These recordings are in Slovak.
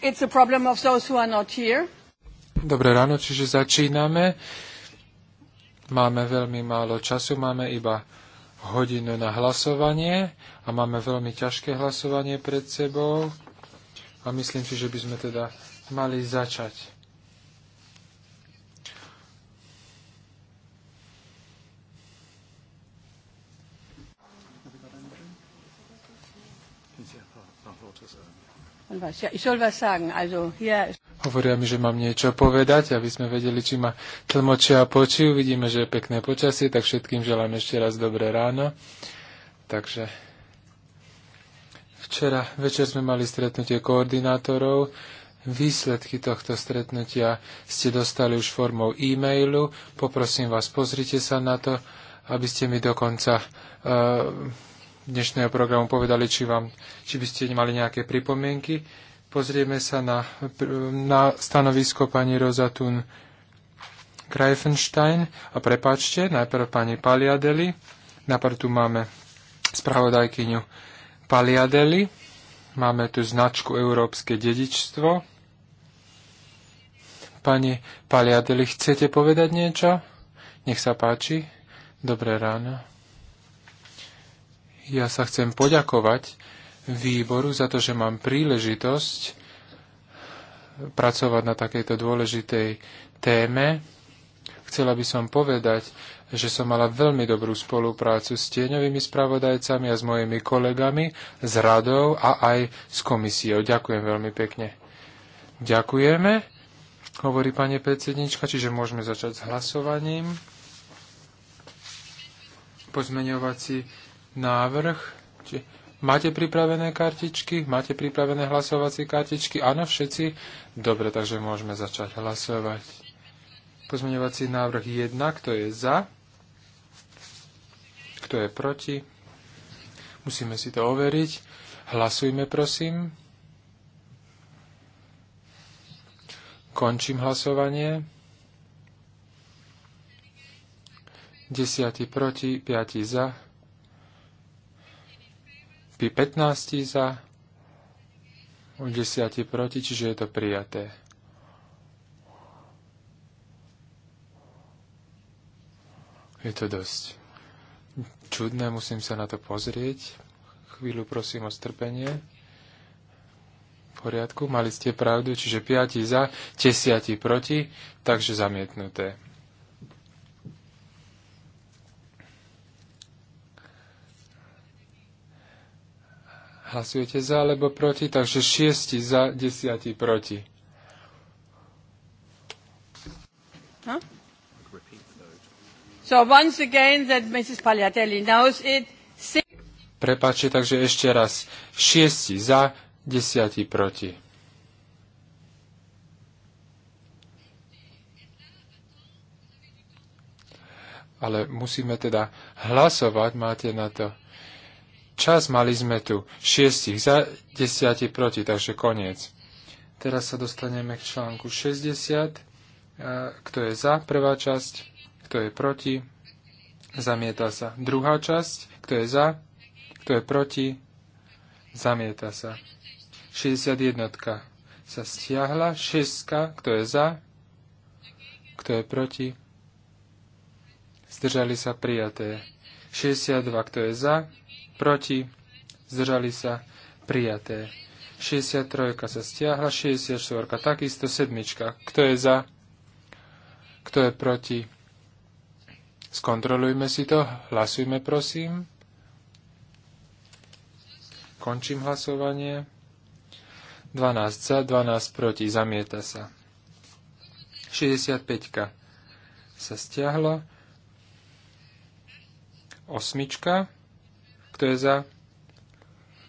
It's a problem of those who are not here. Dobré ráno, čiže začíname. Máme veľmi málo času, máme iba hodinu na hlasovanie a máme veľmi ťažké hlasovanie pred sebou a myslím si, že by sme teda mali začať. Hovoria mi, že mám niečo povedať, aby sme vedeli, či ma tlmočia a počujú. Vidíme, že je pekné počasie, tak všetkým želám ešte raz dobré ráno. Takže včera večer sme mali stretnutie koordinátorov. Výsledky tohto stretnutia ste dostali už formou e-mailu. Poprosím vás, pozrite sa na to, aby ste mi dokonca uh, dnešného programu povedali, či, vám, či by ste mali nejaké pripomienky. Pozrieme sa na, na stanovisko pani Rozatun Greifenstein a prepáčte, najprv pani Paliadeli. Najprv tu máme spravodajkyňu Paliadeli. Máme tu značku Európske dedičstvo. Pani Paliadeli, chcete povedať niečo? Nech sa páči. Dobré ráno. Ja sa chcem poďakovať výboru za to, že mám príležitosť pracovať na takejto dôležitej téme. Chcela by som povedať, že som mala veľmi dobrú spoluprácu s tieňovými spravodajcami a s mojimi kolegami, s radou a aj s komisiou. Ďakujem veľmi pekne. Ďakujeme, hovorí pani predsednička, čiže môžeme začať s hlasovaním. Pozmeňovací návrh. Či máte pripravené kartičky? Máte pripravené hlasovacie kartičky? Áno, všetci? Dobre, takže môžeme začať hlasovať. Pozmeňovací návrh 1, kto je za? Kto je proti? Musíme si to overiť. Hlasujme, prosím. Končím hlasovanie. 10 proti, 5 za pri 15 za, u 10 proti, čiže je to prijaté. Je to dosť čudné, musím sa na to pozrieť. Chvíľu prosím o strpenie. V poriadku, mali ste pravdu, čiže 5 za, 10 proti, takže zamietnuté. Hlasujete za alebo proti, takže 6 za, 10 proti. Huh? So once again that Mrs. Pagliatelli knows it. Six... Prepáčte, takže ešte raz. 6 za, desiatí proti. Ale musíme teda hlasovať, máte na to čas, mali sme tu šiestich za, desiatich proti, takže koniec. Teraz sa dostaneme k článku 60. E, kto je za prvá časť, kto je proti, zamieta sa. Druhá časť, kto je za, kto je proti, zamieta sa. 61 sa stiahla, 6, kto je za, kto je proti, zdržali sa prijaté. 62, kto je za, proti, zdržali sa, prijaté. 63 sa stiahla, 64 takisto, 7. Kto je za? Kto je proti? Skontrolujme si to, hlasujme prosím. Končím hlasovanie. 12 za, 12 proti, zamieta sa. 65 sa stiahla. Osmička. Kto je za?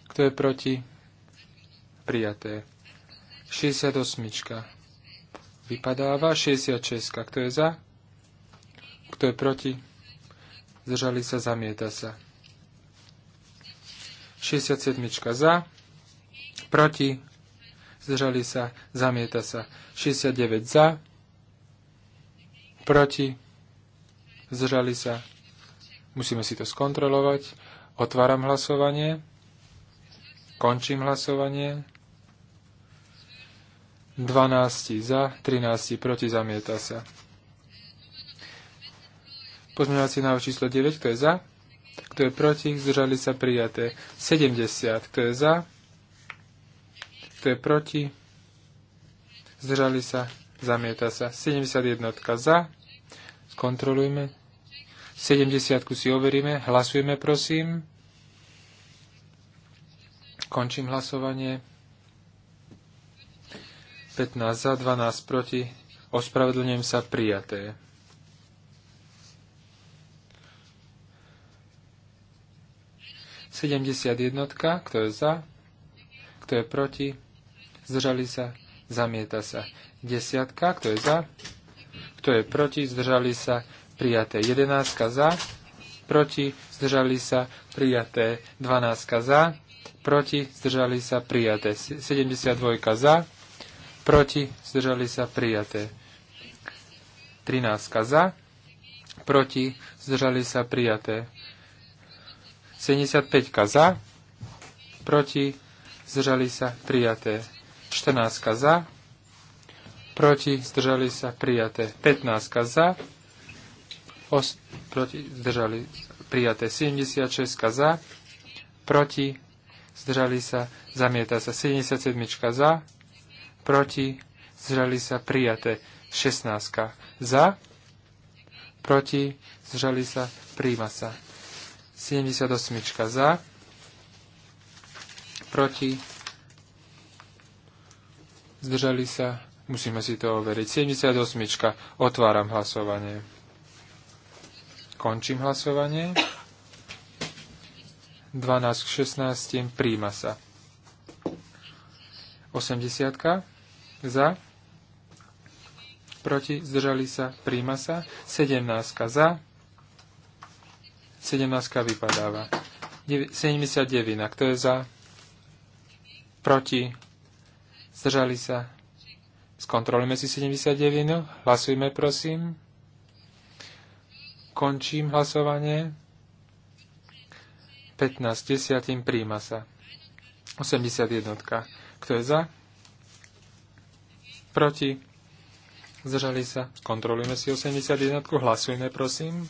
Kto je proti? Prijaté. 68. Vypadáva. 66. Kto je za? Kto je proti? Zdržali sa, zamieta sa. 67. Za. Proti. Zdržali sa, zamieta sa. 69. Za. Proti. Zdržali sa. Musíme si to skontrolovať. Otváram hlasovanie. Končím hlasovanie. 12 za, 13 proti, zamieta sa. Pozmeňovací návrh číslo 9, kto je za? Kto je proti? Zdržali sa prijaté. 70, kto je za? Kto je proti? Zdržali sa, zamieta sa. 71 za. Skontrolujme. 70 si overíme. Hlasujeme, prosím. Končím hlasovanie. 15 za, 12 proti. Ospravedlňujem sa prijaté. Sedemdesiat jednotka, kto je za, kto je proti, zdržali sa, zamieta sa. Desiatka, kto je za, kto je proti, zdržali sa, prijaté 11 za, proti, zdržali sa, prijaté 12 za, proti, zdržali sa, prijaté 72 za, proti, zdržali sa, prijaté 13 za, proti, zdržali sa, prijaté 75 za, proti, zdržali sa, prijaté 14 za, proti, zdržali sa, prijaté 15 za, os, proti, zdržali prijaté 76 za, proti, zdržali sa, zamieta sa 77 za, proti, zdržali sa prijaté 16 za, proti, zdržali sa, príjma sa 78 za, proti, zdržali sa, musíme si to overiť, 78 otváram hlasovanie. Končím hlasovanie. 12 k 16 príjma sa. 80 za. Proti zdržali sa. Príjma sa. 17 za. 17 vypadáva. 79. Kto je za? Proti? Zdržali sa? Skontrolujme si 79. Hlasujme, prosím. Končím hlasovanie. 15 desiatým príjma sa. 81. Kto je za? Proti? Zdržali sa? Kontrolujme si 81. Hlasujme, prosím.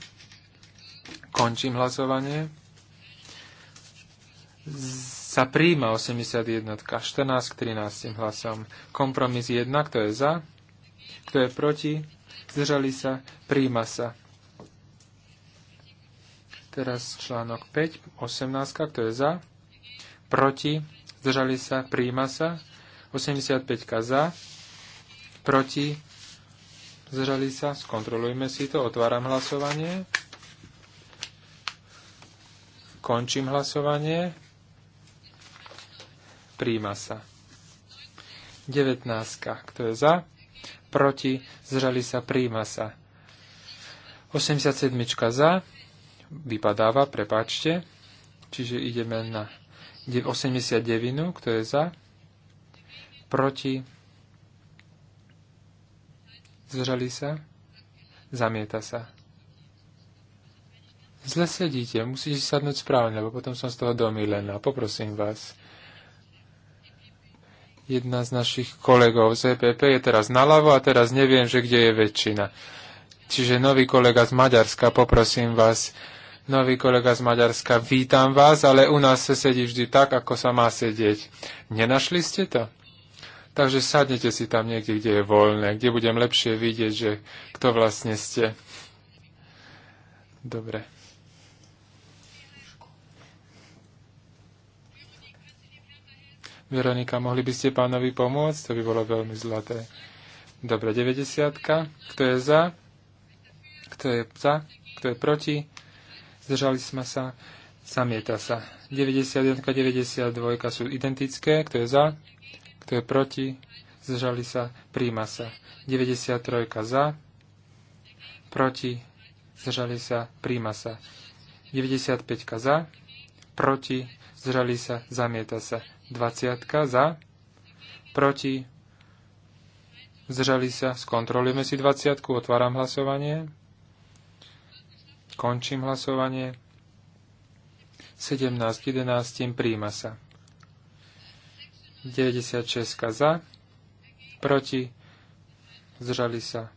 Končím hlasovanie. Sa príjma 81. 14 k 13 hlasom. Kompromis 1. Kto je za? Kto je proti? Zdržali sa? Príjma sa. Teraz článok 5, 18, kto je za, proti, zdržali sa, príjma sa, 85 za, proti, zdržali sa, skontrolujme si to, otváram hlasovanie, končím hlasovanie, príjma sa. 19. Kto je za? Proti? zdržali sa? Príjma sa. 87. za? vypadáva, prepáčte. Čiže ideme na 89, kto je za, proti, zdržali sa, zamieta sa. Zle sedíte, musíte si sadnúť správne, lebo potom som z toho domilená. Poprosím vás. Jedna z našich kolegov z EPP je teraz naľavo a teraz neviem, že kde je väčšina. Čiže nový kolega z Maďarska, poprosím vás, nový kolega z Maďarska, vítam vás, ale u nás sa sedí vždy tak, ako sa má sedieť. Nenašli ste to? Takže sadnete si tam niekde, kde je voľné, kde budem lepšie vidieť, že kto vlastne ste. Dobre. Veronika, mohli by ste pánovi pomôcť? To by bolo veľmi zlaté. Dobre, 90. Kto je za? Kto je za? Kto je proti? zdržali sme sa, zamieta sa. 91, 92 sú identické, kto je za, kto je proti, zdržali sa, príjma sa. 93 za, proti, zdržali sa, príjma sa. 95 za, proti, zdržali sa, zamieta sa. 20 za, proti, zdržali sa, skontrolujeme si 20, otváram hlasovanie. Končím hlasovanie. 17 11 príjma sa. 96 za, proti, zdržali sa.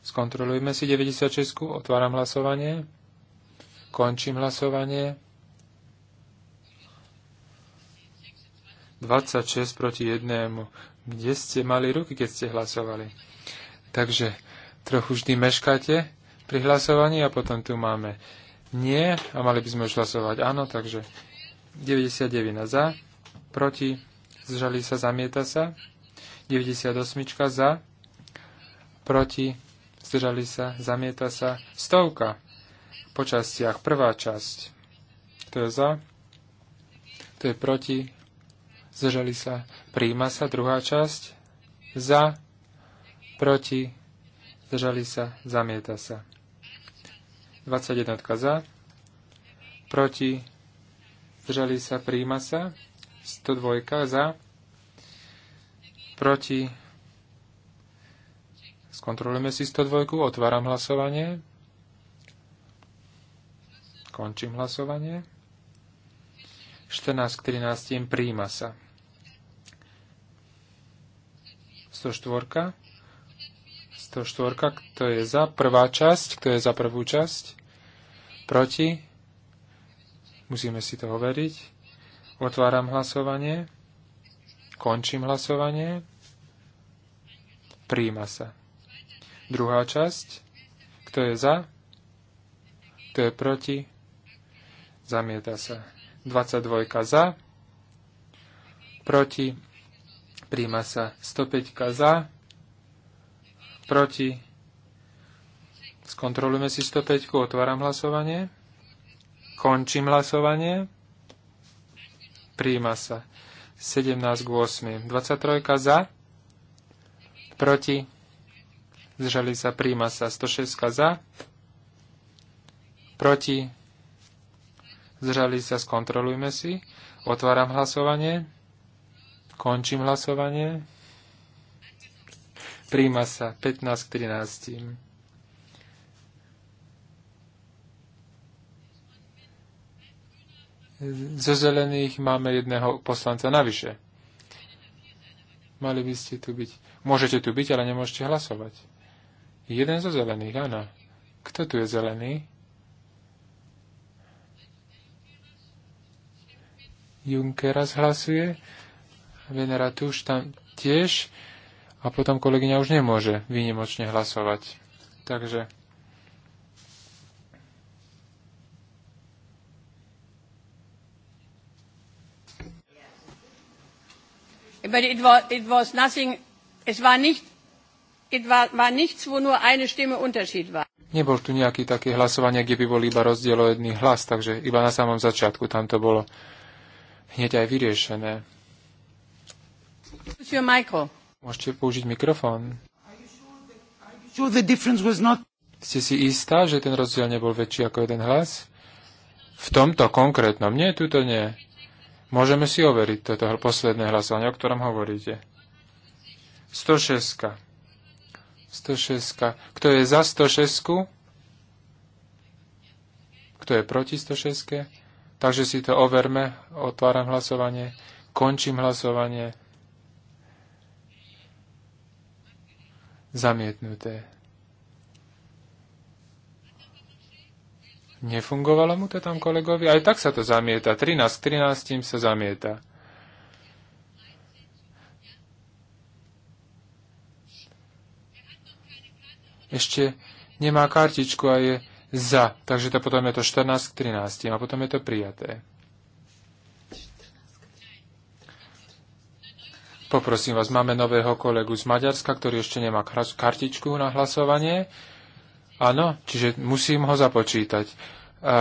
Skontrolujme si 96, otváram hlasovanie, končím hlasovanie. 26 proti 1. Kde ste mali ruky, keď ste hlasovali? Takže trochu vždy meškáte pri hlasovaní a potom tu máme nie a mali by sme už hlasovať áno, takže 99 za, proti, zžali sa, zamieta sa, 98 za, proti, zdržali sa, zamieta sa, stovka po častiach, prvá časť, to je za, to je proti, zdržali sa, príjma sa, druhá časť, za, proti, zdržali sa, zamieta sa. 21 za, proti, zdržali sa, príjma sa, 102 za, proti, skontrolujeme si 102, otváram hlasovanie, končím hlasovanie, 14 k 13 príjma sa. 104, 104, kto je za prvá časť, kto je za prvú časť, Proti? Musíme si to overiť. Otváram hlasovanie. Končím hlasovanie. Príjma sa. Druhá časť. Kto je za? Kto je proti? Zamieta sa. 22 za. Proti. Príjma sa. 105 za. Proti Skontrolujeme si 105. Otváram hlasovanie. Končím hlasovanie. Príjma sa. 17 k 8. 23 za. Proti. Zdržali sa. Príjma sa. 106 za. Proti. Zdržali sa. Skontrolujme si. Otváram hlasovanie. Končím hlasovanie. Príjma sa 15 k 13. zo zelených máme jedného poslanca navyše. Mali by ste tu byť. Môžete tu byť, ale nemôžete hlasovať. Jeden zo zelených, áno. Kto tu je zelený? Junkeras hlasuje. Venera už tam tiež. A potom kolegyňa už nemôže výnimočne hlasovať. Takže But it was, it was nothing, es war nicht, it war, war nichts, wo nur eine Stimme Unterschied war. Nebol tu nejaký také hlasovanie, kde by bol iba rozdiel o jedný hlas, takže iba na samom začiatku tam to bolo hneď aj vyriešené. Môžete použiť mikrofón. Ste si istá, že ten rozdiel nebol väčší ako jeden hlas? V tomto konkrétnom? Nie, tuto nie. Môžeme si overiť toto posledné hlasovanie, o ktorom hovoríte. 106. 106. Kto je za 106? Kto je proti 106? Takže si to overme. Otváram hlasovanie. Končím hlasovanie. Zamietnuté. Nefungovalo mu to tam kolegovi? Aj tak sa to zamieta. 13 13 sa zamieta. Ešte nemá kartičku a je za. Takže to potom je to 14 k 13 a potom je to prijaté. Poprosím vás, máme nového kolegu z Maďarska, ktorý ešte nemá kartičku na hlasovanie. Áno, čiže musím ho započítať. A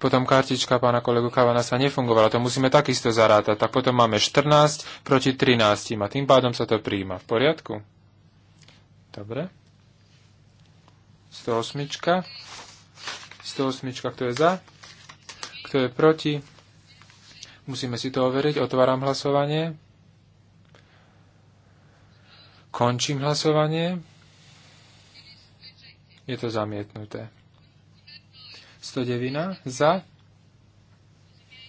potom kartička pána kolegu Kavana sa nefungovala, to musíme takisto zarátať. Tak potom máme 14 proti 13 a tým pádom sa to príjma. V poriadku? Dobre. 108. 108, kto je za? Kto je proti? Musíme si to overiť. Otváram hlasovanie. Končím hlasovanie. Je to zamietnuté. 109 za,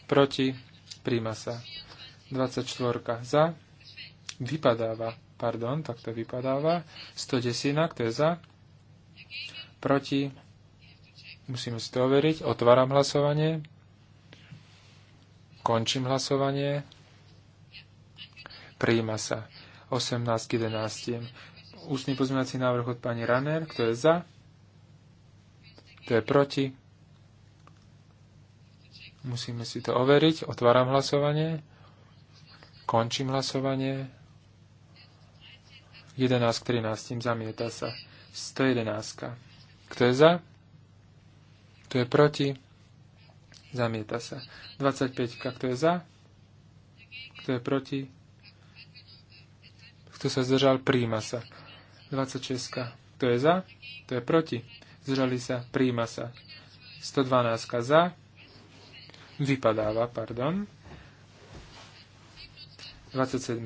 proti, príjma sa. 24 za, vypadáva, pardon, tak to vypadáva. 110, kto je za, proti, musíme si to overiť, otváram hlasovanie, končím hlasovanie, príjma sa. 18 k 11. Ústny pozmeňovací návrh od pani Raner, kto je za, kto je proti? Musíme si to overiť. Otváram hlasovanie. Končím hlasovanie. 11 k 13. Zamieta sa. 111. Kto je za? Kto je proti? Zamieta sa. 25. Kto je za? Kto je proti? Kto sa zdržal? Príjma sa. 26. Kto je za? Kto je proti? zdržali sa, príjma sa. 112 za, vypadáva, pardon. 27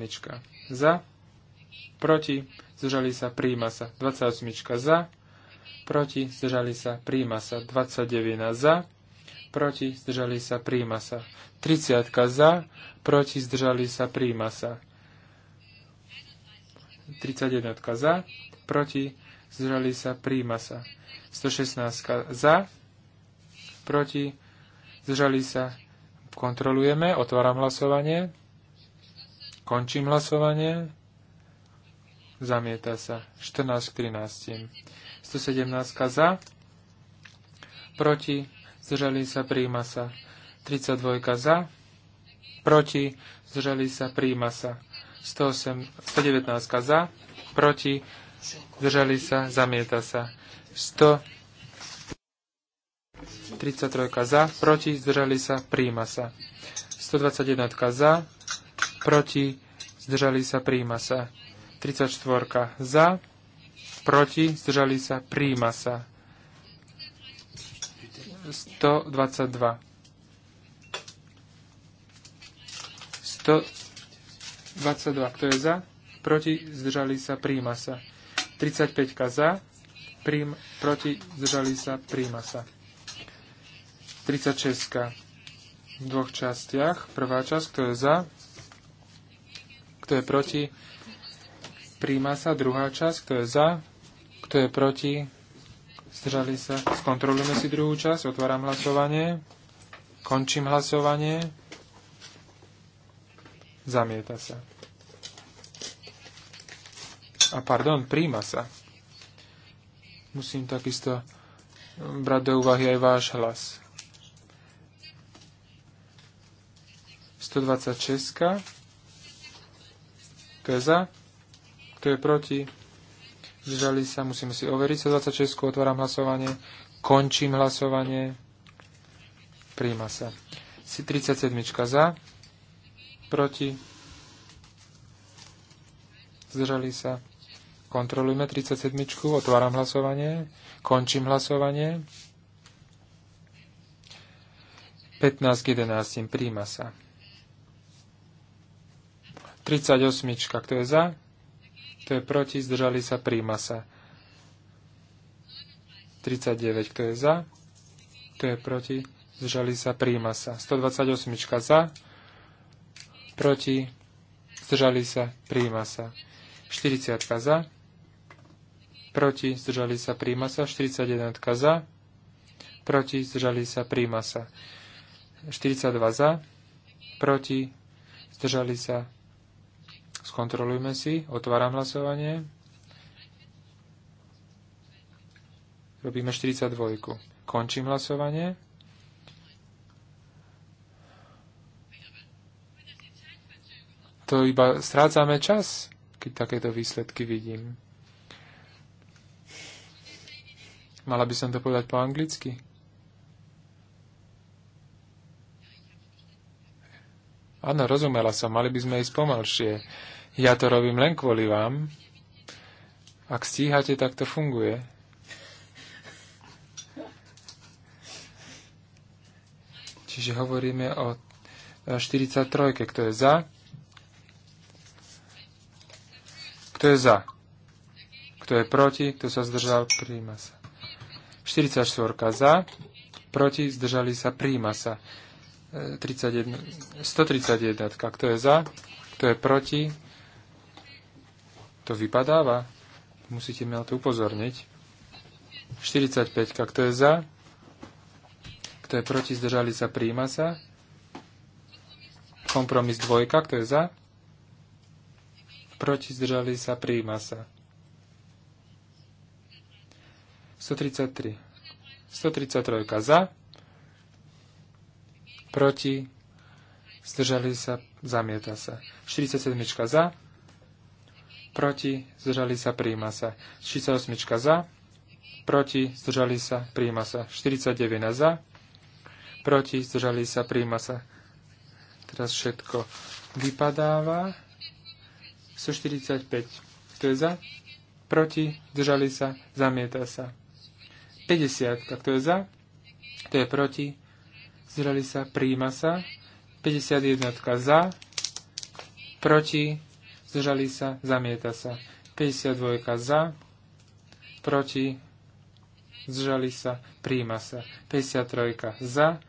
za, proti, zdržali sa, príjma sa. 28 za, proti, zdržali sa, príjma sa. 29 za, proti, zdržali sa, príjma sa. 30 za, proti, zdržali sa, príjma sa. 31 za, proti, zdržali sa, príjma sa. 116 za, proti, zdržali sa, kontrolujeme, otváram hlasovanie, končím hlasovanie, zamieta sa, 14 k 13. 117 za, proti, zdržali sa, príjma sa, 32 za, proti, zdržali sa, príjma sa, 108, 119 za, proti, zdržali sa, zamieta sa, 133 za, proti, zdržali sa, príjma sa. 121 za, proti, zdržali sa, príjma sa. 34 za, proti, zdržali sa, príjma sa. 122. 122, kto je za? Proti, zdržali sa, príjma sa. 35 za, prim, proti, zdržali sa, príjma sa. 36 v dvoch častiach. Prvá časť, kto je za, kto je proti, príjma sa. Druhá časť, kto je za, kto je proti, zdržali sa. Skontrolujeme si druhú časť, otváram hlasovanie, končím hlasovanie, zamieta sa. A pardon, príjma sa musím takisto eh, brať do úvahy aj váš hlas. 126. Kto je za? Kto je proti? Zdržali sa, musíme si overiť. 126. Otváram hlasovanie. Končím hlasovanie. Príjma sa. 37. za. Proti. Zdržali sa. Kontrolujme 37. Otváram hlasovanie. Končím hlasovanie. 15 k 11. Príjma sa. 38. Kto je za? Kto je proti? Zdržali sa. Príjma sa. 39. Kto je za? Kto je proti? Zdržali sa. Príjma sa. 128. Za? Proti? Zdržali sa. Príjma sa. 40 za, proti, zdržali sa, príjma sa, 41 za, proti, zdržali sa, príjma sa, 42 za, proti, zdržali sa, skontrolujme si, otváram hlasovanie, robíme 42, končím hlasovanie, to iba strácame čas, keď takéto výsledky vidím. Mala by som to povedať po anglicky? Áno, rozumela som, mali by sme ísť pomalšie. Ja to robím len kvôli vám. Ak stíhate, tak to funguje. Čiže hovoríme o 43, e, kto je za. Kto je za? Kto je proti? Kto sa zdržal? Príjma sa. 44 za, proti, zdržali sa, príjma sa. 131, e, kto je za, kto je proti, to vypadáva. Musíte mi na to upozorniť. 45, kto je za, kto je proti, zdržali sa, príjma sa. Kompromis dvojka, kto je za, proti, zdržali sa, príjma sa. 133. 133 za, proti, zdržali sa, zamieta sa. 47 za, proti, zdržali sa, príjma sa. 48 za, proti, zdržali sa, príjma sa. 49 za, proti, zdržali sa, príjma sa. Teraz všetko vypadáva. 145. Kto je za? Proti, zdržali sa, zamieta sa. 50, kto je za, kto je proti, zreli sa, príjma sa. 51 za, proti, zreli sa, zamieta sa. 52 za, proti, zreli sa, príjma sa. 53 za,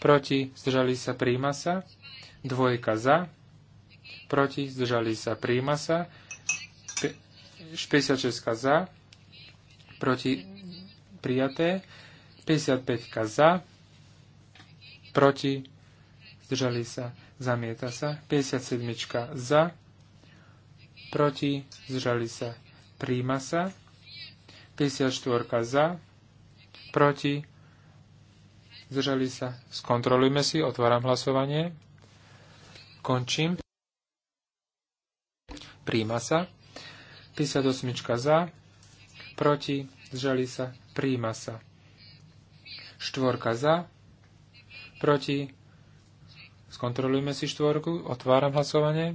proti, zdržali sa, príjma sa. Dvojka za, proti, zdržali sa, príjma sa. 56 za, proti, prijaté. 55 za, proti, zdržali sa, zamieta sa. 57 za, proti, zdržali sa, príjma sa. 54 za, proti, zdržali sa. Skontrolujme si, otváram hlasovanie. Končím. Príjma sa. 58 za, proti, zdržali sa, príjma sa. Štvorka za, proti, skontrolujme si štvorku, otváram hlasovanie,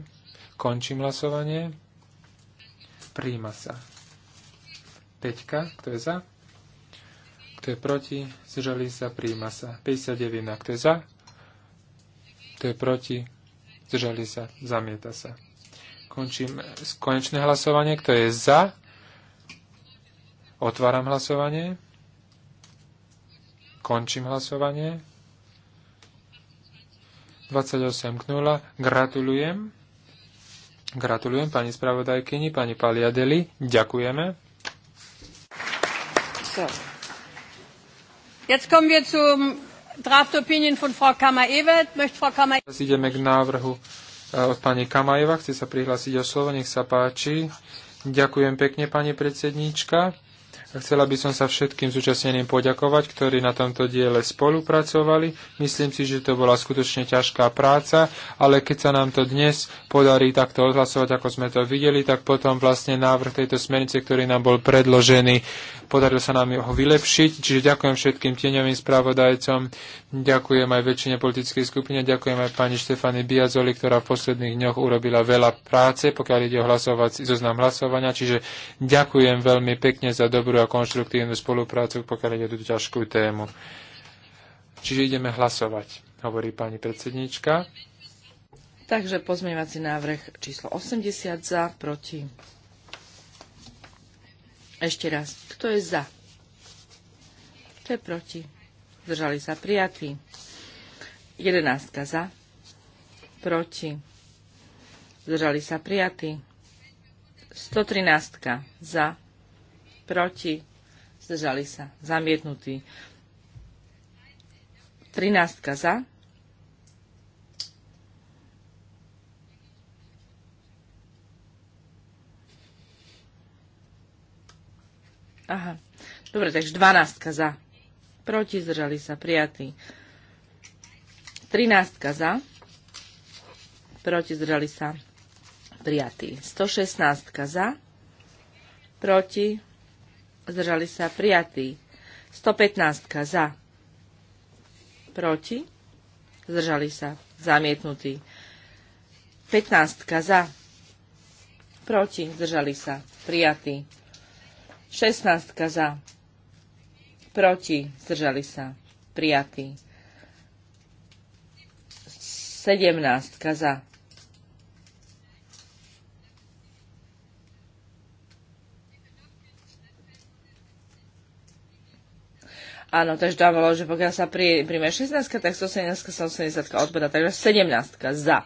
končím hlasovanie, príjma sa. Peťka, kto je za? Kto je proti? Zdržali sa, príjma sa. 59. Kto je za? Kto je proti? Zdržali sa, zamieta sa. Končím konečné hlasovanie. Kto je za? Otváram hlasovanie. Končím hlasovanie. 28 k 0. Gratulujem. Gratulujem pani spravodajkyni, pani Paliadeli. Ďakujeme. So. Jetzt kommen wir zum Draft Opinion von Frau Kammer-Ewert. Möchte Frau Kammer Ideme k návrhu e, od pani Kamajeva. Chce sa prihlásiť o slovo, nech sa páči. Ďakujem pekne, pani predsedníčka. Chcela by som sa všetkým zúčastneným poďakovať, ktorí na tomto diele spolupracovali. Myslím si, že to bola skutočne ťažká práca, ale keď sa nám to dnes podarí takto odhlasovať, ako sme to videli, tak potom vlastne návrh tejto smernice, ktorý nám bol predložený, podarilo sa nám ho vylepšiť. Čiže ďakujem všetkým tieňovým spravodajcom, ďakujem aj väčšine politickej skupine, ďakujem aj pani Štefany Biazoli, ktorá v posledných dňoch urobila veľa práce, pokiaľ ide o hlasovať, zoznam hlasovania. Čiže ďakujem veľmi pekne za dobrú o konštruktívnu spoluprácu, pokiaľ ide o túto ťažkú tému. Čiže ideme hlasovať, hovorí pani predsednička. Takže pozmeňovací návrh číslo 80 za, proti. Ešte raz, kto je za? Kto je proti? Zdržali sa prijatí. 11 za, proti. Zdržali sa prijatí. 113 za, proti, zdržali sa, zamietnutí. 13 za, Aha. Dobre, takže 12 za. Proti zdržali sa, prijatí. 13 za. Proti zdržali sa, prijatí. 116 za. Proti zdržali sa prijatí. 115 za, proti, zdržali sa zamietnutí. 15 za, proti, zdržali sa prijatí. 16 za, proti, zdržali sa prijatí. 17 za, Áno, takže tam bolo, že pokiaľ sa príjme 16, tak 117, 180 odpada, takže 17 za.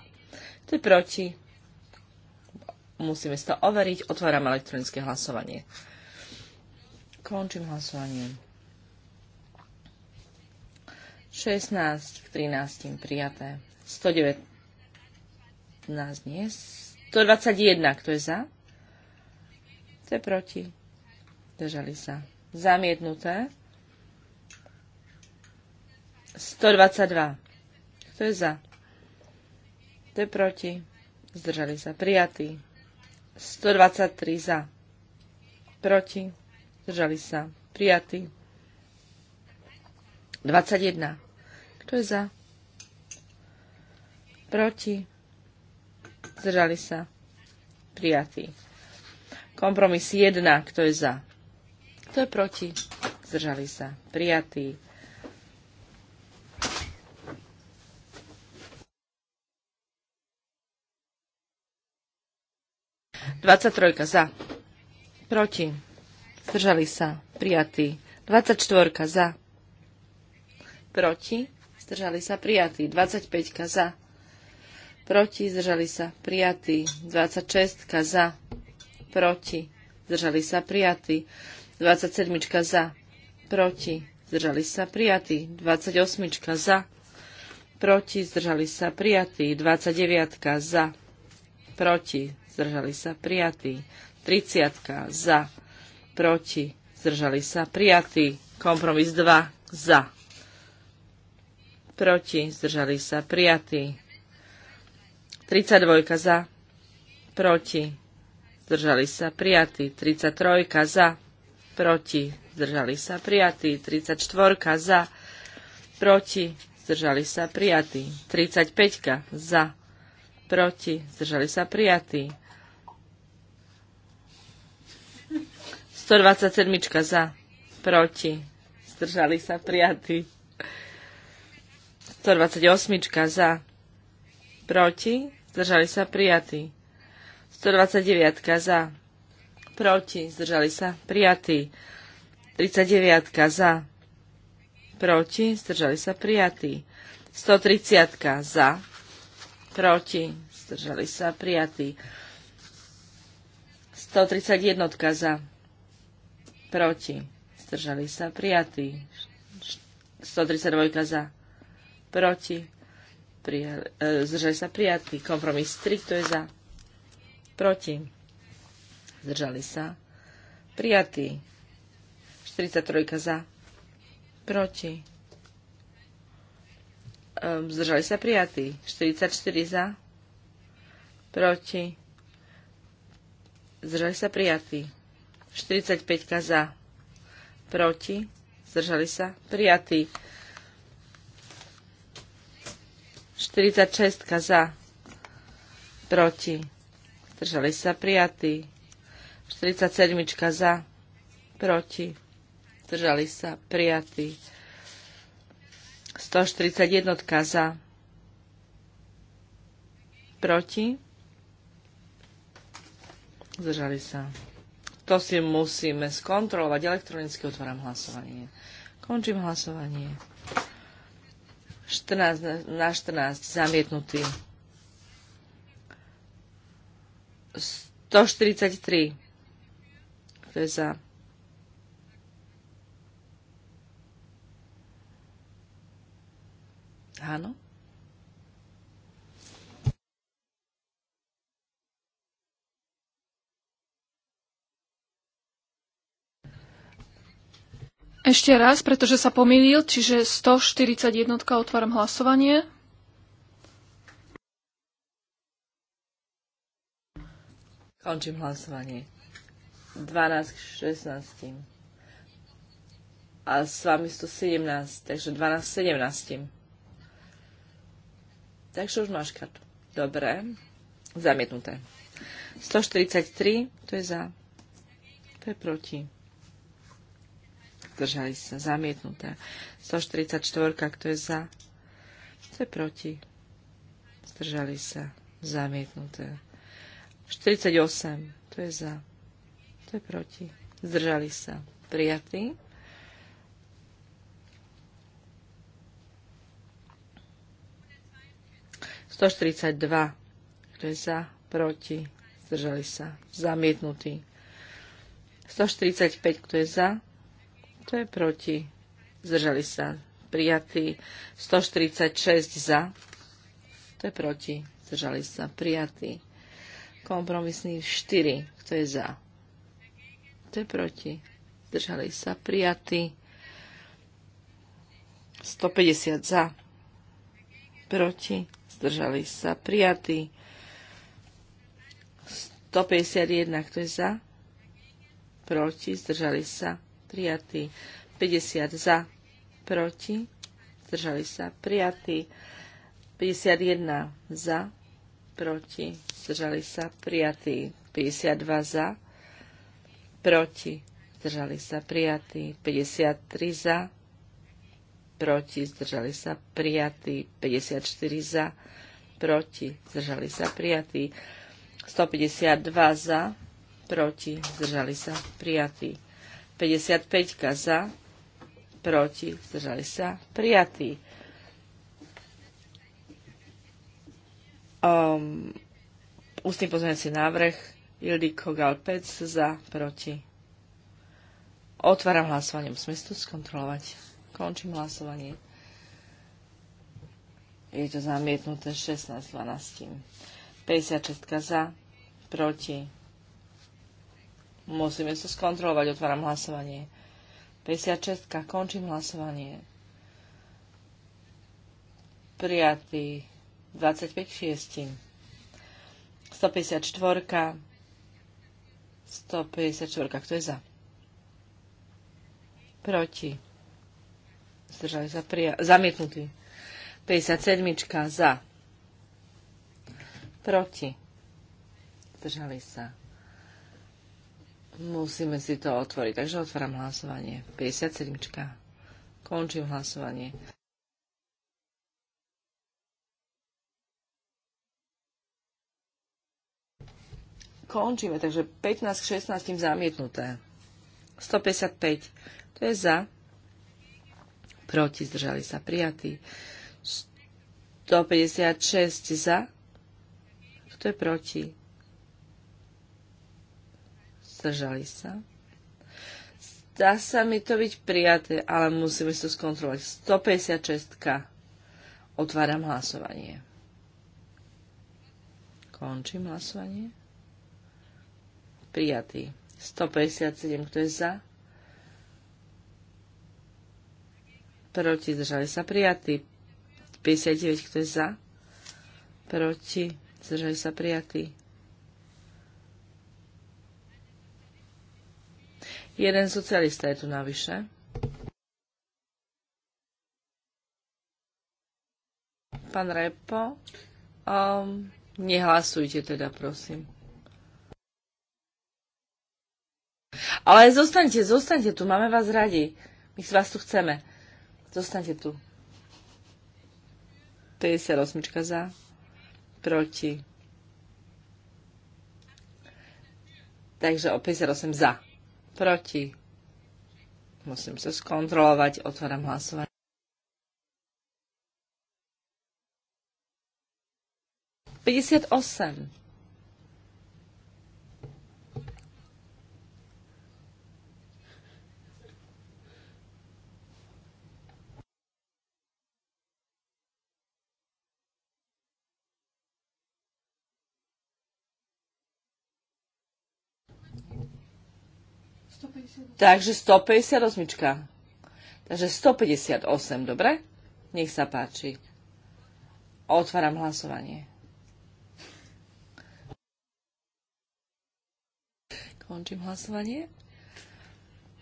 To je proti. Musíme si to overiť. Otváram elektronické hlasovanie. Končím hlasovanie. 16 k 13 prijaté. 119 nie. 121, kto je za? To je proti. Držali sa. Zamietnuté. 122. Kto je za? Kto je proti? Zdržali sa. Prijatý. 123 za. Proti. Zdržali sa. Prijatý. 21. Kto je za? Proti. Zdržali sa. Prijatý. Kompromis 1. Kto je za? Kto je proti? Zdržali sa. Prijatý. 23 za. Proti. Zdržali sa. Prijatí. 24 za. Proti. Zdržali sa. Prijatí. 25 za. Proti. Zdržali sa. Prijatí. 26 za. Proti. Zdržali sa. Prijatí. 27 za. Proti. Zdržali sa. Prijatí. 28 za. Proti. Zdržali sa. Prijatí. 29 za. Proti zdržali sa prijatí. 30 za, proti, zdržali sa prijatí. Kompromis 2 za, proti, zdržali sa prijatí. 32 za, proti, zdržali sa prijatí. 33 za, proti, zdržali sa prijatí. 34 za, proti, zdržali sa prijatí. 35 za, proti, zdržali sa prijatí. 127 za, proti, zdržali sa prijatí. 128 za, proti, zdržali sa prijatí. 129 za, proti, zdržali sa prijatí. 39 za, proti, zdržali sa prijatí. 130 za, proti, zdržali sa prijatí. 131 za, proti, zdržali sa prijatí. 132 za, proti, prijali, e, zdržali sa prijatí. Kompromis 3, kto je za, proti, zdržali sa prijatí. 43 za, proti, zdržali sa prijatí. 44 za, proti, zdržali sa prijatí. 45 za, proti, zdržali sa, prijatý. 46 za, proti, zdržali sa, prijatý. 47 za, proti, zdržali sa, prijatý. 141 za, proti, zdržali sa. To si musíme skontrolovať. Elektronicky otváram hlasovanie. Končím hlasovanie. 14 na 14 zamietnutý. 143. To je za. Áno. Ešte raz, pretože sa pomýlil, čiže 141 otváram hlasovanie. Končím hlasovanie. 12 k 16. A s vami 117, takže 12 k 17. Takže už máš kartu. Dobre. Zamietnuté. 143, to je za. To je proti zdržali sa, zamietnuté. 144, kto je za, kto je proti, zdržali sa, zamietnuté. 48, kto je za, kto je proti, zdržali sa, prijatý. Sto štyridsať dva. Kto je za? Proti. Zdržali sa. Zamietnutý. 145, kto je za? To je proti. Zdržali sa. Prijatý. 146 za. To je proti. Zdržali sa. Prijatý. Kompromisný 4. Kto je za? To je proti. Zdržali sa. Prijatý. 150 za. Proti. Zdržali sa. Prijatý. 151. Kto je za? Proti. Zdržali sa prijatý. 50 za, proti, zdržali sa, prijatý. 51 za, proti, zdržali sa, prijatý. 52 za, proti, zdržali sa, prijatý. 53 za, proti, zdržali sa, prijatý. 54 za, proti, zdržali sa, prijatý. 152 za, proti, zdržali sa, prijatý. 55 za, proti, zdržali sa, prijatý. Um, ústny pozmeňujúci návrh Ildiko Galpec za, proti. Otváram hlasovanie, musíme si to skontrolovať. Končím hlasovanie. Je to zamietnuté 16 12. 56 za, proti Musíme to skontrolovať. Otváram hlasovanie. 56. Končím hlasovanie. Prijatý. 25 6. 154. 154. Kto je za? Proti. Zdržali sa prija- Zamietnutý. 57. Za. Proti. Zdržali sa Musíme si to otvoriť, takže otváram hlasovanie. 57. Končím hlasovanie. Končíme, takže 15 k 16 zamietnuté. 155. To je za. Proti zdržali sa prijatí. 156 za. Kto je proti? zdržali sa. Zdá sa mi to byť prijaté, ale musíme si to skontrolovať. 156. Otváram hlasovanie. Končím hlasovanie. Prijatý. 157, kto je za? Proti, zdržali sa prijatí. 59, kto je za? Proti, zdržali sa prijatí. Jeden socialista je tu navyše. Pán Repo, um, nehlasujte teda, prosím. Ale zostaňte, zostaňte tu, máme vás radi. My si vás tu chceme. Zostaňte tu. 58 za, proti. Takže o 58 za. Proti. Musím sa skontrolovať. Otváram hlasovanie. Päťdesiat osem. Takže 158. Takže 158, dobre? Nech sa páči. Otváram hlasovanie. Končím hlasovanie.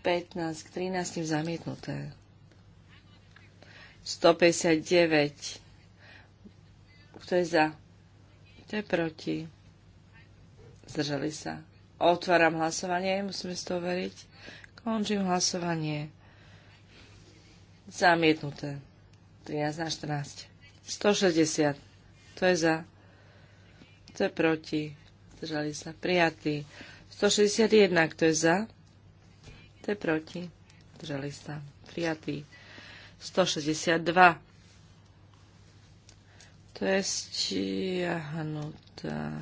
15 k 13 zamietnuté. 159. Kto je za? Kto je proti? Zdržali sa. Otváram hlasovanie, musíme si to overiť. Končím hlasovanie. Zamietnuté. 13 na 14. 160. To je za. To je proti. Zdržali sa. Prijatý. 161. Kto je za? To je proti. Držali sa. Prijatý. 162. To je stiahnutá.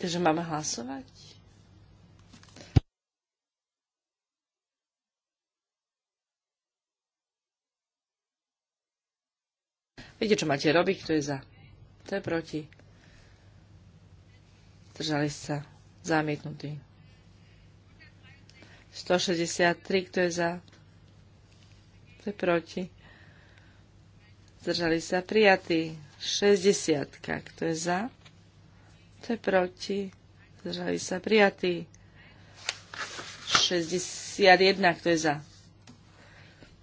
Takže máme hlasovať? Viete, čo máte robiť, kto je za. To je proti. Držali sa. Zamietnutý. 163, kto je za. Kto je proti. Zdržali sa. Prijatý. 60, kto je za. To je proti. Zdržali sa. prijatí. 61, kto je za.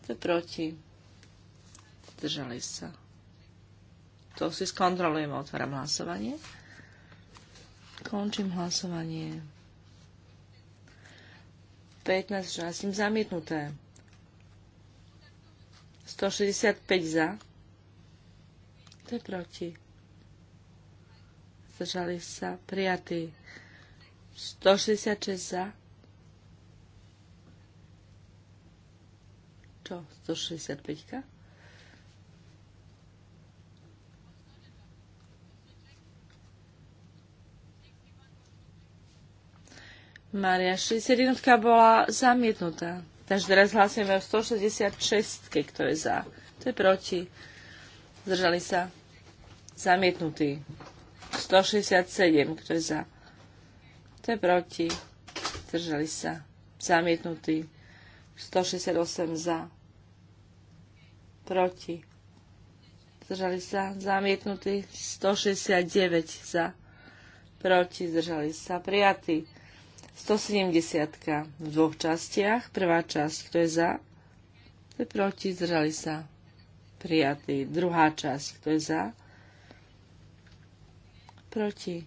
To je proti. Zdržali sa to si skontrolujeme. Otváram hlasovanie. Končím hlasovanie. 15 16 zamietnuté. 165 za. To je proti. Zdržali sa. prijatý. 166 za. Čo? 165 Maria 61 bola zamietnutá. Takže teraz hlasujeme o 166, kto je za. To je proti. Zdržali sa. Zamietnutý. 167, kto je za. To je proti. Zdržali sa. Zamietnutý. 168 za. Proti. Zdržali sa. Zamietnutý. 169 za. Proti. Zdržali sa. Prijatý. 170 v dvoch častiach. Prvá časť, kto je za, kto je proti, zdržali sa prijatí. Druhá časť, kto je za, proti,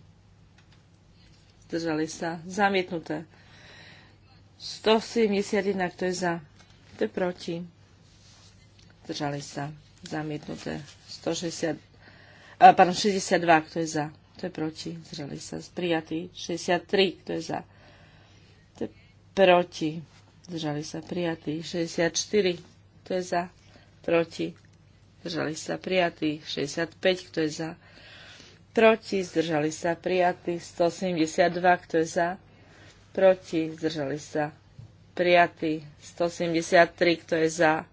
zdržali sa, zamietnuté. 171, kto je za, kto je proti, zdržali sa, zamietnuté. 160, pardon, 62, kto je za, kto je proti, zdržali sa, prijatí. 63, kto je za, proti, zdržali sa prijatí, 64, kto je za, proti, zdržali sa prijatí, 65, kto je za, proti, zdržali sa prijatí, 172, kto je za, proti, zdržali sa prijatí, 173, kto je za,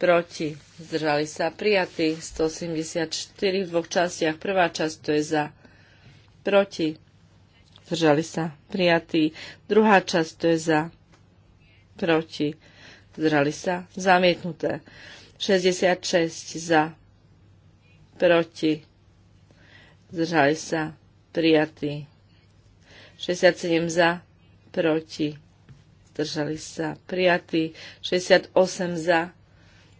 proti, zdržali sa prijatí, 174 v dvoch častiach, prvá časť, kto je za, proti, zdržali sa prijatí. Druhá časť, to je za, proti, zdržali sa zamietnuté. 66 za, proti, zdržali sa prijatí. 67 za, proti, zdržali sa prijatí. 68 za,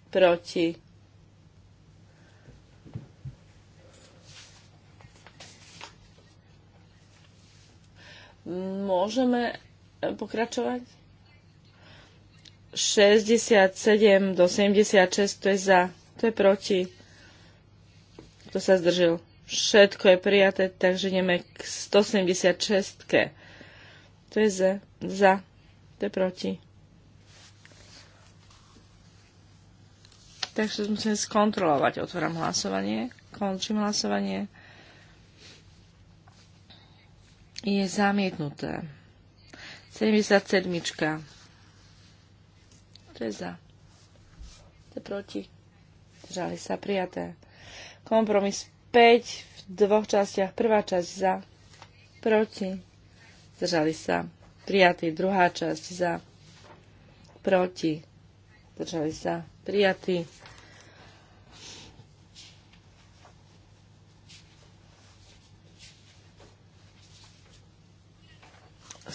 proti, Môžeme e, pokračovať? 67 do 76, to je za, to je proti. Kto sa zdržil? Všetko je prijaté, takže ideme k 176. To je za, za, to je proti. Takže musím skontrolovať. Otváram hlasovanie, končím hlasovanie. je zamietnuté. 77. To je za. To je proti. Žali sa prijaté. Kompromis 5 v dvoch častiach. Prvá časť za. Proti. Zdržali sa. Prijatý. Druhá časť za. Proti. Zdržali sa. Prijatý.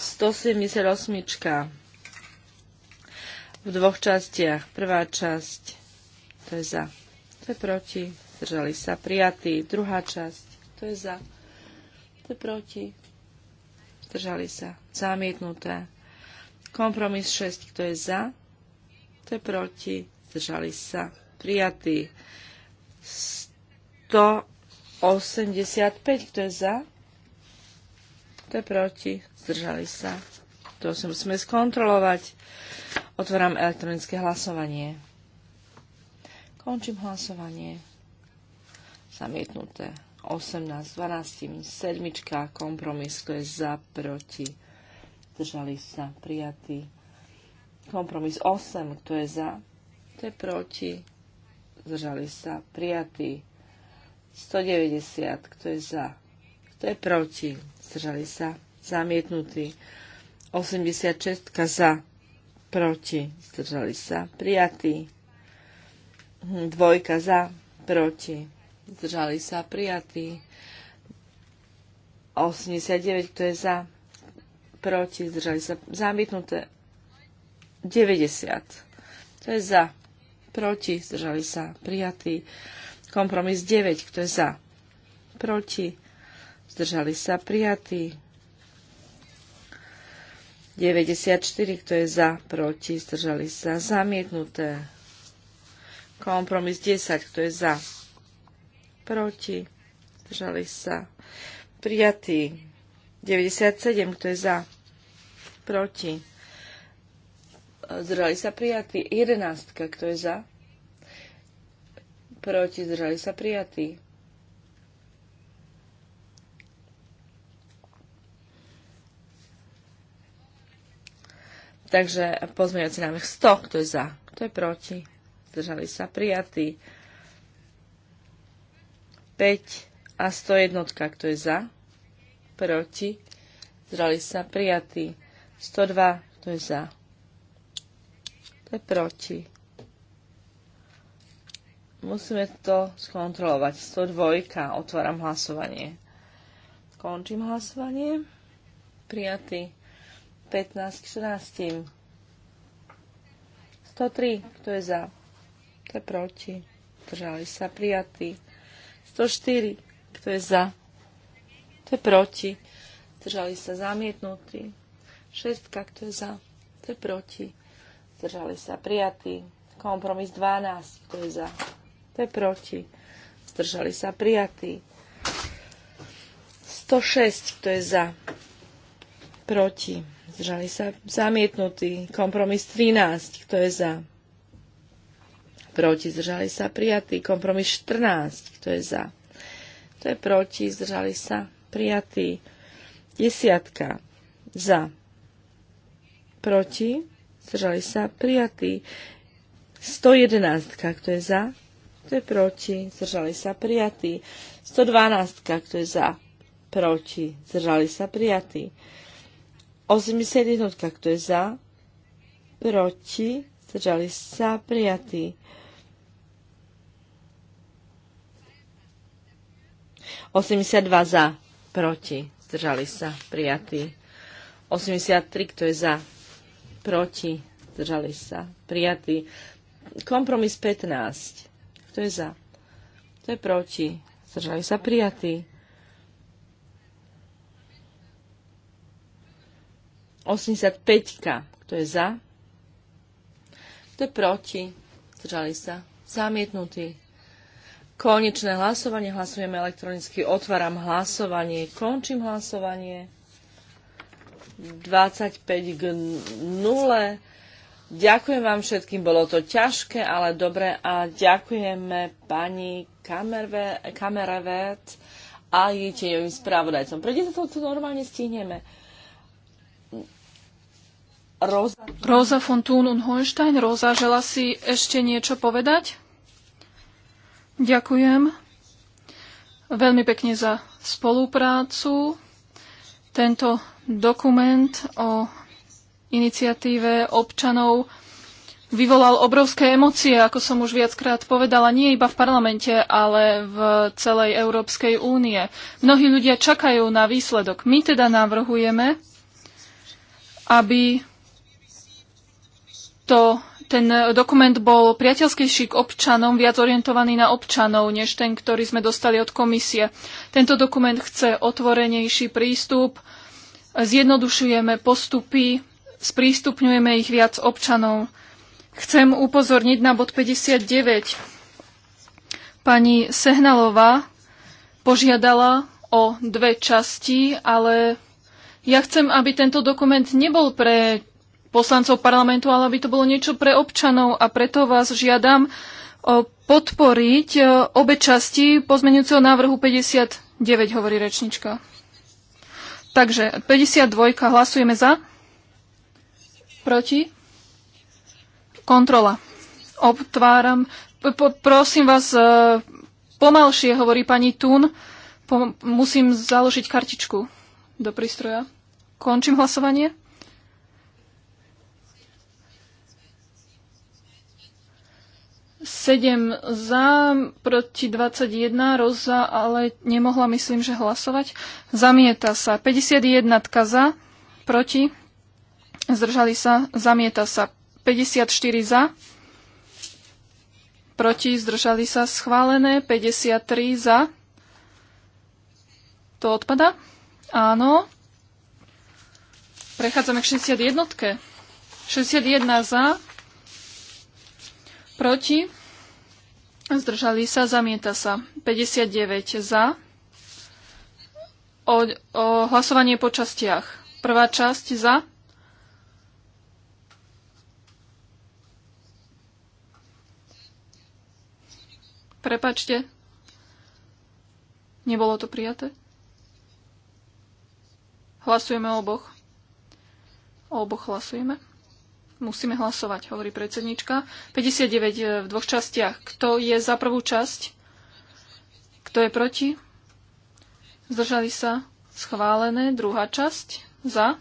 178. V dvoch častiach. Prvá časť, to je za, to je proti. Zdržali sa prijatí. Druhá časť, to je za, to je proti. Zdržali sa. Zamietnuté. Kompromis 6, kto je za, to je proti. Zdržali sa. Prijatí. 185, kto je za, to je proti zdržali sa. To si musíme skontrolovať. Otváram elektronické hlasovanie. Končím hlasovanie. Zamietnuté. 18, 12, 7, kompromis, to je za, proti. Zdržali sa, prijatý. Kompromis 8, kto je za, to je proti. Zdržali sa, prijatý. 190, kto je za, kto je proti. Zdržali sa, zamietnutý. 86 za, proti, zdržali sa, prijatý. Dvojka za, proti, zdržali sa, prijatý. 89, kto je za, proti, zdržali sa, zamietnuté. 90, kto je za, proti, zdržali sa, prijatý. Kompromis 9, kto je za, proti, zdržali sa, prijatý. 94, kto je za, proti, zdržali sa, zamietnuté. Kompromis 10, kto je za, proti, zdržali sa, prijatý. 97, kto je za, proti, zdržali sa, prijatý. 11, kto je za, proti, zdržali sa, prijatý. Takže pozmeňujúci návrh 100, kto je za, kto je proti, zdržali sa prijatí. 5 a 101, kto je za, proti, zdržali sa prijatí. 102, kto je za, kto je proti. Musíme to skontrolovať. 102, otváram hlasovanie. Končím hlasovanie. Prijatý. 15 k 14. 103, kto je za? Kto je proti? Držali sa prijatí. 104, kto je za? Kto je proti? Držali sa zamietnutí. 6, kto je za? Kto je proti? Zdržali sa prijatí. Kompromis 12, kto je za? Kto je proti? Zdržali sa prijatí. 106, kto je za? Proti zdržali sa Zamietnutý Kompromis 13, kto je za? Proti, zdržali sa prijatí. Kompromis 14, kto je za? Kto je proti, zdržali sa prijatí. Desiatka, za. Proti, zdržali sa prijatí. 111, kto je za? Kto je proti, zdržali sa prijatí. 112, kto je za? Proti, zdržali sa prijatí. 81, kto je za, proti, zdržali sa, prijatí. 82 za, proti, zdržali sa, prijatí. 83, kto je za, proti, zdržali sa, prijatí. Kompromis 15, kto je za, kto je proti, zdržali sa, prijatí. 85. Kto je za? Kto je proti? Zdržali sa. Zamietnutý. Konečné hlasovanie. Hlasujeme elektronicky. Otváram hlasovanie. Končím hlasovanie. 25 k 0. Ďakujem vám všetkým, bolo to ťažké, ale dobre a ďakujeme pani kamerevet a jej tieňovým spravodajcom. sa to, to normálne stihneme? Rosa. Rosa von Thun und Hohenstein. Rosa, žela si ešte niečo povedať? Ďakujem veľmi pekne za spoluprácu. Tento dokument o iniciatíve občanov vyvolal obrovské emócie, ako som už viackrát povedala, nie iba v parlamente, ale v celej Európskej únie. Mnohí ľudia čakajú na výsledok. My teda navrhujeme, aby to, ten e, dokument bol priateľskejší k občanom, viac orientovaný na občanov, než ten, ktorý sme dostali od komisie. Tento dokument chce otvorenejší prístup, zjednodušujeme postupy, sprístupňujeme ich viac občanov. Chcem upozorniť na bod 59. Pani Sehnalová požiadala o dve časti, ale ja chcem, aby tento dokument nebol pre poslancov parlamentu, ale aby to bolo niečo pre občanov a preto vás žiadam podporiť obe časti pozmenujúceho návrhu 59, hovorí rečnička. Takže 52, hlasujeme za? Proti? Kontrola. Obtváram. P -p Prosím vás, e, pomalšie, hovorí pani Tun. musím založiť kartičku do prístroja. Končím hlasovanie. 7 za, proti 21 Roza, ale nemohla myslím, že hlasovať. Zamieta sa. 51 za, proti. Zdržali sa. Zamieta sa. 54 za, proti. Zdržali sa. Schválené. 53 za. To odpada? Áno. Prechádzame k 61. 61 za, proti Zdržali sa, zamieta sa. 59 za. O, o hlasovanie po častiach. Prvá časť za. Prepačte. Nebolo to prijaté? Hlasujeme o oboch. O oboch hlasujeme. Musíme hlasovať, hovorí predsednička. 59 e, v dvoch častiach. Kto je za prvú časť? Kto je proti? Zdržali sa? Schválené. Druhá časť. Za?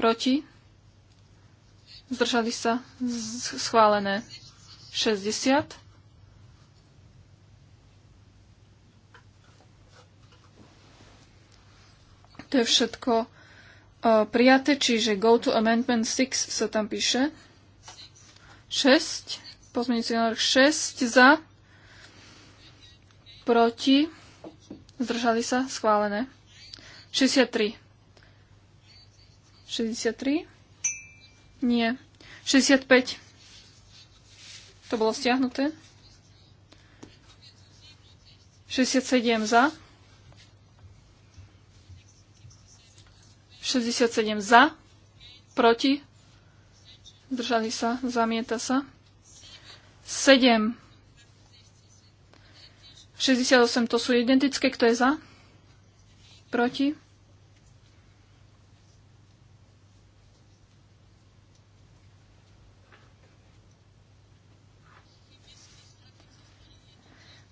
Proti? Zdržali sa? Schválené. 60. To je všetko prijaté, čiže go to amendment 6 sa tam píše. 6, pozmeňujúci návrh 6 za, proti, zdržali sa, schválené. 63. 63? Nie. 65. To bolo stiahnuté. 67 za. 67 za, proti, zdržali sa, zamieta sa. 7, 68 to sú identické, kto je za, proti,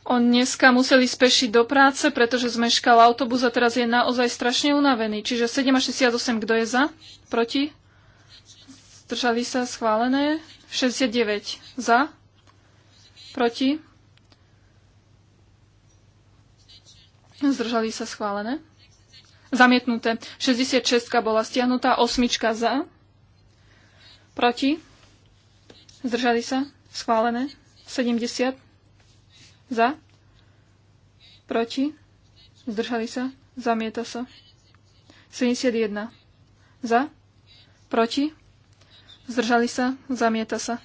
On dneska museli spešiť do práce, pretože zmeškal autobus a teraz je naozaj strašne unavený. Čiže 7 až 68, kto je za? Proti? Zdržali sa schválené. 69 za? Proti? Zdržali sa schválené. Zamietnuté. 66 bola stiahnutá, 8 za? Proti? Zdržali sa schválené. 70 za? Proti? Zdržali sa? Zamieta sa. 71. Za? Proti? Zdržali sa? Zamieta sa.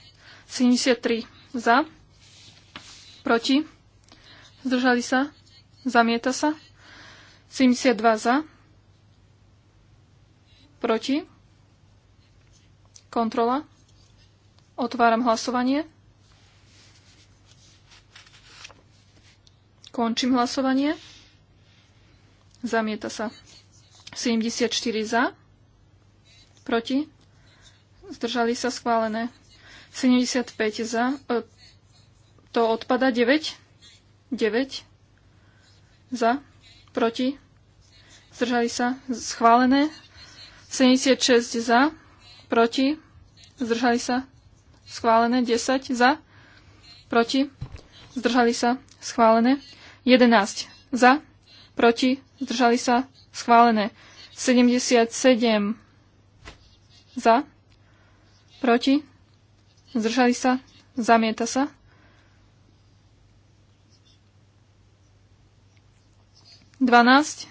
73. Za? Proti? Zdržali sa? Zamieta sa. 72 za. Proti. Kontrola. Otváram hlasovanie. Končím hlasovanie. Zamieta sa. 74 za. Proti. Zdržali sa schválené. 75 za. E, to odpada 9. 9. Za. Proti. Zdržali sa. Schválené. 76 za. Proti. Zdržali sa. Schválené. 10 za. Proti. Zdržali sa. Schválené. 11 za, proti, zdržali sa, schválené. 77 za, proti, zdržali sa, zamieta sa. Dvanásť.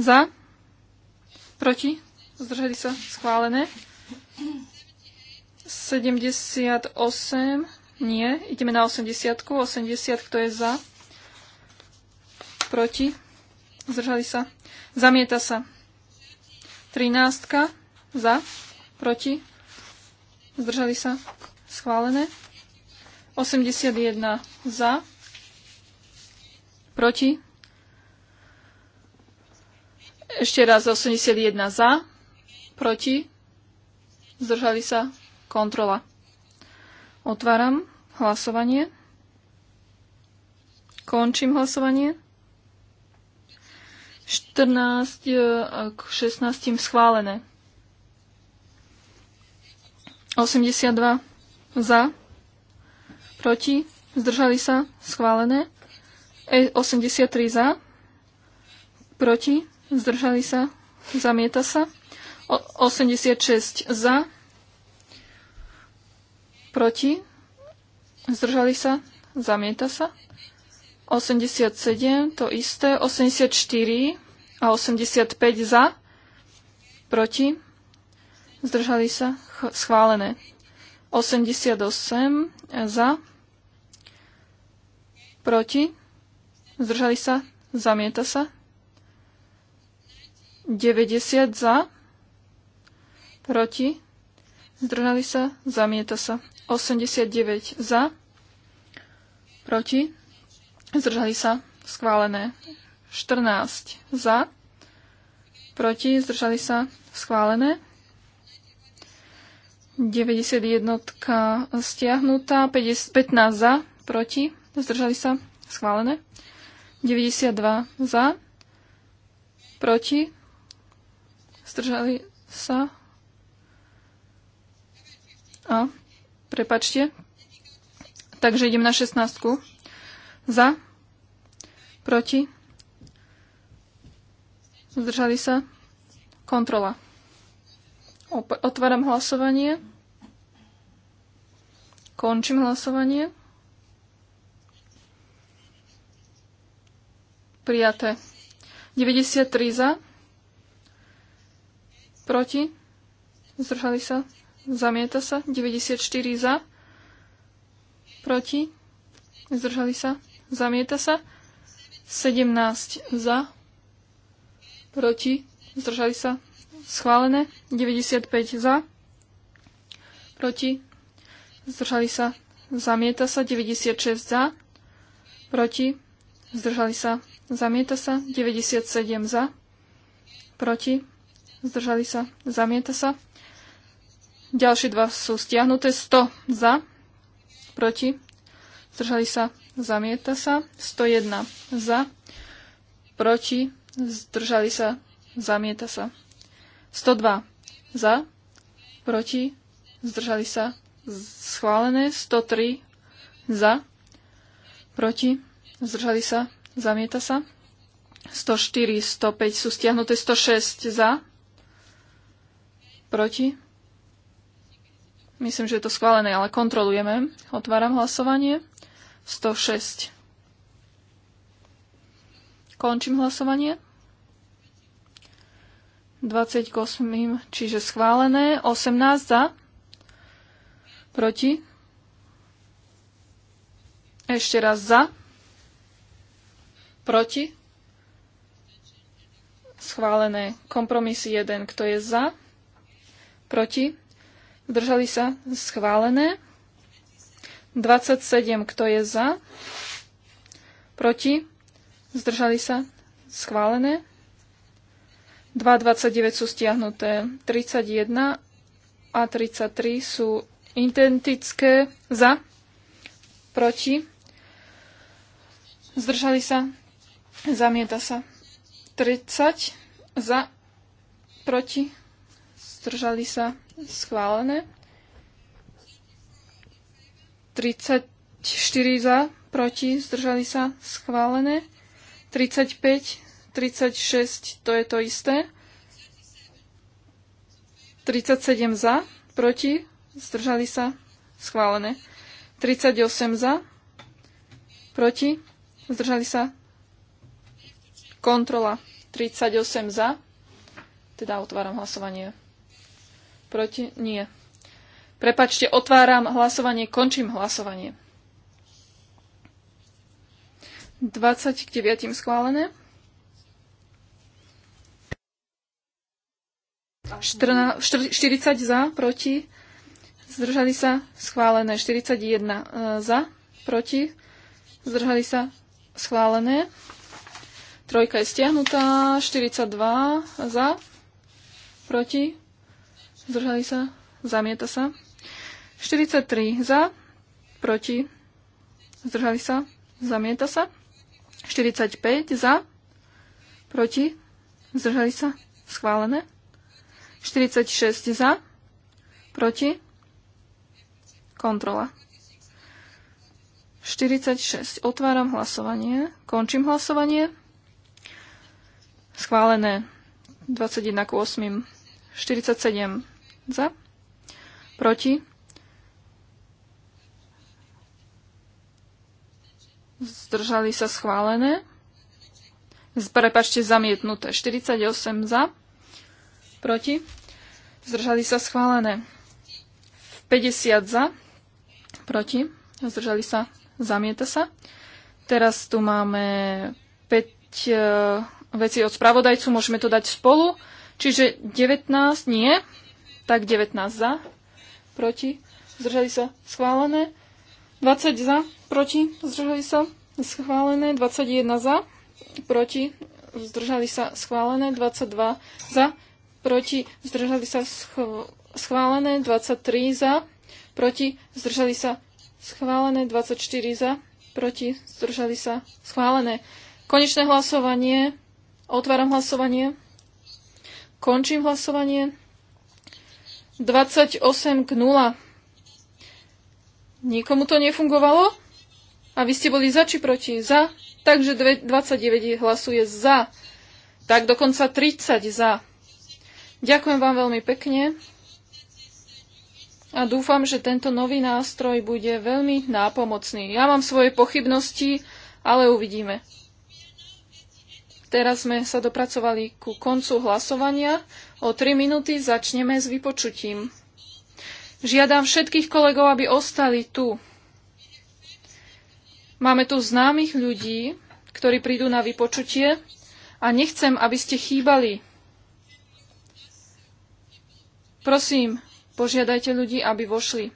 Za. Proti. Zdržali sa. Schválené. 78 nie. Ideme na 80. 80, kto je za? Proti? Zdržali sa? Zamieta sa. 13. Za? Proti? Zdržali sa? Schválené. 81 za. Proti? Ešte raz 81 za. Proti? Zdržali sa? Kontrola. Otváram hlasovanie. Končím hlasovanie. 14 e, k 16 schválené. 82 za, proti, zdržali sa, schválené. 83 e, za, proti, zdržali sa, zamieta sa. 86 za, proti, Zdržali sa? Zamieta sa? 87, to isté. 84 a 85 za. Proti? Zdržali sa? schválené. 88 za. Proti? Zdržali sa? Zamieta sa? 90 za. Proti? Zdržali sa? Zamieta sa. 89 za, proti, zdržali sa, schválené. 14 za, proti, zdržali sa, schválené. 91 stiahnutá, 15 za, proti, zdržali sa, schválené. 92 za, proti, zdržali sa a Prepačte. Takže idem na 16. Za. Proti. Zdržali sa. Kontrola. Otváram hlasovanie. Končím hlasovanie. Prijaté. 93 za. Proti. Zdržali sa. Zamieta sa. 94 za. Proti. Zdržali sa. Zamieta sa. 17 za. Proti. Zdržali sa. Schválené. 95 za. Proti. Zdržali sa. Zamieta sa. 96 za. Proti. Zdržali sa. Zamieta sa. 97 za. Proti. Zdržali sa. Zamieta sa. Ďalšie dva sú stiahnuté. 100 za, proti, zdržali sa, zamieta sa. 101 za, proti, zdržali sa, zamieta sa. 102 za, proti, zdržali sa, schválené. 103 za, proti, zdržali sa, zamieta sa. 104, 105 sú stiahnuté, 106 za, proti, Myslím, že je to schválené, ale kontrolujeme. Otváram hlasovanie. 106. Končím hlasovanie. 28, čiže schválené. 18 za. Proti. Ešte raz za. Proti. Schválené. Kompromis 1. Kto je za? Proti. Držali sa? Schválené. 27. Kto je za? Proti? Zdržali sa? Schválené. 2.29 sú stiahnuté. 31 a 33 sú identické za, proti, zdržali sa, zamieta sa. 30 za, proti, zdržali sa, schválené. 34 za, proti, zdržali sa, schválené. 35, 36, to je to isté. 37 za, proti, zdržali sa, schválené. 38 za, proti, zdržali sa, kontrola. 38 za, teda otváram hlasovanie. Proti? Nie. Prepačte, otváram hlasovanie, končím hlasovanie. 20 k 9 schválené. 14, 40 za, proti. Zdržali sa schválené. 41 e, za, proti. Zdržali sa schválené. Trojka je stiahnutá. 42 za, proti. Zdržali sa? Zamieta sa. 43 za, proti, zdržali sa, zamieta sa. 45 za, proti, zdržali sa, schválené. 46 za, proti, kontrola. 46. Otváram hlasovanie. Končím hlasovanie. Schválené. 21 k 8. 47 za? Proti? Zdržali sa schválené. Prepačte, zamietnuté. 48 za. Proti. Zdržali sa schválené. 50 za. Proti. Zdržali sa. Zamieta sa. Teraz tu máme 5 e, veci vecí od spravodajcu. Môžeme to dať spolu. Čiže 19 nie tak 19 za, proti, zdržali sa, schválené. 20 za, proti, zdržali sa, schválené. 21 za, proti, zdržali sa, schválené. 22 za, proti, zdržali sa, schválené. 23 za, proti, zdržali sa, schválené. 24 za, proti, zdržali sa, schválené. Konečné hlasovanie. Otváram hlasovanie. Končím hlasovanie. 28 k 0. Nikomu to nefungovalo? A vy ste boli za či proti? Za. Takže 29 hlasuje za. Tak dokonca 30 za. Ďakujem vám veľmi pekne a dúfam, že tento nový nástroj bude veľmi nápomocný. Ja mám svoje pochybnosti, ale uvidíme. Teraz sme sa dopracovali ku koncu hlasovania. O 3 minúty začneme s vypočutím. Žiadam všetkých kolegov, aby ostali tu. Máme tu známych ľudí, ktorí prídu na vypočutie a nechcem, aby ste chýbali. Prosím, požiadajte ľudí, aby vošli.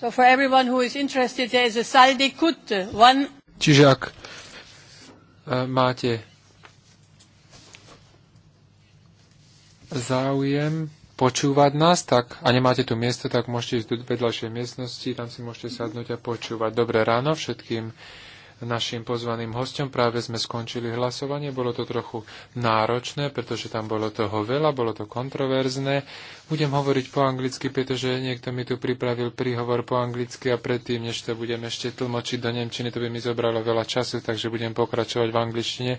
So for everyone who is interested, there is a saldi kut. One... Čiže ak e, máte záujem počúvať nás, tak, a nemáte tu miesto, tak môžete ísť do vedľajšej miestnosti, tam si môžete sadnúť a počúvať. Dobré ráno všetkým našim pozvaným hostom. Práve sme skončili hlasovanie, bolo to trochu náročné, pretože tam bolo toho veľa, bolo to kontroverzné. Budem hovoriť po anglicky, pretože niekto mi tu pripravil príhovor po anglicky a predtým, než to budem ešte tlmočiť do Nemčiny, to by mi zobralo veľa času, takže budem pokračovať v angličtine.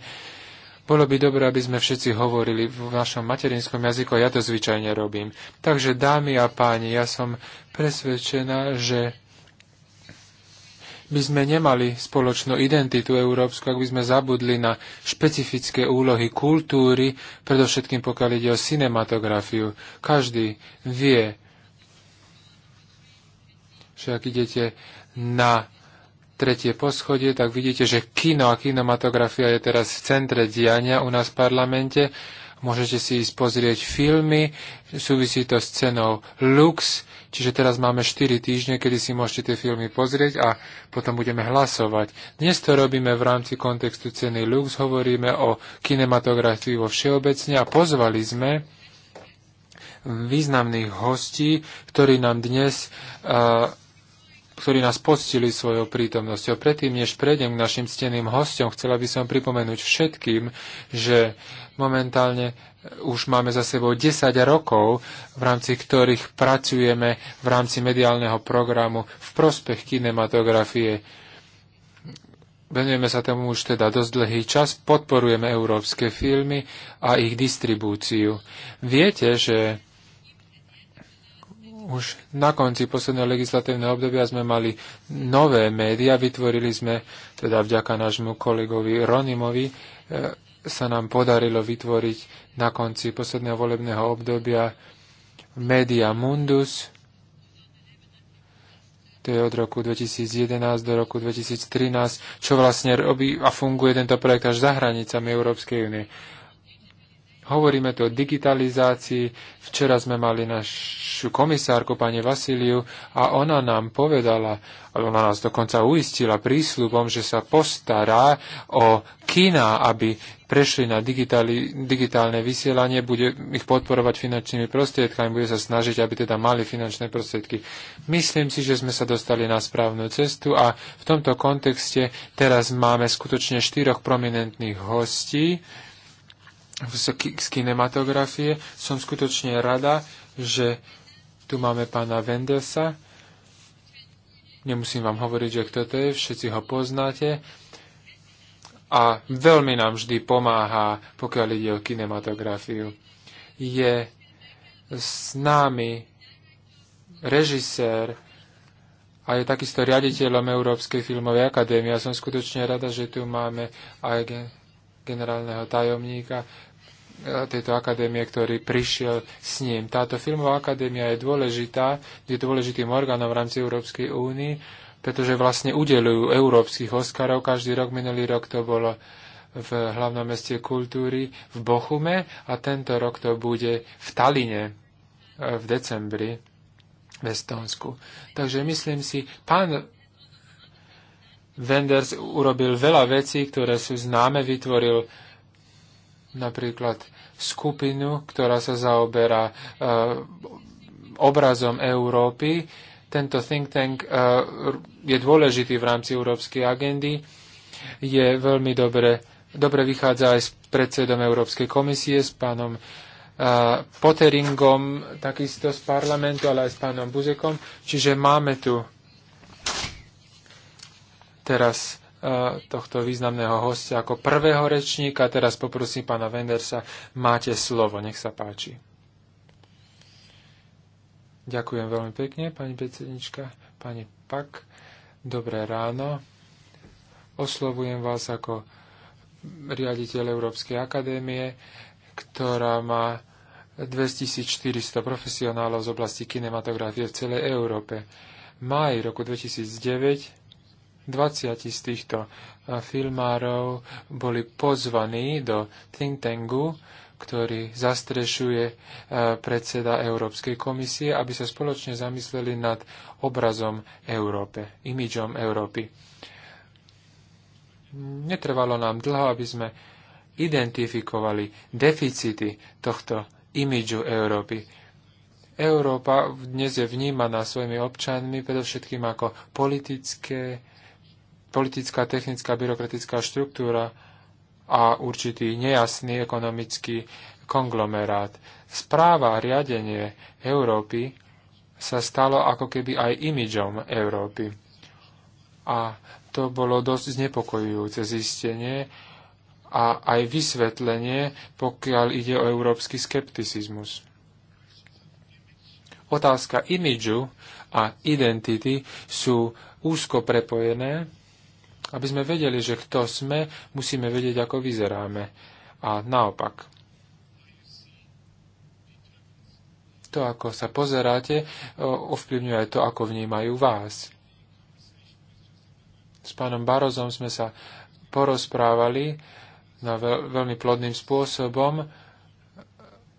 Bolo by dobré, aby sme všetci hovorili v našom materinskom jazyku a ja to zvyčajne robím. Takže, dámy a páni, ja som presvedčená, že by sme nemali spoločnú identitu európsku, ak by sme zabudli na špecifické úlohy kultúry, predovšetkým pokiaľ ide o cinematografiu. Každý vie, že ak idete na tretie poschodie, tak vidíte, že kino a kinematografia je teraz v centre diania u nás v parlamente Môžete si ísť pozrieť filmy, súvisí to s cenou Lux, čiže teraz máme 4 týždne, kedy si môžete tie filmy pozrieť a potom budeme hlasovať. Dnes to robíme v rámci kontextu ceny Lux, hovoríme o kinematografii vo všeobecne a pozvali sme významných hostí, ktorí nám dnes uh, ktorí nás poctili svojou prítomnosťou. Predtým, než prejdem k našim steným hostom, chcela by som pripomenúť všetkým, že uh, Momentálne e, už máme za sebou 10 rokov, v rámci ktorých pracujeme v rámci mediálneho programu v prospech kinematografie. Venujeme sa tomu už teda dosť dlhý čas, podporujeme európske filmy a ich distribúciu. Viete, že už na konci posledného legislatívneho obdobia sme mali nové médiá, vytvorili sme, teda vďaka nášmu kolegovi Ronimovi, e, sa nám podarilo vytvoriť na konci posledného volebného obdobia Media Mundus, to je od roku 2011 do roku 2013, čo vlastne robí a funguje tento projekt až za hranicami Európskej únie. Hovoríme tu o digitalizácii. Včera sme mali našu komisárku, pani Vasiliu, a ona nám povedala, ona nás dokonca uistila prísľubom, že sa postará o kina, aby prešli na digitálne vysielanie, bude ich podporovať finančnými prostriedkami, bude sa snažiť, aby teda mali finančné prostriedky. Myslím si, že sme sa dostali na správnu cestu a v tomto kontexte teraz máme skutočne štyroch prominentných hostí z kinematografie. Som skutočne rada, že tu máme pána Vendelsa. Nemusím vám hovoriť, že kto to je, všetci ho poznáte a veľmi nám vždy pomáha, pokiaľ ide o kinematografiu. Je s námi režisér a je takisto riaditeľom Európskej filmovej akadémie. Ja som skutočne rada, že tu máme aj generálneho tajomníka eh, tejto akadémie, ktorý prišiel s ním. Táto filmová akadémia je dôležitá, je dôležitým orgánom v rámci Európskej únie pretože vlastne udelujú európskych Oscarov. Každý rok, minulý rok to bolo v hlavnom meste kultúry v Bochume a tento rok to bude v Taline e, v decembri v Estonsku. Takže myslím si, pán Wenders urobil veľa vecí, ktoré sú známe, vytvoril napríklad skupinu, ktorá sa zaoberá uh, obrazom Európy tento think tank eh, je dôležitý v rámci európskej agendy, je veľmi dobre, dobre vychádza aj s predsedom Európskej komisie, s pánom eh, Potteringom, takisto z parlamentu, ale aj s pánom Buzekom. Čiže máme tu teraz eh, tohto významného hostia ako prvého rečníka. Teraz poprosím pána Vendersa, máte slovo, nech sa páči. Ďakujem veľmi pekne, pani predsednička, pani Pak. Dobré ráno. Oslovujem vás ako riaditeľ Európskej akadémie, ktorá má 2400 profesionálov z oblasti kinematografie v celej Európe. Maj roku 2009 20 z týchto filmárov boli pozvaní do think tanku ktorý zastrešuje e, predseda Európskej komisie, aby sa spoločne zamysleli nad obrazom Európe, imidžom Európy. Netrvalo nám dlho, aby sme identifikovali deficity tohto imidžu Európy. Európa dnes je vnímaná svojimi občanmi predovšetkým ako politické, politická, technická, byrokratická štruktúra, a určitý nejasný ekonomický konglomerát. Správa a riadenie Európy sa stalo ako keby aj imidžom Európy. A to bolo dosť znepokojujúce zistenie a aj vysvetlenie, pokiaľ ide o európsky skepticizmus. Otázka imidžu a identity sú úzko prepojené aby sme vedeli, že kto sme, musíme vedieť, ako vyzeráme. A naopak. To, ako sa pozeráte, ovplyvňuje aj to, ako vnímajú vás. S pánom Barozom sme sa porozprávali na veľ- veľmi plodným spôsobom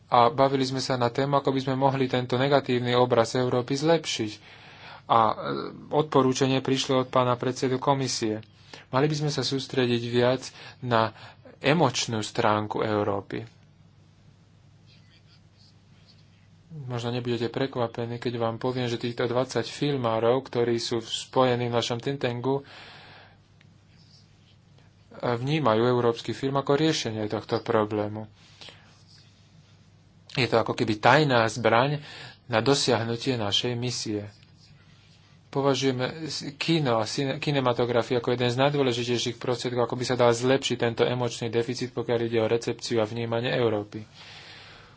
a bavili sme sa na tému, ako by sme mohli tento negatívny obraz Európy zlepšiť a e, odporúčanie prišlo od pána predsedu komisie. Mali by sme sa sústrediť viac na emočnú stránku Európy. Možno nebudete prekvapení, keď vám poviem, že týchto 20 filmárov, ktorí sú spojení v našom Tintengu, vnímajú európsky film ako riešenie tohto problému. Je to ako keby tajná zbraň na dosiahnutie našej misie považujeme kino a kinematografiu ako jeden z najdôležitejších prostriedkov, ako by sa dal zlepšiť tento emočný deficit, pokiaľ ide o recepciu a vnímanie Európy.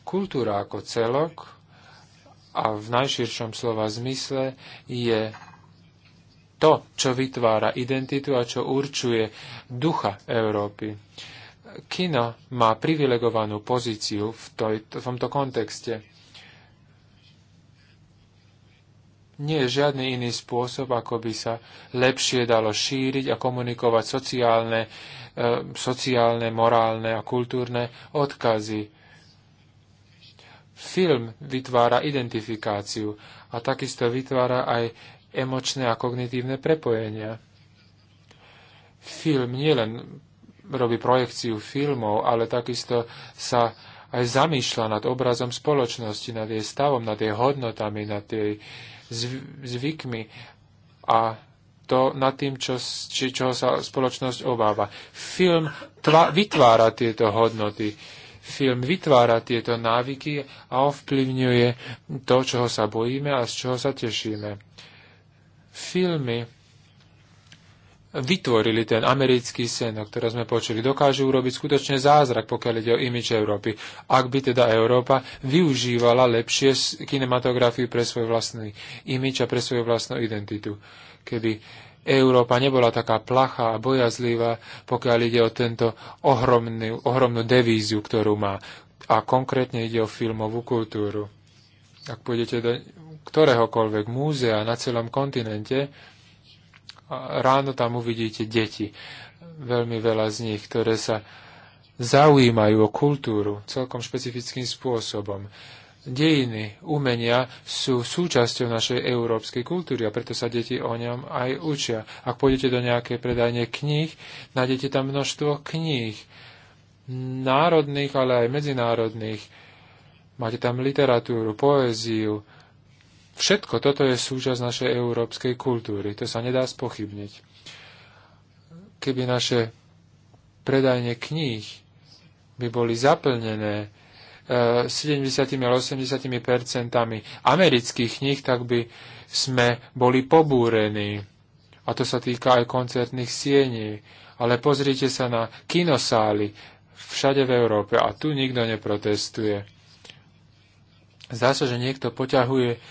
Kultúra ako celok a v najširšom slova zmysle je to, čo vytvára identitu a čo určuje ducha Európy. Kino má privilegovanú pozíciu v, toj, v tomto kontexte nie je žiadny iný spôsob, ako by sa lepšie dalo šíriť a komunikovať sociálne, e, sociálne morálne a kultúrne odkazy. Film vytvára identifikáciu a takisto vytvára aj emočné a kognitívne prepojenia. Film nielen robí projekciu filmov, ale takisto sa aj zamýšľa nad obrazom spoločnosti, nad jej stavom, nad jej hodnotami, nad jej zvykmi a to nad tým, čo, či, čoho sa spoločnosť obáva. Film tva, vytvára tieto hodnoty. Film vytvára tieto návyky a ovplyvňuje to, čoho sa bojíme a z čoho sa tešíme. Filmy vytvorili ten americký sen, o ktorom sme počuli. Dokážu urobiť skutočne zázrak, pokiaľ ide o imič Európy. Ak by teda Európa využívala lepšie kinematografiu pre svoj vlastný imič a pre svoju vlastnú identitu. Keby Európa nebola taká plachá a bojazlivá, pokiaľ ide o tento ohromný, ohromnú devíziu, ktorú má. A konkrétne ide o filmovú kultúru. Ak pôjdete do ktoréhokoľvek múzea na celom kontinente, ráno tam uvidíte deti. Veľmi veľa z nich, ktoré sa zaujímajú o kultúru celkom špecifickým spôsobom. Dejiny, umenia sú súčasťou našej európskej kultúry a preto sa deti o ňom aj učia. Ak pôjdete do nejakej predajne kníh, nájdete tam množstvo kníh, národných, ale aj medzinárodných. Máte tam literatúru, poéziu, Všetko toto je súčasť našej európskej kultúry. To sa nedá spochybniť. Keby naše predajne kníh by boli zaplnené 70 e, alebo 80 percentami amerických kníh, tak by sme boli pobúrení. A to sa týka aj koncertných siení. Ale pozrite sa na kinosály všade v Európe a tu nikto neprotestuje. Zdá sa, že niekto poťahuje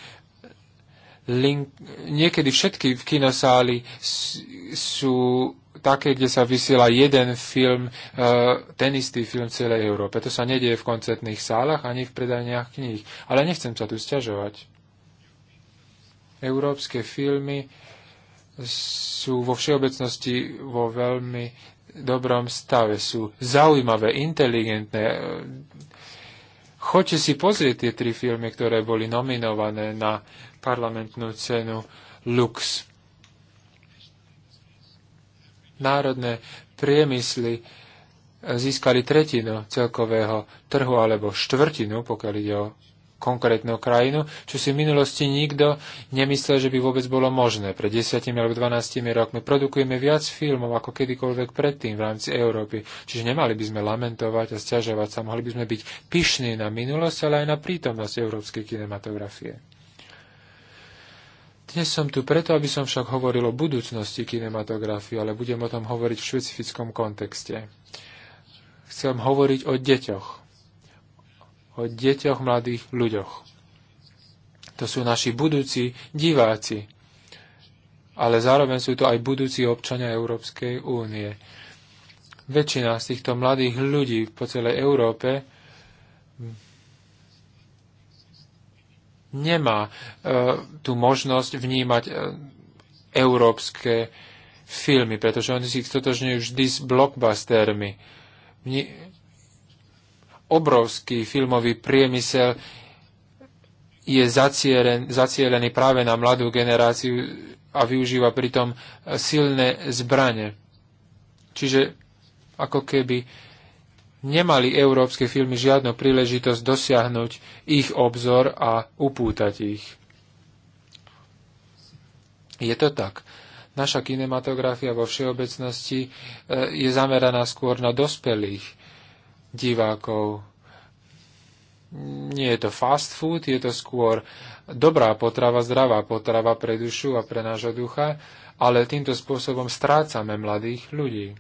link, niekedy všetky v kinosáli sú také, kde sa vysiela jeden film, e, ten istý film v celej Európe. To sa nedieje v koncertných sálach ani v predajniach kníh. Ale nechcem sa tu sťažovať. Európske filmy sú vo všeobecnosti vo veľmi dobrom stave. Sú zaujímavé, inteligentné, Choďte si pozrieť tie tri filmy, ktoré boli nominované na parlamentnú cenu Lux. Národné priemysly získali tretinu celkového trhu alebo štvrtinu, pokiaľ ide o konkrétnu krajinu, čo si v minulosti nikto nemyslel, že by vôbec bolo možné. Pred 10 alebo 12 rokmi produkujeme viac filmov ako kedykoľvek predtým v rámci Európy. Čiže nemali by sme lamentovať a stiažovať sa, mohli by sme byť pyšní na minulosť, ale aj na prítomnosť európskej kinematografie. Dnes som tu preto, aby som však hovoril o budúcnosti kinematografie, ale budem o tom hovoriť v špecifickom kontexte. Chcem hovoriť o deťoch. O deťoch, mladých ľuďoch. To sú naši budúci diváci. Ale zároveň sú to aj budúci občania Európskej únie. Väčšina z týchto mladých ľudí po celej Európe nemá e, tú možnosť vnímať e, európske filmy, pretože oni si ich stotožňujú vždy s blockbustermi. Vni- obrovský filmový priemysel je zacielen, zacielený práve na mladú generáciu a využíva pritom silné zbranie. Čiže ako keby nemali európske filmy žiadnu príležitosť dosiahnuť ich obzor a upútať ich. Je to tak. Naša kinematografia vo všeobecnosti e, je zameraná skôr na dospelých divákov. Nie je to fast food, je to skôr dobrá potrava, zdravá potrava pre dušu a pre nášho ducha, ale týmto spôsobom strácame mladých ľudí.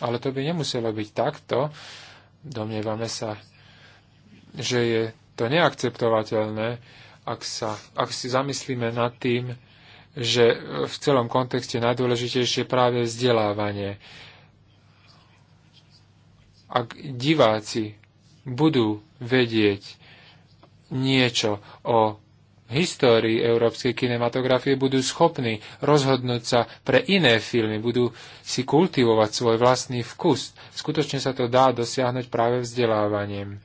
Ale to by nemuselo byť takto. Domnievame sa, že je to neakceptovateľné, ak, sa, ak si zamyslíme nad tým, že v celom kontexte najdôležitejšie práve vzdelávanie. Ak diváci budú vedieť niečo o histórii európskej kinematografie budú schopní rozhodnúť sa pre iné filmy, budú si kultivovať svoj vlastný vkus. Skutočne sa to dá dosiahnuť práve vzdelávaním.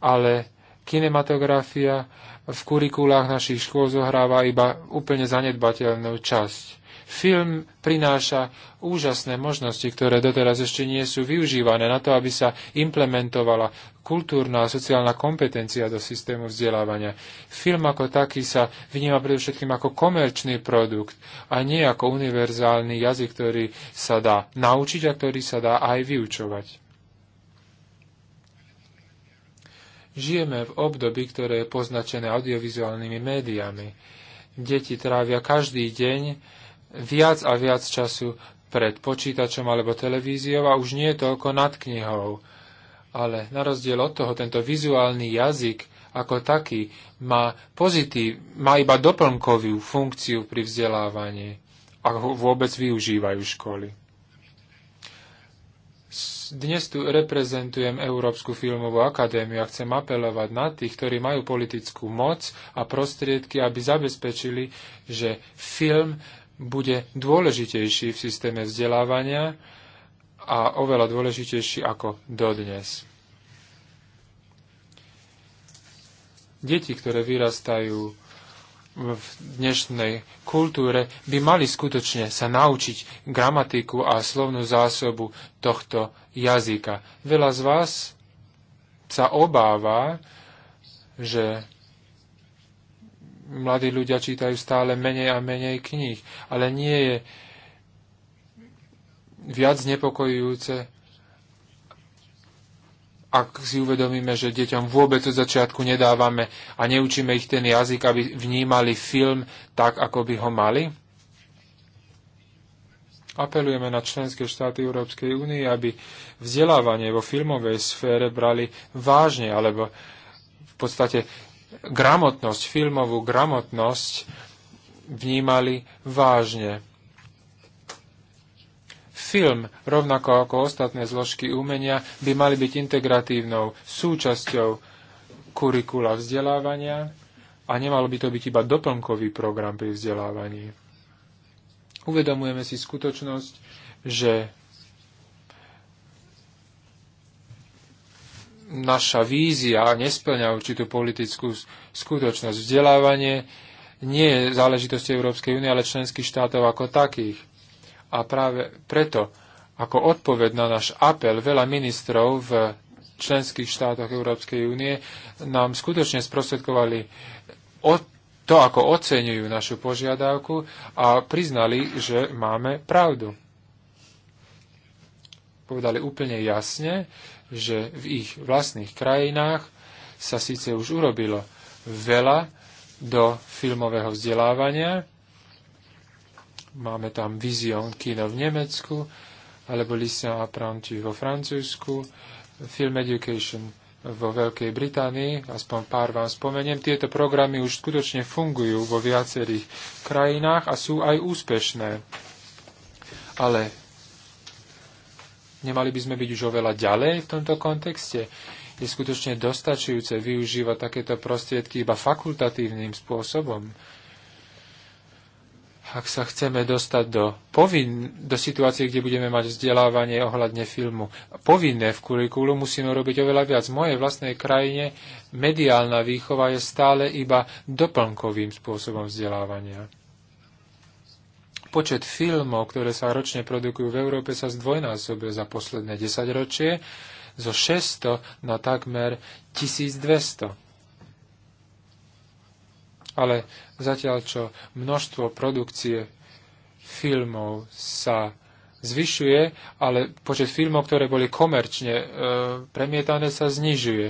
Ale kinematografia v kurikulách našich škôl zohráva iba úplne zanedbateľnú časť. Film prináša úžasné možnosti, ktoré doteraz ešte nie sú využívané na to, aby sa implementovala kultúrna a sociálna kompetencia do systému vzdelávania. Film ako taký sa vníma predovšetkým ako komerčný produkt a nie ako univerzálny jazyk, ktorý sa dá naučiť a ktorý sa dá aj vyučovať. Žijeme v období, ktoré je poznačené audiovizuálnymi médiami. Deti trávia každý deň viac a viac času pred počítačom alebo televíziou a už nie je toľko nad knihou. Ale na rozdiel od toho, tento vizuálny jazyk ako taký má pozitív, má iba doplnkovú funkciu pri vzdelávaní, ak ho vôbec využívajú školy. Dnes tu reprezentujem Európsku filmovú akadémiu a chcem apelovať na tých, ktorí majú politickú moc a prostriedky, aby zabezpečili, že film bude dôležitejší v systéme vzdelávania a oveľa dôležitejší ako dodnes. Deti, ktoré vyrastajú v dnešnej kultúre by mali skutočne sa naučiť gramatiku a slovnú zásobu tohto jazyka. Veľa z vás sa obáva, že mladí ľudia čítajú stále menej a menej kníh, ale nie je viac znepokojujúce ak si uvedomíme, že deťom vôbec od začiatku nedávame a neučíme ich ten jazyk, aby vnímali film tak, ako by ho mali? Apelujeme na členské štáty Európskej únie, aby vzdelávanie vo filmovej sfére brali vážne, alebo v podstate gramotnosť, filmovú gramotnosť vnímali vážne. Film, rovnako ako ostatné zložky umenia, by mali byť integratívnou súčasťou kurikula vzdelávania a nemalo by to byť iba doplnkový program pri vzdelávaní. Uvedomujeme si skutočnosť, že naša vízia nesplňa určitú politickú skutočnosť. Vzdelávanie nie je záležitosť Európskej únie, ale členských štátov ako takých. A práve preto, ako odpoved na náš apel, veľa ministrov v členských štátoch Európskej únie nám skutočne sprostredkovali to, ako oceňujú našu požiadavku a priznali, že máme pravdu. Povedali úplne jasne, že v ich vlastných krajinách sa síce už urobilo veľa do filmového vzdelávania, Máme tam Vision Kino v Nemecku, alebo Lycée Apprenti vo Francúzsku, Film Education vo Veľkej Británii, aspoň pár vám spomeniem. Tieto programy už skutočne fungujú vo viacerých krajinách a sú aj úspešné. Ale nemali by sme byť už oveľa ďalej v tomto kontexte? Je skutočne dostačujúce využívať takéto prostriedky iba fakultatívnym spôsobom? ak sa chceme dostať do, povin, do situácie, kde budeme mať vzdelávanie ohľadne filmu povinné v kurikulu, musíme robiť oveľa viac. V mojej vlastnej krajine mediálna výchova je stále iba doplnkovým spôsobom vzdelávania. Počet filmov, ktoré sa ročne produkujú v Európe, sa zdvojnásobil za posledné desaťročie zo 600 na takmer 1200 ale zatiaľ čo množstvo produkcie filmov sa zvyšuje, ale počet filmov, ktoré boli komerčne e, premietané, sa znižuje.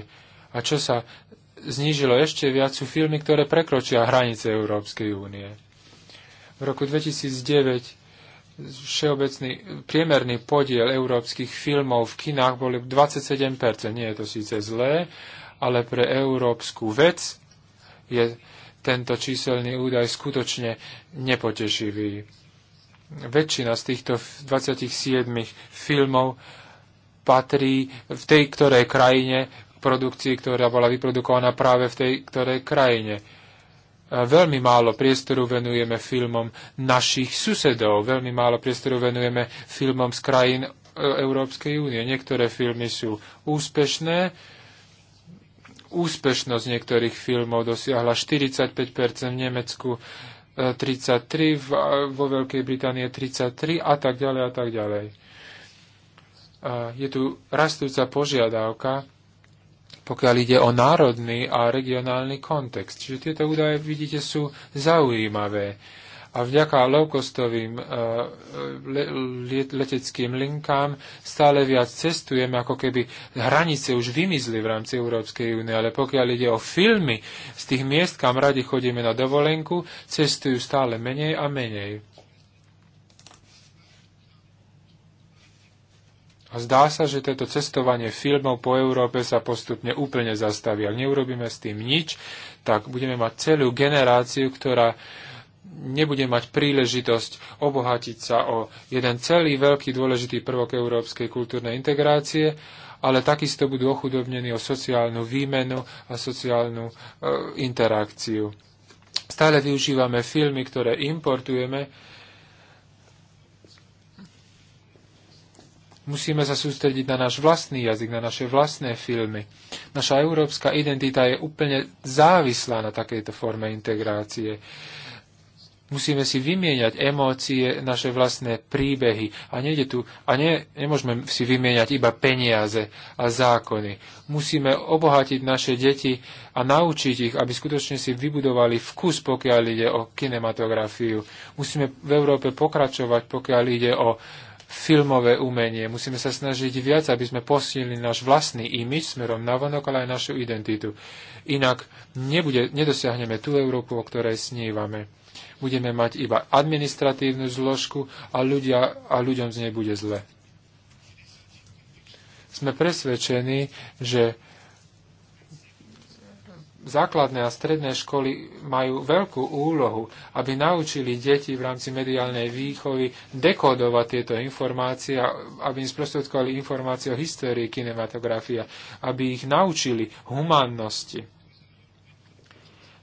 A čo sa znížilo ešte viac, sú filmy, ktoré prekročia hranice Európskej únie. V roku 2009 všeobecný priemerný podiel európskych filmov v kinách boli 27%. Nie je to síce zlé, ale pre európsku vec je tento číselný údaj skutočne nepotešivý. Väčšina z týchto 27 filmov patrí v tej ktorej krajine produkcii, ktorá bola vyprodukovaná práve v tej ktorej krajine. Veľmi málo priestoru venujeme filmom našich susedov, veľmi málo priestoru venujeme filmom z krajín e, Európskej únie. Niektoré filmy sú úspešné, úspešnosť niektorých filmov dosiahla 45% v Nemecku, 33, e, vo Veľkej Británii 33 a tak ďalej a tak ďalej. Je tu rastúca požiadavka, pokiaľ ide o národný a regionálny kontext. Čiže tieto údaje, vidíte, sú zaujímavé. A vďaka low-costovým e, leteckým linkám stále viac cestujeme, ako keby hranice už vymizli v rámci Európskej únie. Ale pokiaľ ide o filmy z tých miest, kam radi chodíme na dovolenku, cestujú stále menej a menej. A zdá sa, že toto cestovanie filmov po Európe sa postupne úplne zastaví. Ak neurobíme s tým nič, tak budeme mať celú generáciu, ktorá nebude mať príležitosť obohatiť sa o jeden celý veľký dôležitý prvok európskej kultúrnej integrácie, ale takisto budú ochudobnení o sociálnu výmenu a sociálnu e, interakciu. Stále využívame filmy, ktoré importujeme. Musíme sa sústrediť na náš vlastný jazyk, na naše vlastné filmy. Naša európska identita je úplne závislá na takejto forme integrácie. E, Musíme si vymieňať emócie, naše vlastné príbehy. A, nejde tu, a ne, nemôžeme si vymieňať iba peniaze a zákony. Musíme obohatiť naše deti a naučiť ich, aby skutočne si vybudovali vkus, pokiaľ ide o kinematografiu. Musíme v Európe pokračovať, pokiaľ ide o filmové umenie. Musíme sa snažiť viac, aby sme posilili náš vlastný imič smerom na vonok, ale aj našu identitu. Inak nebude, nedosiahneme tú Európu, o ktorej snívame budeme mať iba administratívnu zložku a, ľudia, a ľuďom z nej bude zle. Sme presvedčení, že základné a stredné školy majú veľkú úlohu, aby naučili deti v rámci mediálnej výchovy dekodovať tieto informácie, aby im sprostredkovali informácie o histórii kinematografia, aby ich naučili humánnosti.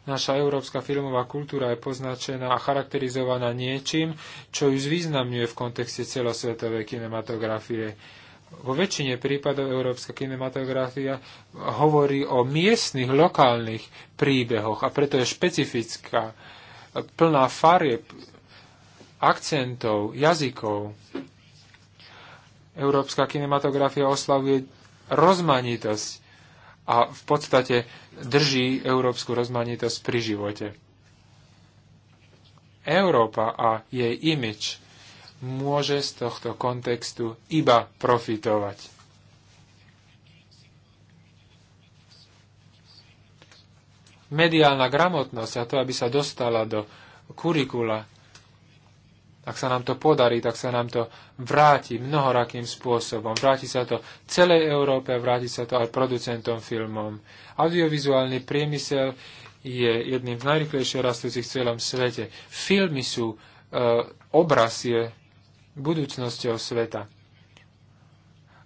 Naša európska filmová kultúra je poznačená a charakterizovaná niečím, čo ju zvýznamňuje v kontexte celosvetovej kinematografie. Vo väčšine prípadov európska kinematografia hovorí o miestnych, lokálnych príbehoch a preto je špecifická, plná farieb, akcentov, jazykov. Európska kinematografia oslavuje rozmanitosť a v podstate drží európsku rozmanitosť pri živote. Európa a jej imič môže z tohto kontextu iba profitovať. Mediálna gramotnosť a to, aby sa dostala do kurikula ak sa nám to podarí, tak sa nám to vráti mnohorakým spôsobom. Vráti sa to celej Európe a vráti sa to aj producentom filmom. Audiovizuálny priemysel je jedným z najrychlejšie rastúcich v celom svete. Filmy sú, e, obraz je budúcnosťou sveta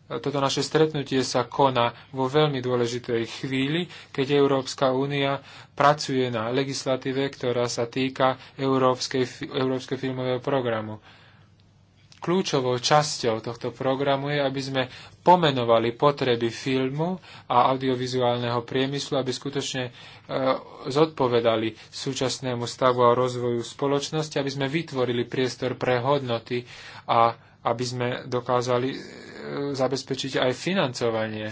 toto naše stretnutie sa koná vo veľmi dôležitej chvíli, keď Európska únia pracuje na legislatíve, ktorá sa týka Európskej, Európskej filmového programu. Kľúčovou časťou tohto programu je, aby sme pomenovali potreby filmu a audiovizuálneho priemyslu, aby skutočne e, zodpovedali súčasnému stavu a rozvoju spoločnosti, aby sme vytvorili priestor pre hodnoty a aby sme dokázali e, zabezpečiť aj financovanie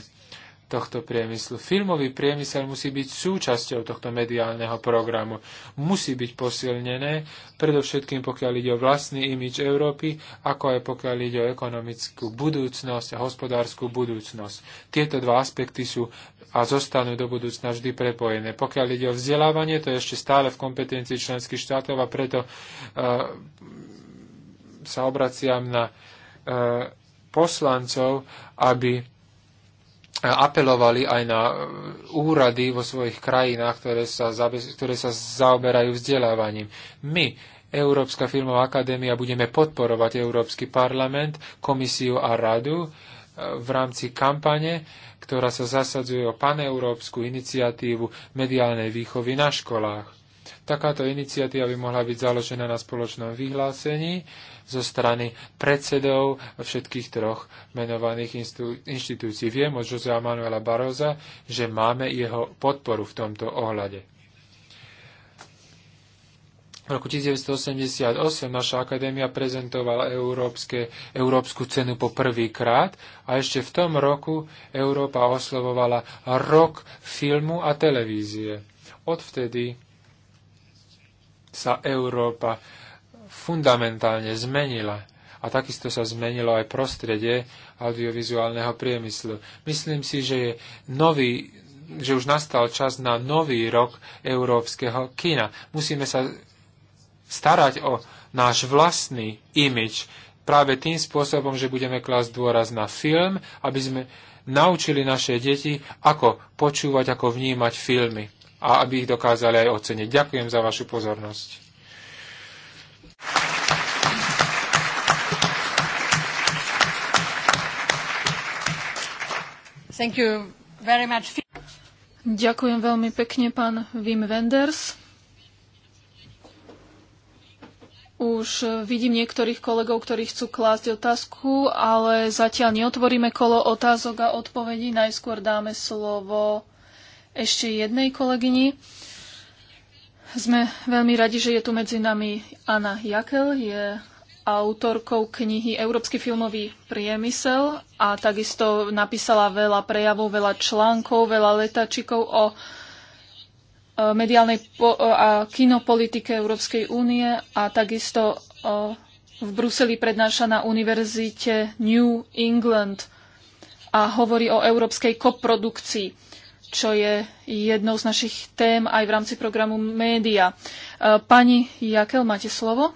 tohto priemyslu. Filmový priemysel musí byť súčasťou tohto mediálneho programu. Musí byť posilnené, predovšetkým pokiaľ ide o vlastný imič Európy, ako aj pokiaľ ide o ekonomickú budúcnosť a hospodárskú budúcnosť. Tieto dva aspekty sú a zostanú do budúcna vždy prepojené. Pokiaľ ide o vzdelávanie, to je ešte stále v kompetencii členských štátov a preto uh, sa obraciam na e, poslancov, aby e, apelovali aj na e, úrady vo svojich krajinách, ktoré sa, ktoré sa zaoberajú vzdelávaním. My, Európska filmová akadémia, budeme podporovať Európsky parlament, komisiu a radu v rámci kampane, ktorá sa zasadzuje o paneurópsku iniciatívu mediálnej výchovy na školách. Takáto iniciatíva by mohla byť založená na spoločnom vyhlásení, zo strany predsedov všetkých troch menovaných inštitúcií. Viem od Josea Manuela Baroza, že máme jeho podporu v tomto ohľade. V roku 1988 naša akadémia prezentovala európske, európsku cenu po prvýkrát a ešte v tom roku Európa oslovovala rok filmu a televízie. Odvtedy sa Európa fundamentálne zmenila. A takisto sa zmenilo aj prostredie audiovizuálneho priemyslu. Myslím si, že je nový, že už nastal čas na nový rok európskeho kina. Musíme sa starať o náš vlastný imič práve tým spôsobom, že budeme klásť dôraz na film, aby sme naučili naše deti, ako počúvať, ako vnímať filmy a aby ich dokázali aj oceniť. Ďakujem za vašu pozornosť. Thank you very much. Ďakujem veľmi pekne, pán Wim Wenders. Už vidím niektorých kolegov, ktorí chcú klásť otázku, ale zatiaľ neotvoríme kolo otázok a odpovedí. Najskôr dáme slovo ešte jednej kolegyni. Sme veľmi radi, že je tu medzi nami Anna Jakel, je autorkou knihy Európsky filmový priemysel a takisto napísala veľa prejavov, veľa článkov, veľa letačikov o e, mediálnej po- e, a kinopolitike Európskej únie a takisto e, v Bruseli prednáša na univerzite New England a hovorí o európskej koprodukcii čo je jednou z našich tém aj v rámci programu Média. E, pani Jakel, máte slovo?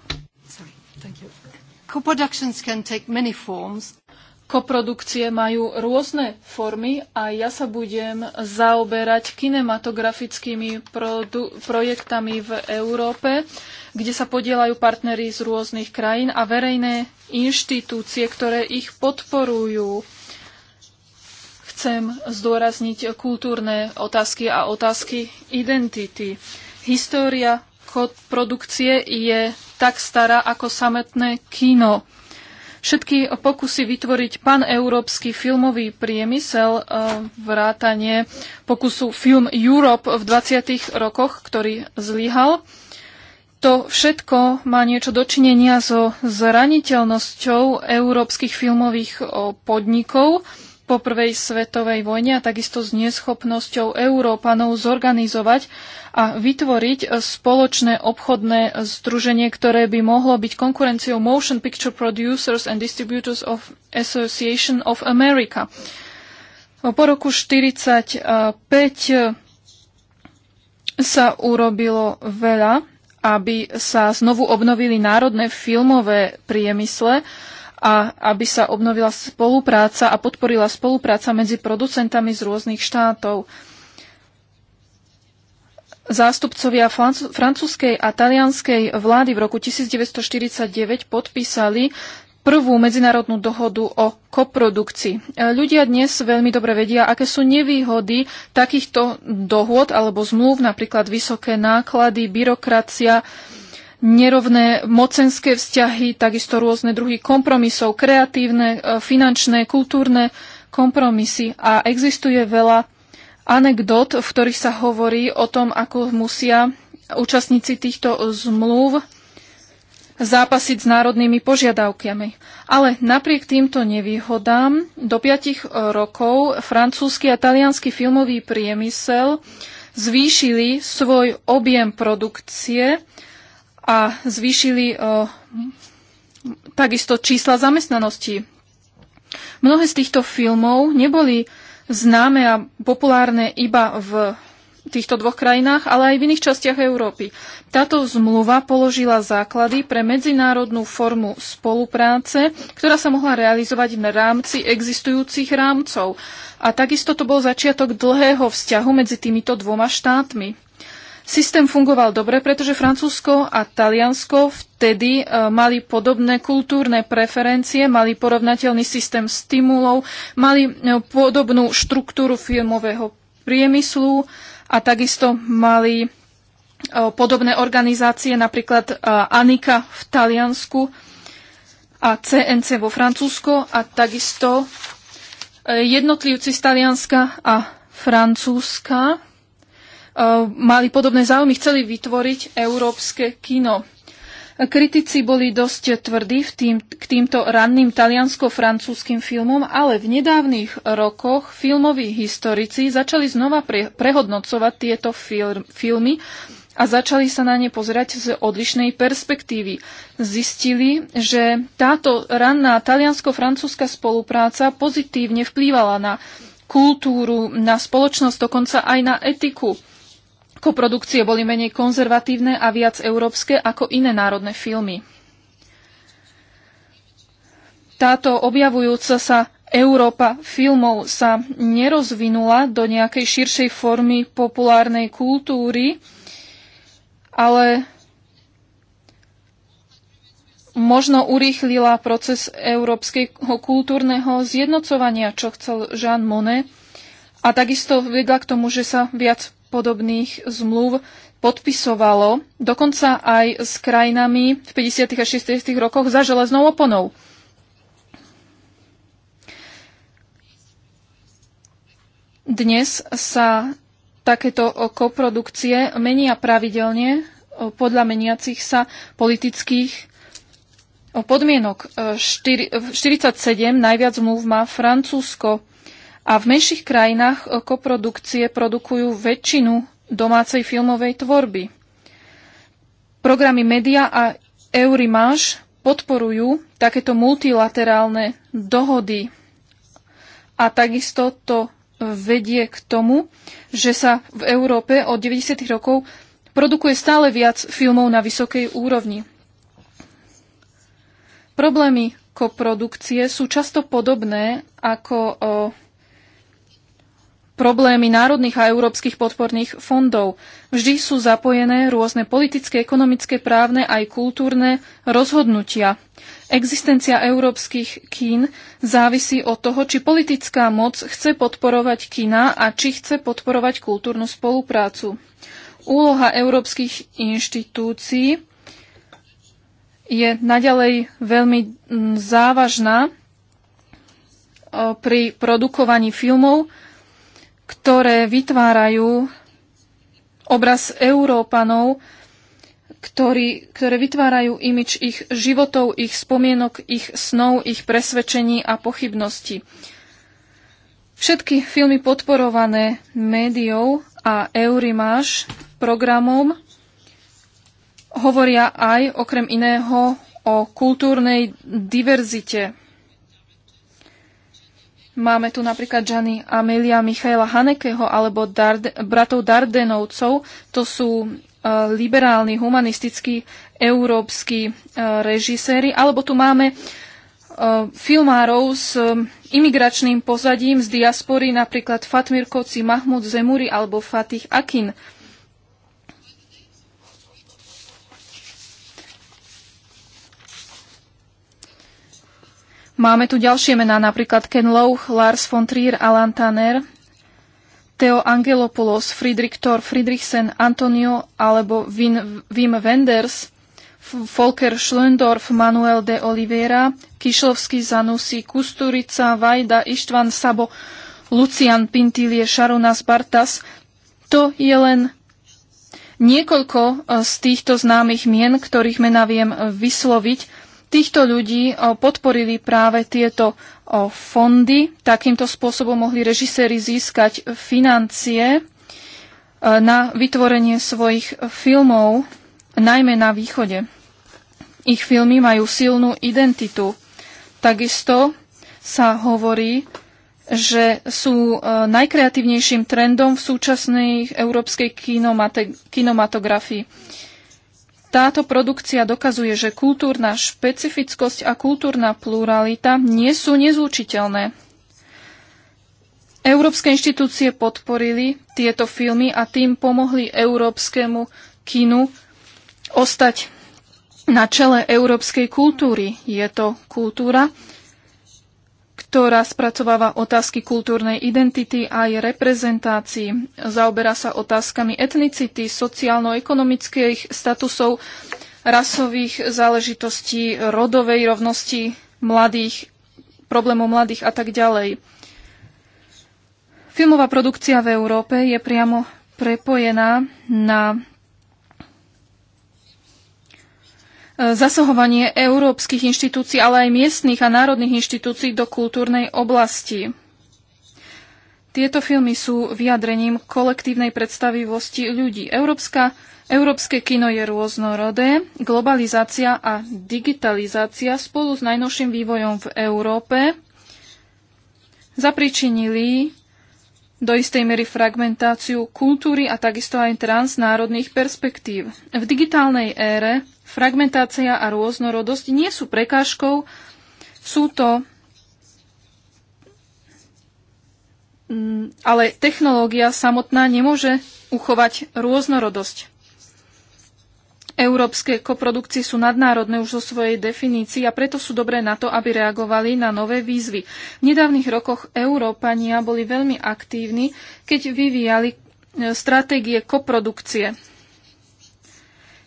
Koprodukcie majú rôzne formy a ja sa budem zaoberať kinematografickými projektami v Európe, kde sa podielajú partnery z rôznych krajín a verejné inštitúcie, ktoré ich podporujú chcem zdôrazniť kultúrne otázky a otázky identity. História produkcie je tak stará ako sametné kino. Všetky pokusy vytvoriť paneurópsky filmový priemysel, eh, vrátanie pokusu Film Europe v 20. rokoch, ktorý zlyhal, to všetko má niečo dočinenia so zraniteľnosťou európskych filmových eh, podnikov, po prvej svetovej vojne a takisto s neschopnosťou Európanov zorganizovať a vytvoriť spoločné obchodné združenie, ktoré by mohlo byť konkurenciou Motion Picture Producers and Distributors of Association of America. Po roku 1945 sa urobilo veľa, aby sa znovu obnovili národné filmové priemysle a aby sa obnovila spolupráca a podporila spolupráca medzi producentami z rôznych štátov. Zástupcovia francúzskej a talianskej vlády v roku 1949 podpísali prvú medzinárodnú dohodu o koprodukcii. Ľudia dnes veľmi dobre vedia, aké sú nevýhody takýchto dohôd alebo zmluv, napríklad vysoké náklady, byrokracia, nerovné mocenské vzťahy, takisto rôzne druhy kompromisov, kreatívne, e, finančné, kultúrne kompromisy. A existuje veľa anekdot, v ktorých sa hovorí o tom, ako musia účastníci týchto zmluv zápasiť s národnými požiadavkami. Ale napriek týmto nevýhodám do 5 rokov francúzsky a talianský filmový priemysel zvýšili svoj objem produkcie a zvýšili takisto čísla zamestnanosti. Mnohé z týchto filmov neboli známe a populárne iba v týchto dvoch krajinách, ale aj v iných častiach Európy. Táto zmluva položila základy pre medzinárodnú formu spolupráce, ktorá sa mohla realizovať v rámci existujúcich rámcov. A takisto to bol začiatok dlhého vzťahu medzi týmito dvoma štátmi. Systém fungoval dobre, pretože Francúzsko a Taliansko vtedy e, mali podobné kultúrne preferencie, mali porovnateľný systém stimulov, mali e, podobnú štruktúru filmového priemyslu a takisto mali e, podobné organizácie, napríklad Anika v Taliansku a CNC vo Francúzsko a takisto jednotlivci z Talianska a Francúzska Eh, mali podobné záujmy, chceli vytvoriť európske kino. Kritici boli dosť tvrdí v tým, k týmto ranným taliansko-francúzským filmom, ale v nedávnych rokoch filmoví historici začali znova pre, prehodnocovať tieto fil, filmy a začali sa na ne pozerať z odlišnej perspektívy. Zistili, že táto ranná taliansko-francúzska spolupráca pozitívne vplývala na kultúru, na spoločnosť, dokonca aj na etiku koprodukcie boli menej konzervatívne a viac európske ako iné národné filmy. Táto objavujúca sa Európa filmov sa nerozvinula do nejakej širšej formy populárnej kultúry, ale možno urýchlila proces európskeho kultúrneho zjednocovania, čo chcel Jean Monnet, a takisto vedla k tomu, že sa viac podobných zmluv podpisovalo, dokonca aj s krajinami v 50. a 60. rokoch za železnou oponou. Dnes sa takéto koprodukcie menia pravidelne podľa meniacich sa politických podmienok. 47 najviac zmluv má Francúzsko. A v menších krajinách eh, koprodukcie produkujú väčšinu domácej filmovej tvorby. Programy Media a Eurimáš podporujú takéto multilaterálne dohody. A takisto to eh, vedie k tomu, že sa v Európe od 90. rokov produkuje stále viac filmov na vysokej úrovni. Problémy koprodukcie sú často podobné ako eh, problémy národných a európskych podporných fondov. Vždy sú zapojené rôzne politické, ekonomické, právne aj kultúrne rozhodnutia. Existencia európskych kín závisí od toho, či politická moc chce podporovať kina a či chce podporovať kultúrnu spoluprácu. Úloha európskych inštitúcií je naďalej veľmi mm, závažná pri produkovaní filmov, ktoré vytvárajú obraz Európanov, ktorý, ktoré vytvárajú imič ich životov, ich spomienok, ich snov, ich presvedčení a pochybností. Všetky filmy podporované médiou a Eurimáš programom hovoria aj okrem iného o kultúrnej diverzite Máme tu napríklad Žany Amelia Michaela Hanekeho alebo Darde, bratov Dardenovcov. To sú uh, liberálni, humanistickí, európsky uh, režiséri. Alebo tu máme uh, filmárov s imigračným pozadím z diaspory, napríklad Fatmir Koci, Mahmud Zemuri alebo Fatih Akin. Uh, Máme tu ďalšie mená, napríklad Ken Loach, Lars von Trier, Alan Tanner, Theo Angelopoulos, Friedrich Thor, Friedrichsen, Antonio alebo Wim, Wim Wenders, Volker Schlöndorf, Manuel de Oliveira, Kišlovský, Zanusi, Kusturica, Vajda, Ištvan Sabo, Lucian Pintilie, Šarunas Bartas. To je len niekoľko eh, z týchto známych mien, ktorých mená viem eh, vysloviť týchto ľudí eh, podporili práve tieto eh, fondy. Takýmto spôsobom mohli režiséri získať financie eh, na vytvorenie svojich filmov, najmä na východe. Ich filmy majú silnú identitu. Takisto sa hovorí, že sú najkreatívnejším trendom v súčasnej európskej kinematografii. Táto produkcia dokazuje, že kultúrna špecifickosť a kultúrna pluralita nie sú nezúčiteľné. Európske inštitúcie podporili tieto filmy a tým pomohli európskemu kinu ostať na čele európskej kultúry. Je to kultúra, ktorá spracováva otázky kultúrnej identity a aj reprezentácii, Zaoberá sa otázkami etnicity, sociálno-ekonomických statusov, rasových záležitostí, rodovej rovnosti mladých, problémov mladých a tak ďalej. Filmová produkcia v Európe je priamo prepojená na E, zasahovanie európskych inštitúcií, ale aj miestnych a národných inštitúcií do kultúrnej oblasti. Tieto filmy sú vyjadrením kolektívnej predstavivosti ľudí. Európska, európske kino je rôznorodé. Globalizácia a digitalizácia spolu s najnovším vývojom v Európe zapričinili do istej miery fragmentáciu kultúry a takisto aj transnárodných perspektív. V digitálnej ére Fragmentácia a rôznorodosť nie sú prekážkou, sú to mm, ale technológia samotná nemôže uchovať rôznorodosť. Európske koprodukcie sú nadnárodné už zo svojej definícii a preto sú dobré na to, aby reagovali na nové výzvy. V nedávnych rokoch Európania boli veľmi aktívni, keď vyvíjali e, stratégie koprodukcie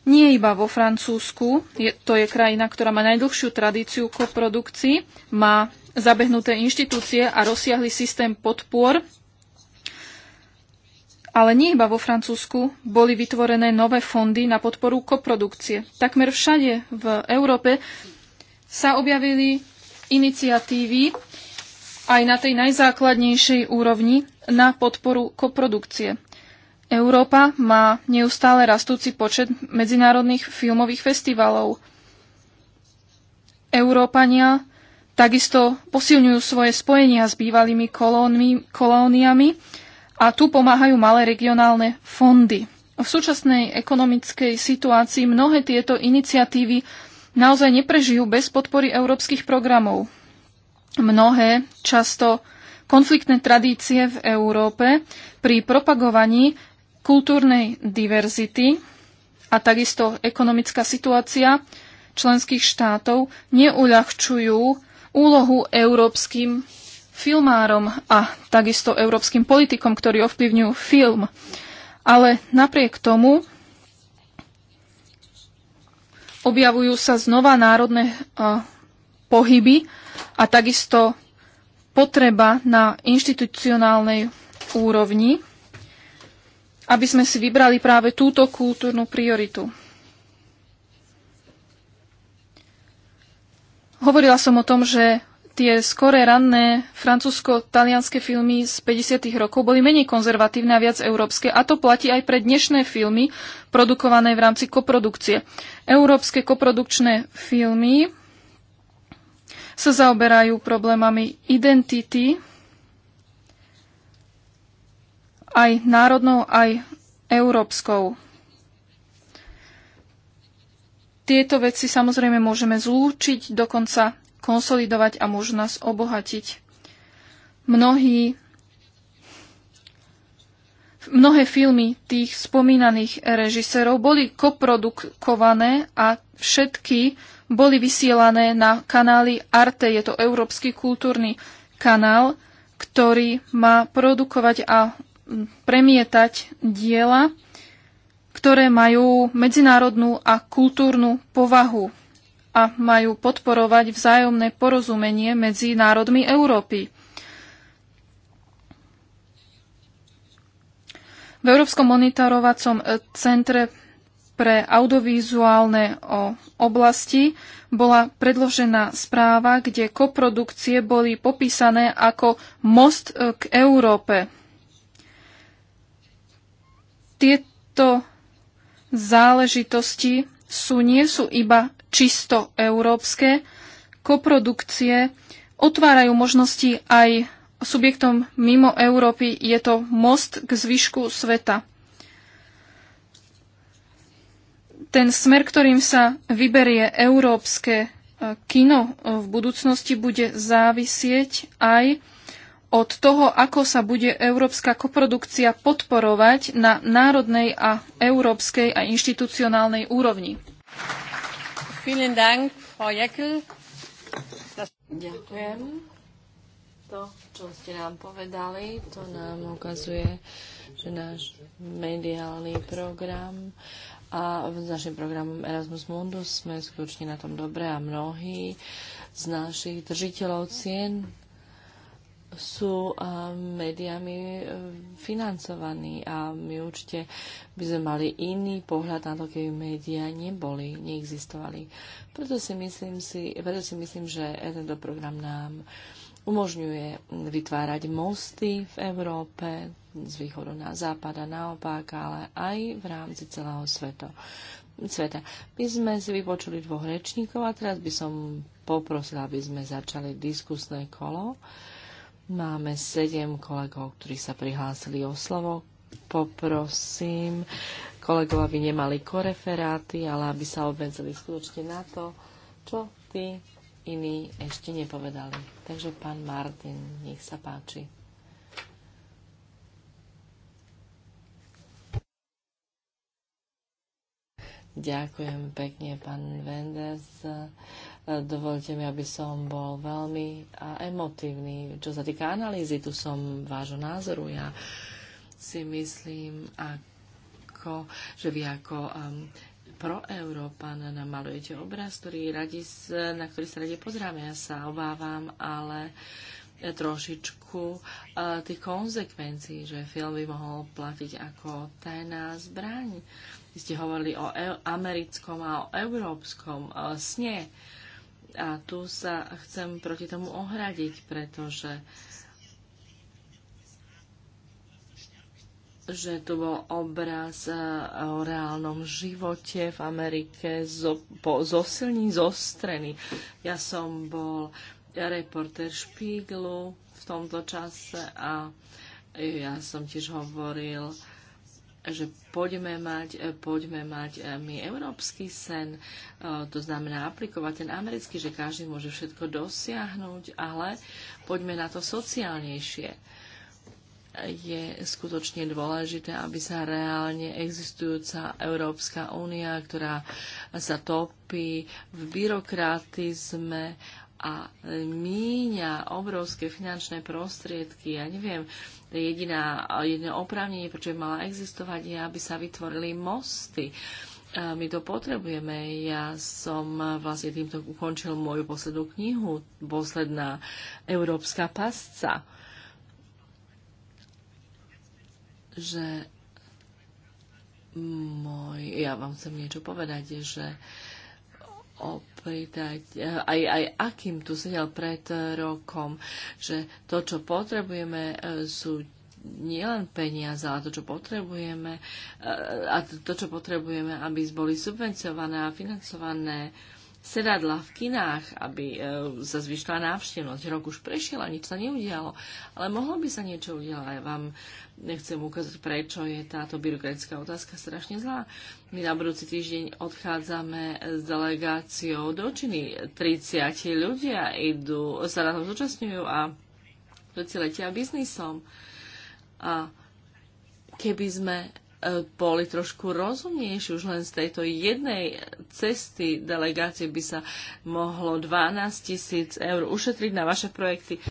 nie iba vo Francúzsku, je, to je krajina, ktorá má najdlhšiu tradíciu koprodukcií, má zabehnuté inštitúcie a rozsiahly systém podpor, ale nie iba vo Francúzsku boli vytvorené nové fondy na podporu koprodukcie. Takmer všade v Európe sa objavili iniciatívy aj na tej najzákladnejšej úrovni na podporu koprodukcie. Európa má neustále rastúci počet medzinárodných filmových festivalov. Európania takisto posilňujú svoje spojenia s bývalými kolónmi, kolóniami a tu pomáhajú malé regionálne fondy. V súčasnej ekonomickej situácii mnohé tieto iniciatívy naozaj neprežijú bez podpory európskych programov. Mnohé, často konfliktné tradície v Európe pri propagovaní kultúrnej diverzity a takisto ekonomická situácia členských štátov neuľahčujú úlohu európskym filmárom a takisto európskym politikom, ktorí ovplyvňujú film. Ale napriek tomu objavujú sa znova národné a, e, pohyby a takisto potreba na inštitucionálnej úrovni aby sme si vybrali práve túto kultúrnu prioritu. Hovorila som o tom, že tie skoré ranné francúzsko-talianské filmy z 50. rokov boli menej konzervatívne a viac európske a to platí aj pre dnešné filmy produkované v rámci koprodukcie. Európske koprodukčné filmy sa zaoberajú problémami identity aj národnou, aj európskou. Tieto veci samozrejme môžeme zlúčiť, dokonca konsolidovať a môžu nás obohatiť. Mnohí Mnohé filmy tých spomínaných režisérov boli koprodukované a všetky boli vysielané na kanály Arte. Je to európsky kultúrny kanál, ktorý má produkovať a premietať diela, ktoré majú medzinárodnú a kultúrnu povahu a majú podporovať vzájomné porozumenie medzi národmi Európy. V Európskom monitorovacom centre pre audiovizuálne oblasti bola predložená správa, kde koprodukcie boli popísané ako most k Európe. Tieto záležitosti sú, nie sú iba čisto európske. Koprodukcie otvárajú možnosti aj subjektom mimo Európy. Je to most k zvyšku sveta. Ten smer, ktorým sa vyberie európske eh, kino v budúcnosti, bude závisieť aj od toho, ako sa bude európska koprodukcia podporovať na národnej a európskej a inštitucionálnej úrovni. Ďakujem. To, čo ste nám povedali, to nám ukazuje, že náš mediálny program a s našim programom Erasmus Mundus sme skutočne na tom dobré a mnohí z našich držiteľov cien sú médiami e, financovaní a my určite by sme mali iný pohľad na to, keby médiá neboli, neexistovali. Preto si myslím, si, preto si myslím že tento program nám umožňuje vytvárať mosty v Európe, z východu na západ a naopak, ale aj v rámci celého sveta. sveta. My sme si vypočuli dvoch rečníkov a teraz by som poprosila, aby sme začali diskusné kolo. Uh, Máme sedem kolegov, ktorí sa prihlásili o slovo. Poprosím kolegov, aby nemali koreferáty, ale aby sa obmedzili skutočne na to, čo tí iní ešte nepovedali. Takže pán Martin, nech sa páči. Ďakujem pekne, pán Venders. Dovolte mi, aby som bol veľmi emotívny. Čo sa týka analýzy, tu som vášho názoru. Ja si myslím, ako, že vy ako um, proeurópan namalujete obraz, ktorý radi, na ktorý sa radi pozráme. Ja sa obávam, ale trošičku uh, tých konsekvencií, že film by mohol platiť ako tajná zbraň. Vy ste hovorili o e americkom a o európskom uh, sne. Uh, a tu sa chcem proti tomu ohradiť, pretože že tu bol obraz e, o reálnom živote v Amerike zo, po, zosilný, zostrený. Ja som bol reportér Špíglu v tomto čase a ja som tiež hovoril že poďme mať, e, poďme mať e, my európsky sen, e, to znamená aplikovať ten americký, že každý môže všetko dosiahnuť, ale poďme na to sociálnejšie. Je skutočne dôležité, aby sa reálne existujúca Európska únia, ktorá sa topí v byrokratizme a míňa obrovské finančné prostriedky. Ja neviem, jediná, jediné opravnenie, prečo by mala existovať, je, aby sa vytvorili mosty. My to potrebujeme. Ja som vlastne týmto ukončil moju poslednú knihu, posledná Európska pasca. Že môj, ja vám chcem niečo povedať, že uh, opýtať, eh, aj, aj akým tu sedel pred rokom, že to, čo potrebujeme, eh, sú nielen peniaze, ale to, čo potrebujeme, eh, a to, čo potrebujeme, aby boli subvencované a financované sedadla v kinách, aby e, sa zvyšila návštevnosť. Rok už prešiel a nič sa neudialo. Ale mohlo by sa niečo udiať. Ja vám nechcem ukázať, prečo je táto byrokratická otázka strašne zlá. My na budúci týždeň odchádzame s delegáciou do Číny. 30 ľudia idú, sa na tom zúčastňujú a všetci letia biznisom. A keby sme boli trošku rozumnejší. Už len z tejto jednej cesty delegácie by sa mohlo 12 tisíc eur ušetriť na vaše projekty.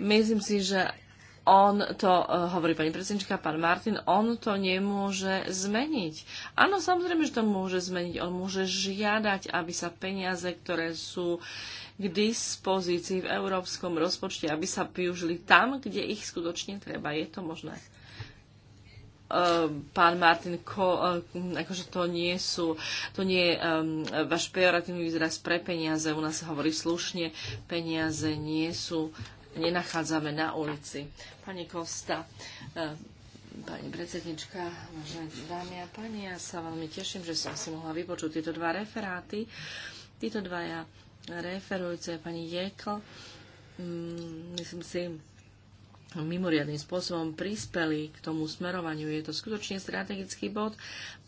Myslím si, že on to, e, hovorí pani predsednička, pán Martin, on to nemôže zmeniť. Áno, samozrejme, že to môže zmeniť. On môže žiadať, aby sa peniaze, ktoré sú k dispozícii v európskom rozpočte, aby sa využili tam, kde ich skutočne treba. Je to možné? E, pán Martin, ko, e, akože to nie sú, to nie je um, váš pejoratívny výraz pre peniaze, u nás sa hovorí slušne, peniaze nie sú nenachádzame na ulici. Pani Kosta, e, Pani predsednička, vážené dámy a pani. ja sa veľmi teším, že som si mohla vypočuť tieto dva referáty. Títo dvaja referujúce pani Jekl, mm, myslím si, mimoriadným spôsobom prispeli k tomu smerovaniu. Je to skutočne strategický bod.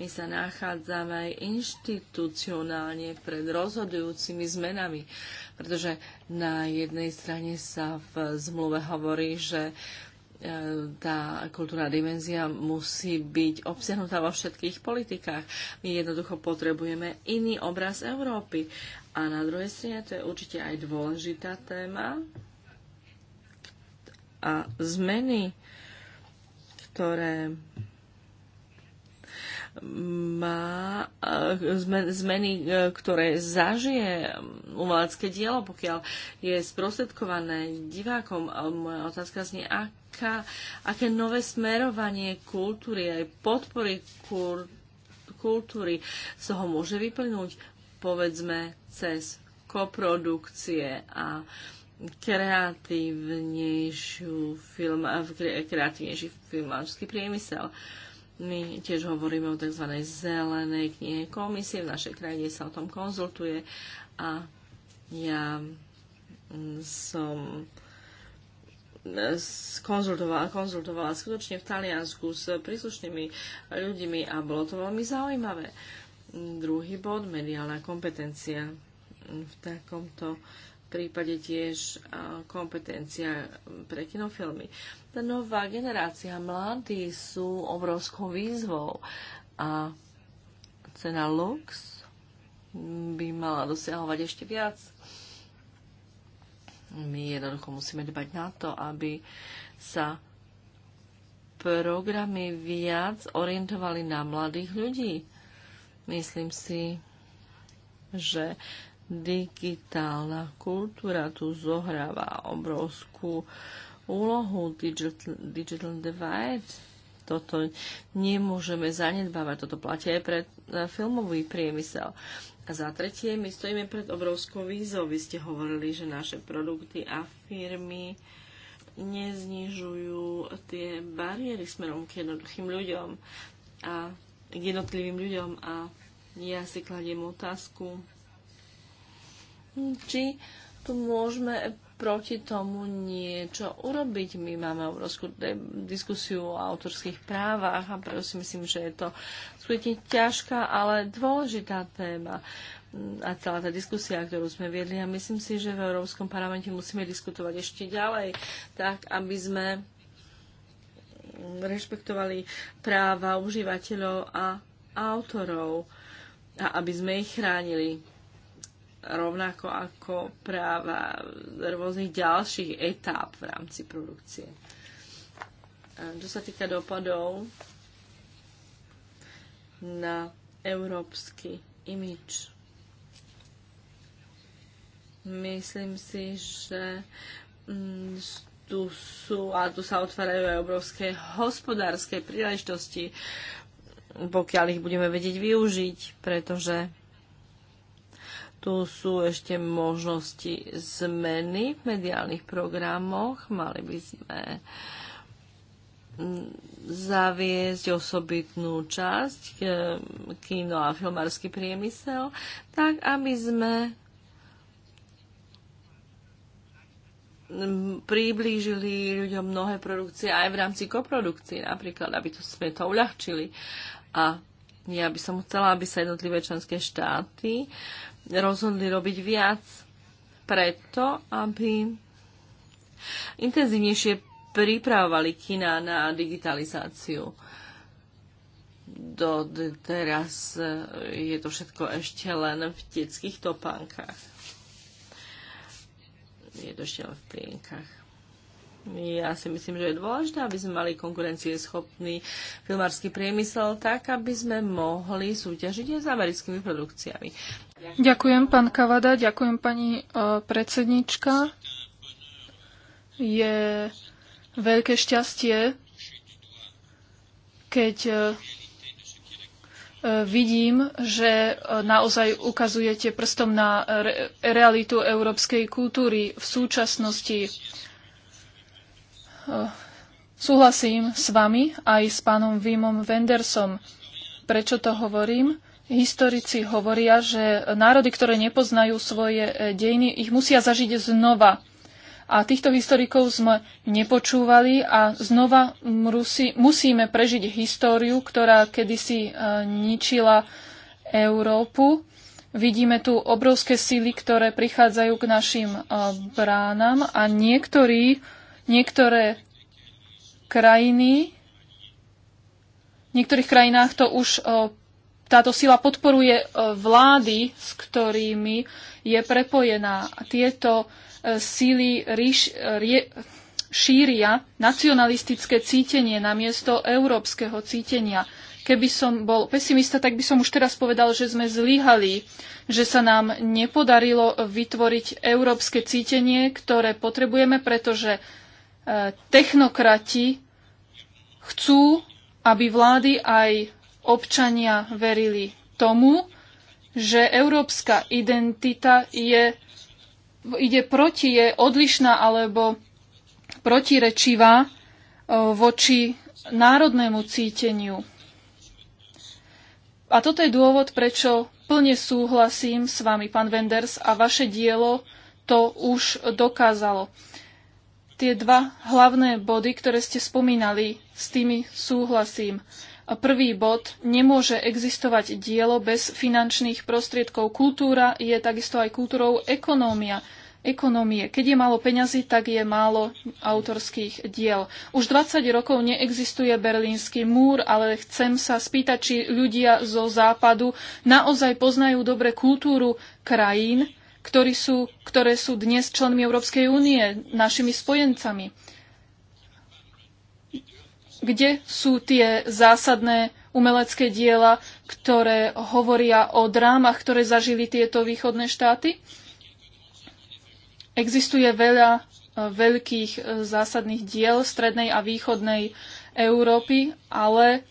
My sa nachádzame inštitucionálne pred rozhodujúcimi zmenami, pretože na jednej strane sa v zmluve hovorí, že e, tá kultúrna dimenzia musí byť obsiahnutá vo všetkých politikách. My jednoducho potrebujeme iný obraz Európy. A na druhej strane to je určite aj dôležitá téma, a zmeny, ktoré má e, zmeny, e, ktoré zažije umelecké dielo, pokiaľ je sprostredkované divákom. Moja otázka znie, aká, aké nové smerovanie kultúry aj podpory kultúry z toho môže vyplnúť, povedzme, cez koprodukcie a uh, kreatívnejšiu film, kreatívnejší filmársky priemysel. My tiež hovoríme o tzv. zelenej knihe komisie. V našej krajine sa o tom konzultuje a ja mm, som mm, konzultovala, konzultovala skutočne v Taliansku s príslušnými ľuďmi a bolo to veľmi zaujímavé. Druhý bod, mediálna kompetencia v takomto prípade tiež kompetencia pre kinofilmy. Tá nová generácia, mladí sú obrovskou výzvou a cena Lux by mala dosiahovať ešte viac. My jednoducho musíme dbať na to, aby sa programy viac orientovali na mladých ľudí. Myslím si, že digitálna kultúra tu zohráva obrovskú úlohu digital, digital divide. Toto nemôžeme zanedbávať, toto platí aj pre e, filmový priemysel. A za tretie, my stojíme pred obrovskou výzvou. Vy ste hovorili, že naše produkty a firmy neznižujú tie bariéry smerom k jednoduchým ľuďom a k jednotlivým ľuďom. A ja si kladiem otázku, či tu môžeme proti tomu niečo urobiť. My máme obrovskú diskusiu o autorských právach a preto si myslím, že je to skutočne ťažká, ale dôležitá téma a celá tá diskusia, ktorú sme viedli. A myslím si, že v Európskom parlamente musíme diskutovať ešte ďalej, tak aby sme rešpektovali práva užívateľov a autorov a aby sme ich chránili rovnako ako práva rôznych ďalších etáp v rámci produkcie. Čo sa týka dopadov na európsky imič, myslím si, že mm, tu sú a tu sa otvárajú aj obrovské hospodárske príležitosti, pokiaľ ich budeme vedieť využiť, pretože tu sú ešte možnosti zmeny v mediálnych programoch. Mali by sme mm, zaviesť osobitnú časť e, kino a filmársky priemysel, tak aby sme mm, priblížili ľuďom mnohé produkcie aj v rámci koprodukcie napríklad, aby to sme to uľahčili. A ja by som chcela, aby sa jednotlivé členské štáty uh, rozhodli robiť viac preto, aby intenzívnejšie pripravovali kina na digitalizáciu. Do teraz e, je to všetko ešte len v detských topánkach. Je to ešte len v plienkach. Ja si myslím, že je dôležité, aby sme mali konkurencieschopný filmársky priemysel tak, aby sme mohli súťažiť aj s americkými produkciami. Ďakujem, pán Kavada, ďakujem, pani e, predsednička. Je veľké šťastie, keď e, e, vidím, že naozaj ukazujete prstom na realitu európskej kultúry v súčasnosti Eh, súhlasím s vami aj s pánom Vimom Wendersom. Prečo to hovorím? Historici hovoria, že národy, ktoré nepoznajú svoje eh, dejiny, ich musia zažiť znova. A týchto historikov sme nepočúvali a znova musí, musíme prežiť históriu, ktorá kedysi eh, ničila Európu. Vidíme tu obrovské síly, ktoré prichádzajú k našim bránam a niektorí Niektoré krajiny, v niektorých krajinách to už e, táto sila podporuje e, vlády, s ktorými je prepojená. a Tieto e, síly ríš, rie, šíria nacionalistické cítenie namiesto európskeho cítenia. Keby som bol pesimista, tak by som už teraz povedal, že sme zlyhali, že sa nám nepodarilo vytvoriť európske cítenie, ktoré potrebujeme, pretože technokrati chcú, aby vlády aj občania verili tomu, že európska identita je, ide proti, je odlišná alebo protirečivá e, voči národnému cíteniu. A toto je dôvod, prečo plne súhlasím s vami, pán Wenders, a vaše dielo to už dokázalo tie dva hlavné body, ktoré ste spomínali, s tými súhlasím. Prvý bod, nemôže existovať dielo bez finančných prostriedkov. Kultúra je takisto aj kultúrou ekonómia ekonomie. Keď je málo peňazí, tak je málo autorských diel. Už 20 rokov neexistuje berlínsky múr, ale chcem sa spýtať, či ľudia zo západu naozaj poznajú dobre kultúru krajín, ktorí sú, ktoré sú dnes členmi Európskej únie, našimi spojencami. Kde sú tie zásadné umelecké diela, ktoré hovoria o drámach, ktoré zažili tieto východné štáty? Existuje veľa e, veľkých e, zásadných diel strednej a východnej Európy, ale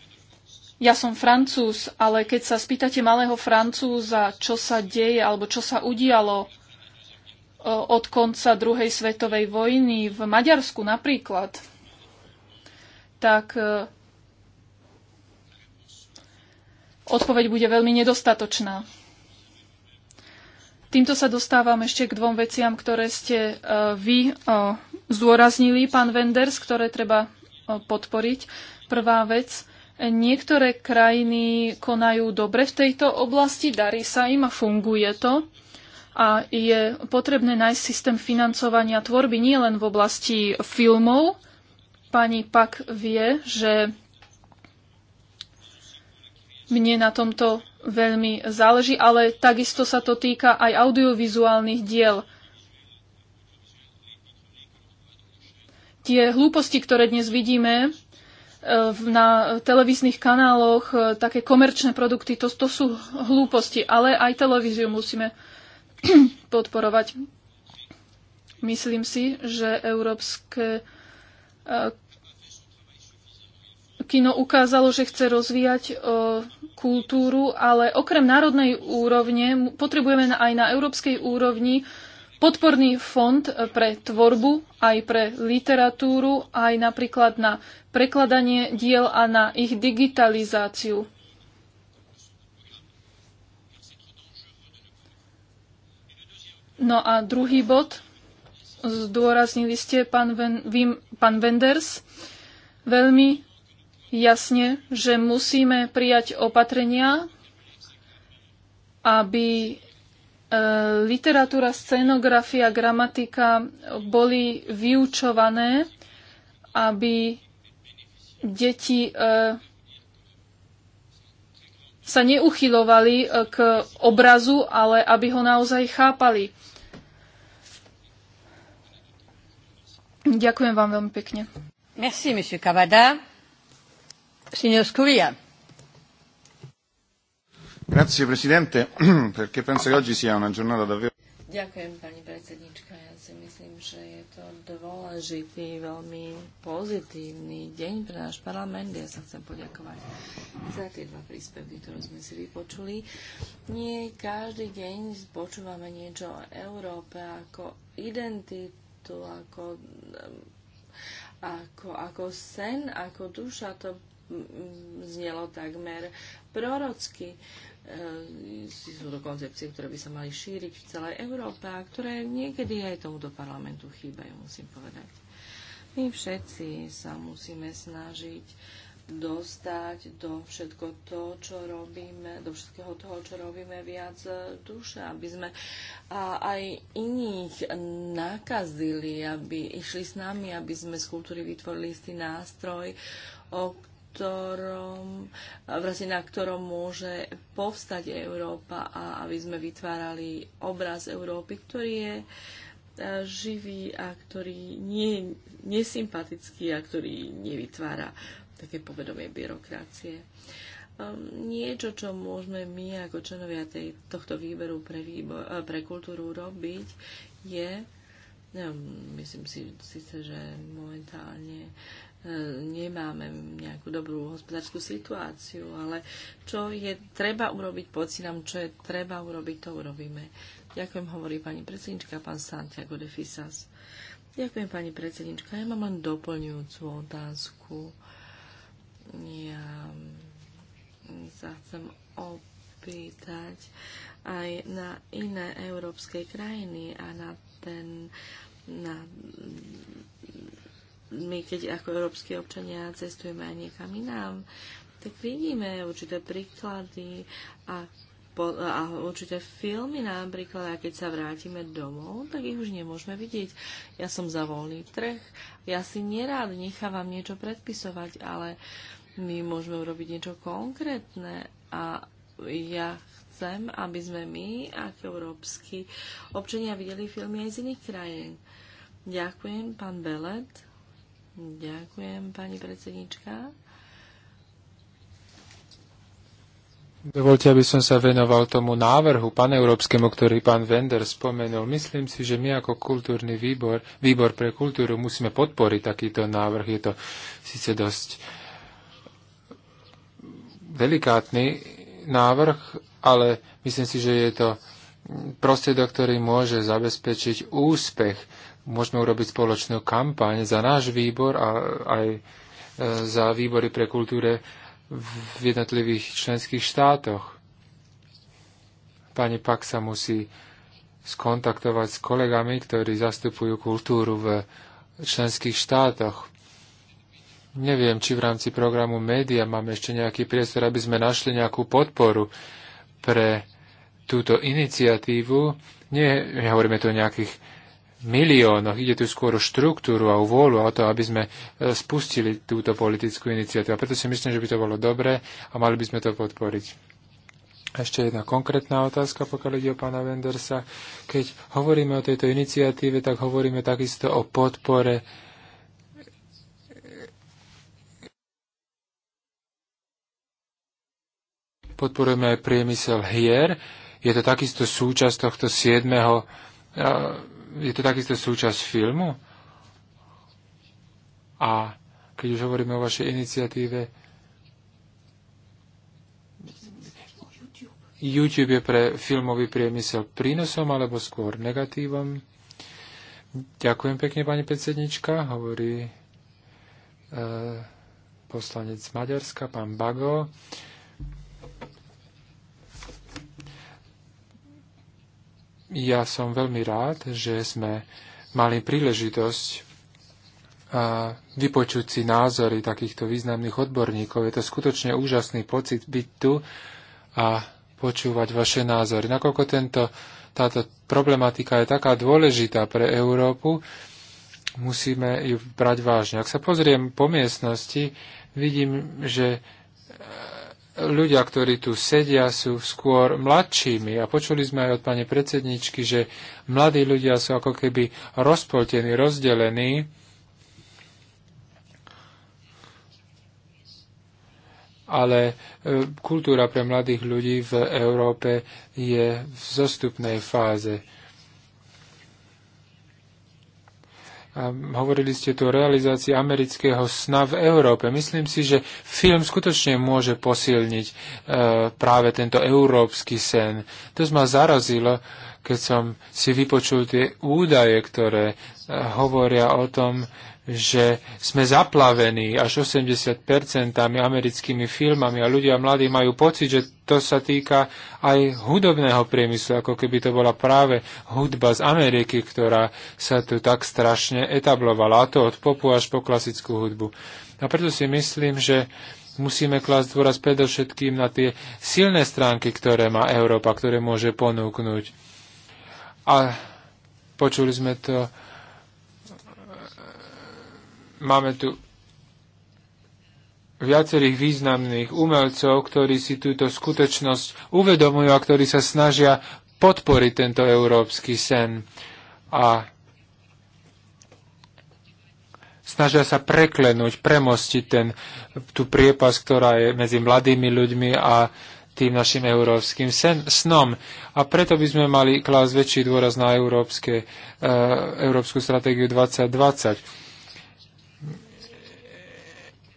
ja som francúz, ale keď sa spýtate malého francúza, čo sa deje alebo čo sa udialo e, od konca druhej svetovej vojny v Maďarsku napríklad, tak e, odpoveď bude veľmi nedostatočná. Týmto sa dostávam ešte k dvom veciam, ktoré ste e, vy zdôraznili, pán Wenders, ktoré treba podporiť. Prvá vec, Niektoré krajiny konajú dobre v tejto oblasti, darí sa im a funguje to. A je potrebné nájsť systém financovania tvorby nielen v oblasti filmov. Pani Pak vie, že mne na tomto veľmi záleží, ale takisto sa to týka aj audiovizuálnych diel. Tie hlúposti, ktoré dnes vidíme, na televíznych kanáloch e, také komerčné produkty, to, to sú hlúposti, ale aj televíziu musíme podporovať. Myslím si, že európske e, kino ukázalo, že chce rozvíjať e, kultúru, ale okrem národnej úrovne potrebujeme aj na európskej úrovni podporný fond e, pre tvorbu, aj pre literatúru, aj napríklad na prekladanie diel a na ich digitalizáciu. No a druhý bod, zdôraznili ste, pán, Ven, Vim, pán Wenders, veľmi jasne, že musíme prijať opatrenia, aby E, literatúra, scenografia, gramatika boli vyučované, aby deti e, sa neuchylovali e, k obrazu, ale aby ho naozaj chápali. Ďakujem vám veľmi pekne. Merci, monsieur Kavada. Signor Scuria. Grazie Presidente, perché penso che oggi sia una giornata davvero... Ďakujem, pani predsednička. Ja si myslím, že je to dôležitý, veľmi pozitívny deň pre náš parlament. Ja sa chcem poďakovať za tie dva príspevky, ktoré sme si vypočuli. Nie každý deň počúvame niečo o Európe ako identitu, ako, ako, ako sen, ako duša. To mm, mm, znelo takmer prorocky. Uh, e, sú to koncepcie, ktoré by sa mali šíriť v celej Európe a ktoré niekedy aj tomuto parlamentu chýbajú, musím povedať. My všetci sa musíme snažiť dostať do všetko to, čo robíme, do všetkého toho, čo robíme viac duše, aby sme a aj iných nakazili, aby išli s nami, aby sme z kultúry vytvorili istý nástroj, o ktorom, vlastne na ktorom môže povstať Európa a aby sme vytvárali obraz Európy, ktorý je e, živý a ktorý nie je nesympatický a ktorý nevytvára také povedomie byrokracie. Ehm, niečo, čo môžeme my ako členovia tej, tohto výberu pre, výbor, e, pre kultúru robiť, je, ja, ehm, myslím si síce, že momentálne uh, E, nemáme nejakú dobrú hospodárskú situáciu, ale čo je treba urobiť, poci nám, čo je treba urobiť, to urobíme. Ďakujem, hovorí pani predsednička, pán Santiago de Fisas. Ďakujem, pani predsednička. Ja mám len doplňujúcu otázku. Ja mm, sa chcem opýtať aj na iné európske krajiny a na ten na my keď ako európsky občania cestujeme aj niekam inám, tak vidíme určité príklady a, po, a určité filmy napríklad a keď sa vrátime domov, tak ich už nemôžeme vidieť. Ja som za voľný trh, ja si nerád nechávam niečo predpisovať, ale my môžeme urobiť niečo konkrétne a ja chcem, aby sme my, ako európsky občania, videli filmy aj z iných krajín. Ďakujem, pán Belet. Ďakujem, pani predsednička. Dovolte, aby som sa venoval tomu návrhu paneurópskemu, ktorý pán Vender spomenul. Myslím si, že my ako kultúrny výbor, výbor pre kultúru musíme podporiť takýto návrh. Je to síce dosť delikátny návrh, ale myslím si, že je to prostriedok, ktorý môže zabezpečiť úspech môžeme urobiť spoločnú kampaň za náš výbor a aj e, za výbory pre kultúre v jednotlivých členských štátoch. Pani Pak sa musí skontaktovať s kolegami, ktorí zastupujú kultúru v členských štátoch. Neviem, či v rámci programu média máme ešte nejaký priestor, aby sme našli nejakú podporu pre túto iniciatívu. Nie, hovoríme tu o nejakých miliónoch. Ide tu skôr o štruktúru a o vôľu o to, aby sme e, spustili túto politickú iniciatívu. A preto si myslím, že by to bolo dobré a mali by sme to podporiť. Ešte jedna konkrétna otázka, pokiaľ ide o pána Vendersa. Keď hovoríme o tejto iniciatíve, tak hovoríme takisto o podpore podporujeme aj priemysel hier. Je to takisto súčasť tohto 7 je to takisto súčasť filmu? A keď už hovoríme o vašej iniciatíve, YouTube je pre filmový priemysel prínosom alebo skôr negatívom? Ďakujem pekne, pani predsednička, hovorí e, poslanec Maďarska, pán Bago. E, ja som veľmi rád, že sme mali príležitosť vypočuť si názory takýchto významných odborníkov. Je to skutočne úžasný pocit byť tu a počúvať vaše názory. Nakoľko tento, táto problematika je taká dôležitá pre Európu, musíme ju brať vážne. Ak sa pozriem po miestnosti, vidím, že ľudia, ktorí tu sedia, sú skôr mladšími. A počuli sme aj od pani predsedničky, že mladí ľudia sú ako keby rozpoltení, rozdelení. Ale e, kultúra pre mladých ľudí v Európe je v zostupnej fáze a hovorili ste tu o realizácii amerického sna v Európe. Myslím si, že film skutočne môže posilniť e, práve tento európsky sen. To ma zarazilo, keď som si vypočul tie údaje, ktoré e, hovoria o tom, že sme zaplavení až 80% americkými filmami a ľudia mladí majú pocit, že to sa týka aj hudobného priemyslu, ako keby to bola práve hudba z Ameriky, ktorá sa tu tak strašne etablovala, a to od popu až po klasickú hudbu. A preto si myslím, že musíme klásť dôraz predovšetkým na tie silné stránky, ktoré má Európa, ktoré môže ponúknuť. A počuli sme to Máme tu viacerých významných umelcov, ktorí si túto skutočnosť uvedomujú a ktorí sa snažia podporiť tento európsky sen a snažia sa preklenúť, premostiť ten, tú priepas, ktorá je medzi mladými ľuďmi a tým našim európskym sen, snom. A preto by sme mali klásť väčší dôraz na európske, eh, európsku stratégiu 2020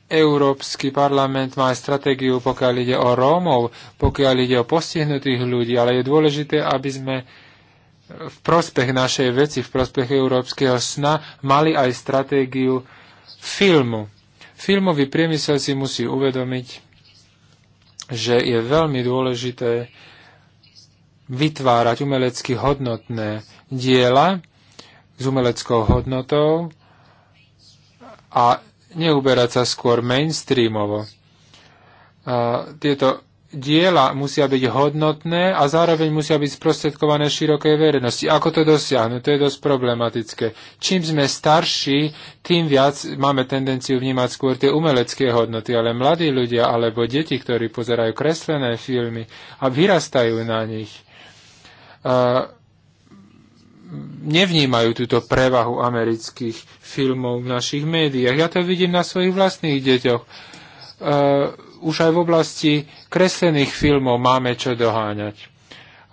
Európsky parlament má stratégiu, pokiaľ ide o Rómov, pokiaľ ide o postihnutých ľudí, ale je dôležité, aby sme v prospech našej veci, v prospech európskeho sna, mali aj stratégiu filmu. Filmový priemysel si musí uvedomiť, že je veľmi dôležité vytvárať umelecky hodnotné diela s umeleckou hodnotou a neuberať sa skôr mainstreamovo. A tieto diela musia byť hodnotné a zároveň musia byť sprostredkované širokej verejnosti. Ako to dosiahnuť? To je dosť problematické. Čím sme starší, tým viac máme tendenciu vnímať skôr tie umelecké hodnoty, ale mladí ľudia alebo deti, ktorí pozerajú kreslené filmy a vyrastajú na nich, uh, nevnímajú túto prevahu amerických filmov v našich médiách. Ja to vidím na svojich vlastných deťoch. Uh, už aj v oblasti kreslených filmov máme čo doháňať.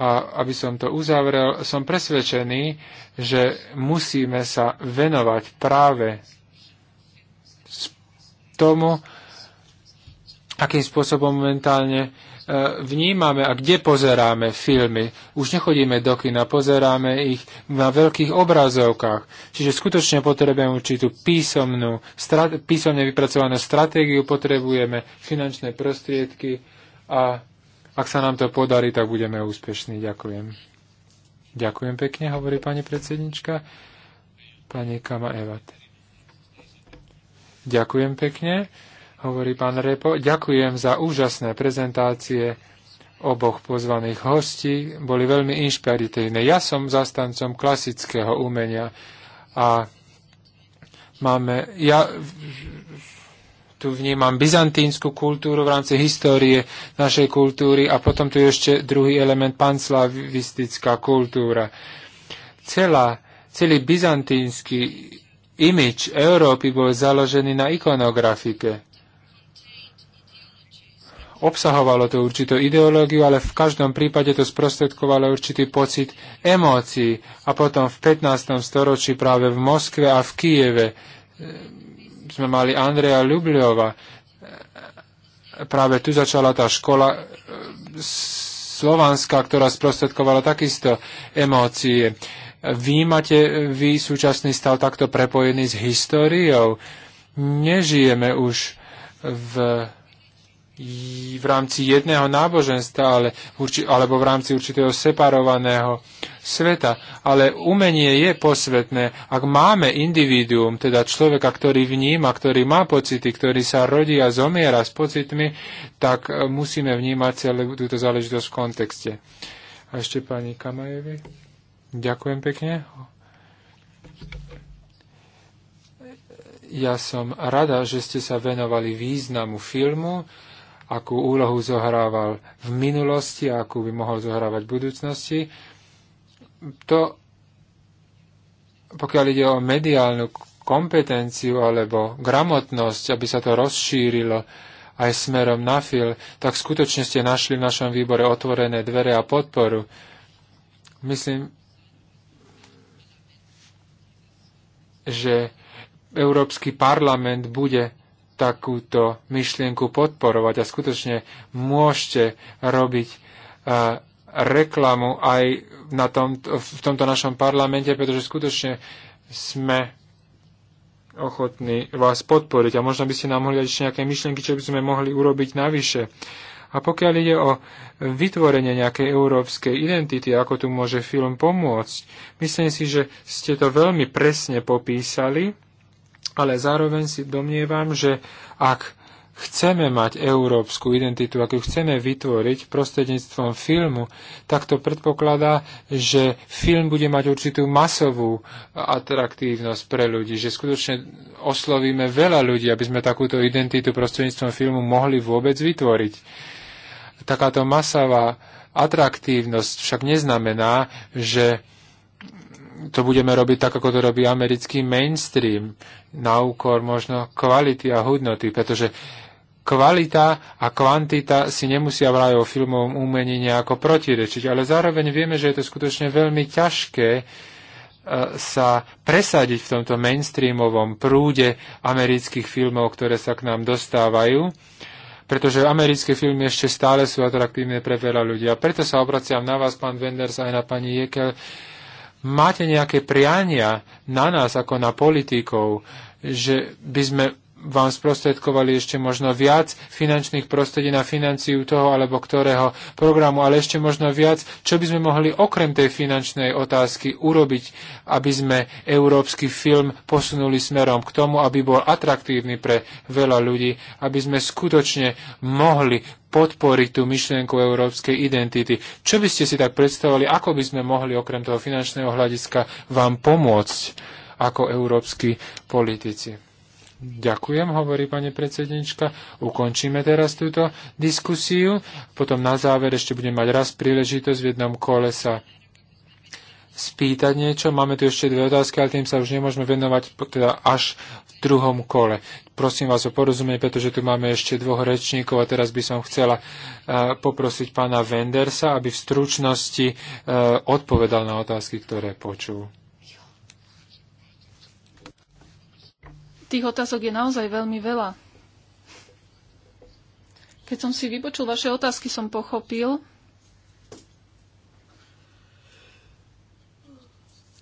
A aby som to uzavrel, som presvedčený, že musíme sa venovať práve tomu, akým spôsobom momentálne Eh, vnímame a kde pozeráme filmy. Už nechodíme do kina, pozeráme ich na veľkých obrazovkách. Čiže skutočne potrebujeme určitú písomnú, strat, písomne vypracovanú stratégiu, potrebujeme finančné prostriedky a ak sa nám to podarí, tak budeme úspešní. Ďakujem. Ďakujem pekne, hovorí pani predsednička. Pani Kama Evat. Ďakujem pekne hovorí pán Repo. Ďakujem za úžasné prezentácie oboch pozvaných hostí. Boli veľmi inšpiratívne. Ja som zastancom klasického umenia a máme... Ja tu vnímam byzantínsku kultúru v rámci histórie našej kultúry a potom tu je ešte druhý element panslavistická kultúra. Celá, celý byzantínsky imič Európy bol založený na ikonografike obsahovalo to určitú ideológiu, ale v každom prípade to sprostredkovalo určitý pocit emócií. A potom v 15. storočí práve v Moskve a v Kieve e, sme mali Andreja Ljubljova. E, práve tu začala tá škola e, slovanská, ktorá sprostredkovala takisto emócie. Vy máte vy súčasný stav takto prepojený s históriou. Nežijeme už v v rámci jedného náboženstva ale alebo v rámci určitého separovaného sveta. Ale umenie je posvetné. Ak máme individuum, teda človeka, ktorý vníma, ktorý má pocity, ktorý sa rodí a zomiera s pocitmi, tak e, musíme vnímať celú túto záležitosť v kontexte. A ešte pani Kamajevi. Ďakujem pekne. Ja som rada, že ste sa venovali významu filmu akú úlohu zohrával v minulosti a akú by mohol zohrávať v budúcnosti. To, pokiaľ ide o mediálnu kompetenciu alebo gramotnosť, aby sa to rozšírilo aj smerom na fil, tak skutočne ste našli v našom výbore otvorené dvere a podporu. Myslím, že Európsky parlament bude takúto myšlienku podporovať a skutočne môžete robiť e, reklamu aj na tom, v tomto našom parlamente, pretože skutočne sme ochotní vás podporiť a možno by ste nám mohli dať ešte nejaké myšlienky, čo by sme mohli urobiť navyše. A pokiaľ ide o vytvorenie nejakej európskej identity, ako tu môže film pomôcť, myslím si, že ste to veľmi presne popísali ale zároveň si domnievam, že ak chceme mať európsku identitu, ak ju chceme vytvoriť prostredníctvom filmu, tak to predpokladá, že film bude mať určitú masovú atraktívnosť pre ľudí, že skutočne oslovíme veľa ľudí, aby sme takúto identitu prostredníctvom filmu mohli vôbec vytvoriť. Takáto masová atraktívnosť však neznamená, že to budeme robiť tak, ako to robí americký mainstream, na úkor možno kvality a hodnoty, pretože kvalita a kvantita si nemusia vraj o filmovom umení nejako protirečiť, ale zároveň vieme, že je to skutočne veľmi ťažké e, sa presadiť v tomto mainstreamovom prúde amerických filmov, ktoré sa k nám dostávajú pretože americké filmy ešte stále sú atraktívne pre veľa ľudí. A preto sa obraciam na vás, pán Wenders, aj na pani Jekel, máte nejaké priania na nás ako na politikov, že by sme vám sprostredkovali ešte možno viac finančných prostredí na financiu toho alebo ktorého programu, ale ešte možno viac, čo by sme mohli okrem tej finančnej otázky urobiť, aby sme európsky film posunuli smerom k tomu, aby bol atraktívny pre veľa ľudí, aby sme skutočne mohli podporiť tú myšlienku európskej identity. Čo by ste si tak predstavovali, ako by sme mohli okrem toho finančného hľadiska vám pomôcť ako európsky politici? Ďakujem, hovorí pani predsednička. Ukončíme teraz túto diskusiu. Potom na záver ešte budem mať raz príležitosť v jednom kole sa spýtať niečo. Máme tu ešte dve otázky, ale tým sa už nemôžeme venovať teda až v druhom kole. Prosím vás o porozumenie, pretože tu máme ešte dvoch rečníkov a teraz by som chcela eh, poprosiť pána Vendersa, aby v stručnosti eh, odpovedal na otázky, ktoré počul. Tých otázok je naozaj veľmi veľa. Keď som si vypočul vaše otázky, som pochopil,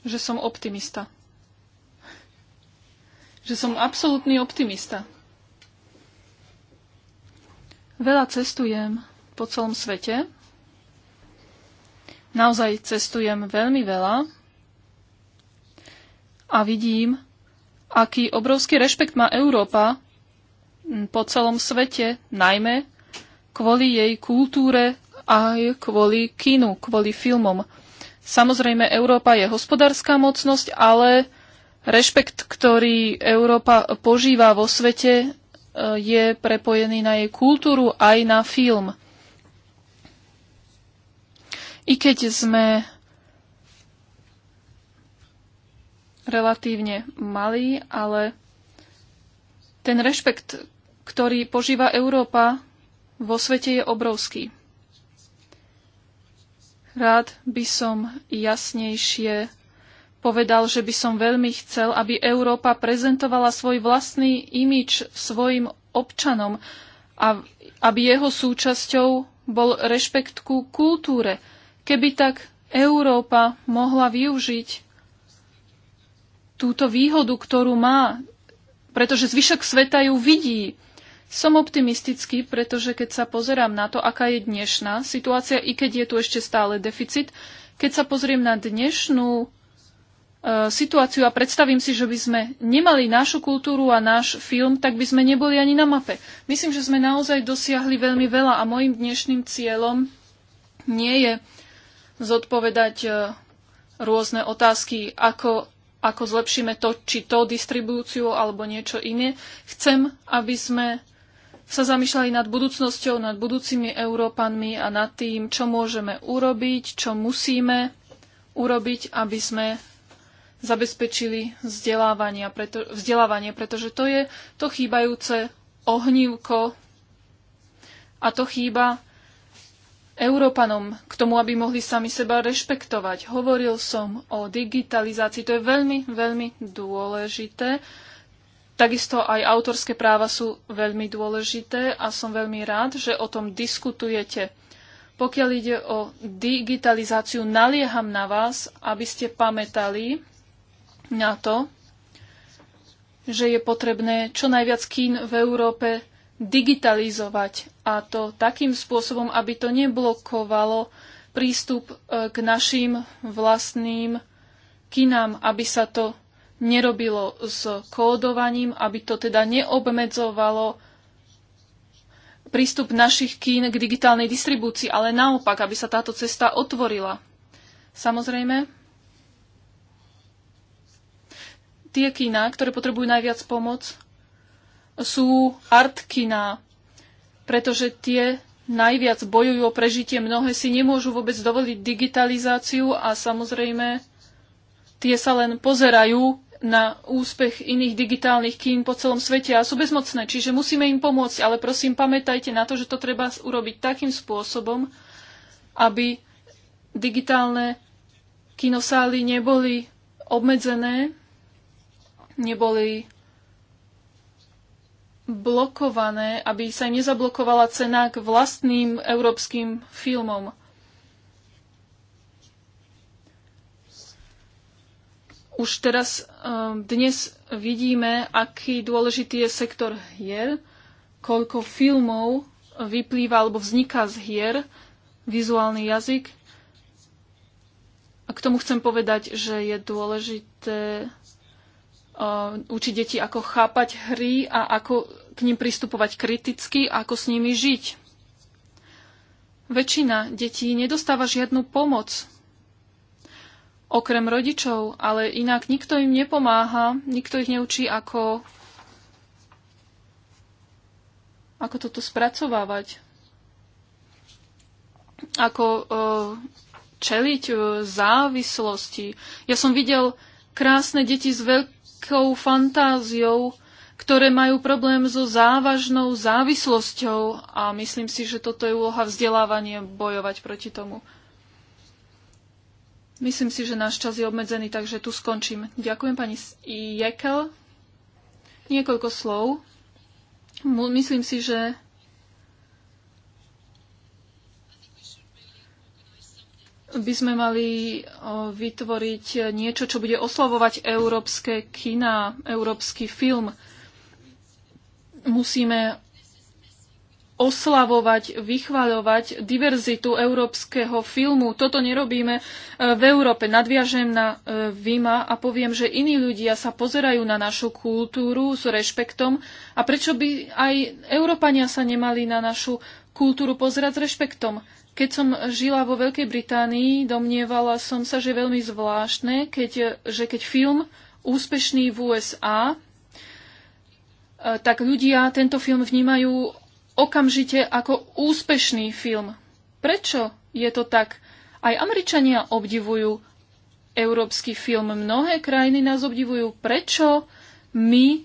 že som optimista. Že som absolútny optimista. Veľa cestujem po celom svete. Naozaj cestujem veľmi veľa a vidím, aký obrovský rešpekt má Európa po celom svete, najmä kvôli jej kultúre aj kvôli kinu, kvôli filmom. Samozrejme, Európa je hospodárska mocnosť, ale rešpekt, ktorý Európa požíva vo svete, e, je prepojený na jej kultúru aj na film. I keď sme relatívne malý, ale ten rešpekt, ktorý požíva Európa vo svete, je obrovský. Rád by som jasnejšie povedal, že by som veľmi chcel, aby Európa prezentovala svoj vlastný imič svojim občanom a aby jeho súčasťou bol rešpekt ku kultúre. Keby tak Európa mohla využiť túto výhodu, ktorú má, pretože zvyšok sveta ju vidí. Som optimistický, pretože keď sa pozerám na to, aká je dnešná situácia, i keď je tu ešte stále deficit, keď sa pozriem na dnešnú e, situáciu a predstavím si, že by sme nemali našu kultúru a náš film, tak by sme neboli ani na mape. Myslím, že sme naozaj dosiahli veľmi veľa a môjim dnešným cieľom nie je zodpovedať e, rôzne otázky, ako ako zlepšíme to, či to distribúciu alebo niečo iné. Chcem, aby sme sa zamýšľali nad budúcnosťou, nad budúcimi Európanmi a nad tým, čo môžeme urobiť, čo musíme urobiť, aby sme zabezpečili vzdelávanie, preto, vzdelávanie pretože to je to chýbajúce ohnívko a to chýba Európanom k tomu, aby mohli sami seba rešpektovať. Hovoril som o digitalizácii, to je veľmi, veľmi dôležité. Takisto aj autorské práva sú veľmi dôležité a som veľmi rád, že o tom diskutujete. Pokiaľ ide o digitalizáciu, nalieham na vás, aby ste pamätali na to, že je potrebné čo najviac kín v Európe digitalizovať a to takým spôsobom, aby to neblokovalo prístup e, k našim vlastným kinám, aby sa to nerobilo s kódovaním, aby to teda neobmedzovalo prístup našich kín k digitálnej distribúcii, ale naopak, aby sa táto cesta otvorila. Samozrejme, tie kína, ktoré potrebujú najviac pomoc, sú artkina, pretože tie najviac bojujú o prežitie. Mnohé si nemôžu vôbec dovoliť digitalizáciu a samozrejme tie sa len pozerajú na úspech iných digitálnych kín po celom svete a sú bezmocné, čiže musíme im pomôcť, ale prosím pamätajte na to, že to treba urobiť takým spôsobom, aby digitálne kinosály neboli obmedzené, neboli blokované, aby sa im nezablokovala cena k vlastným európskym filmom. Už teraz eh, dnes vidíme, aký dôležitý je sektor hier, koľko filmov vyplýva alebo vzniká z hier, vizuálny jazyk. A k tomu chcem povedať, že je dôležité učiť deti, ako chápať hry a ako k ním pristupovať kriticky a ako s nimi žiť. Väčšina detí nedostáva žiadnu pomoc. Okrem rodičov, ale inak nikto im nepomáha, nikto ich neučí, ako, ako toto spracovávať. Ako čeliť závislosti. Ja som videl krásne deti s veľkým veľkou fantáziou, ktoré majú problém so závažnou závislosťou a myslím si, že toto je úloha vzdelávania bojovať proti tomu. Myslím si, že náš čas je obmedzený, takže tu skončím. Ďakujem pani Jekel. Niekoľko slov. Myslím si, že by sme mali vytvoriť niečo, čo bude oslavovať európske kina, európsky film. Musíme oslavovať, vychváľovať diverzitu európskeho filmu. Toto nerobíme e, v Európe. Nadviažem na e, Vima a poviem, že iní ľudia sa pozerajú na našu kultúru s rešpektom a prečo by aj Európania sa nemali na našu kultúru pozerať s rešpektom. Keď som žila vo Veľkej Británii, domnievala som sa, že je veľmi zvláštne, keď, že keď film úspešný v USA, eh, tak ľudia tento film vnímajú okamžite ako úspešný film. Prečo je to tak? Aj Američania obdivujú európsky film. Mnohé krajiny nás obdivujú. Prečo my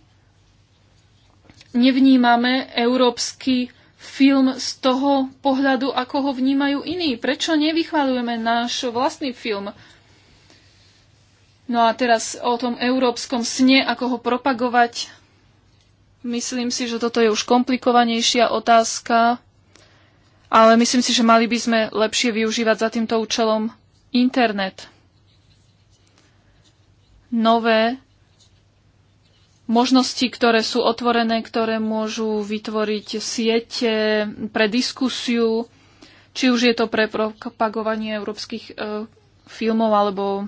nevnímame európsky film z toho pohľadu, ako ho vnímajú iní. Prečo nevychvalujeme náš vlastný film? No a teraz o tom európskom sne, ako ho propagovať. Myslím si, že toto je už komplikovanejšia otázka, ale myslím si, že mali by sme lepšie využívať za týmto účelom internet. Nové možnosti, ktoré sú otvorené, ktoré môžu vytvoriť siete pre diskusiu, či už je to pre propagovanie európskych e, filmov alebo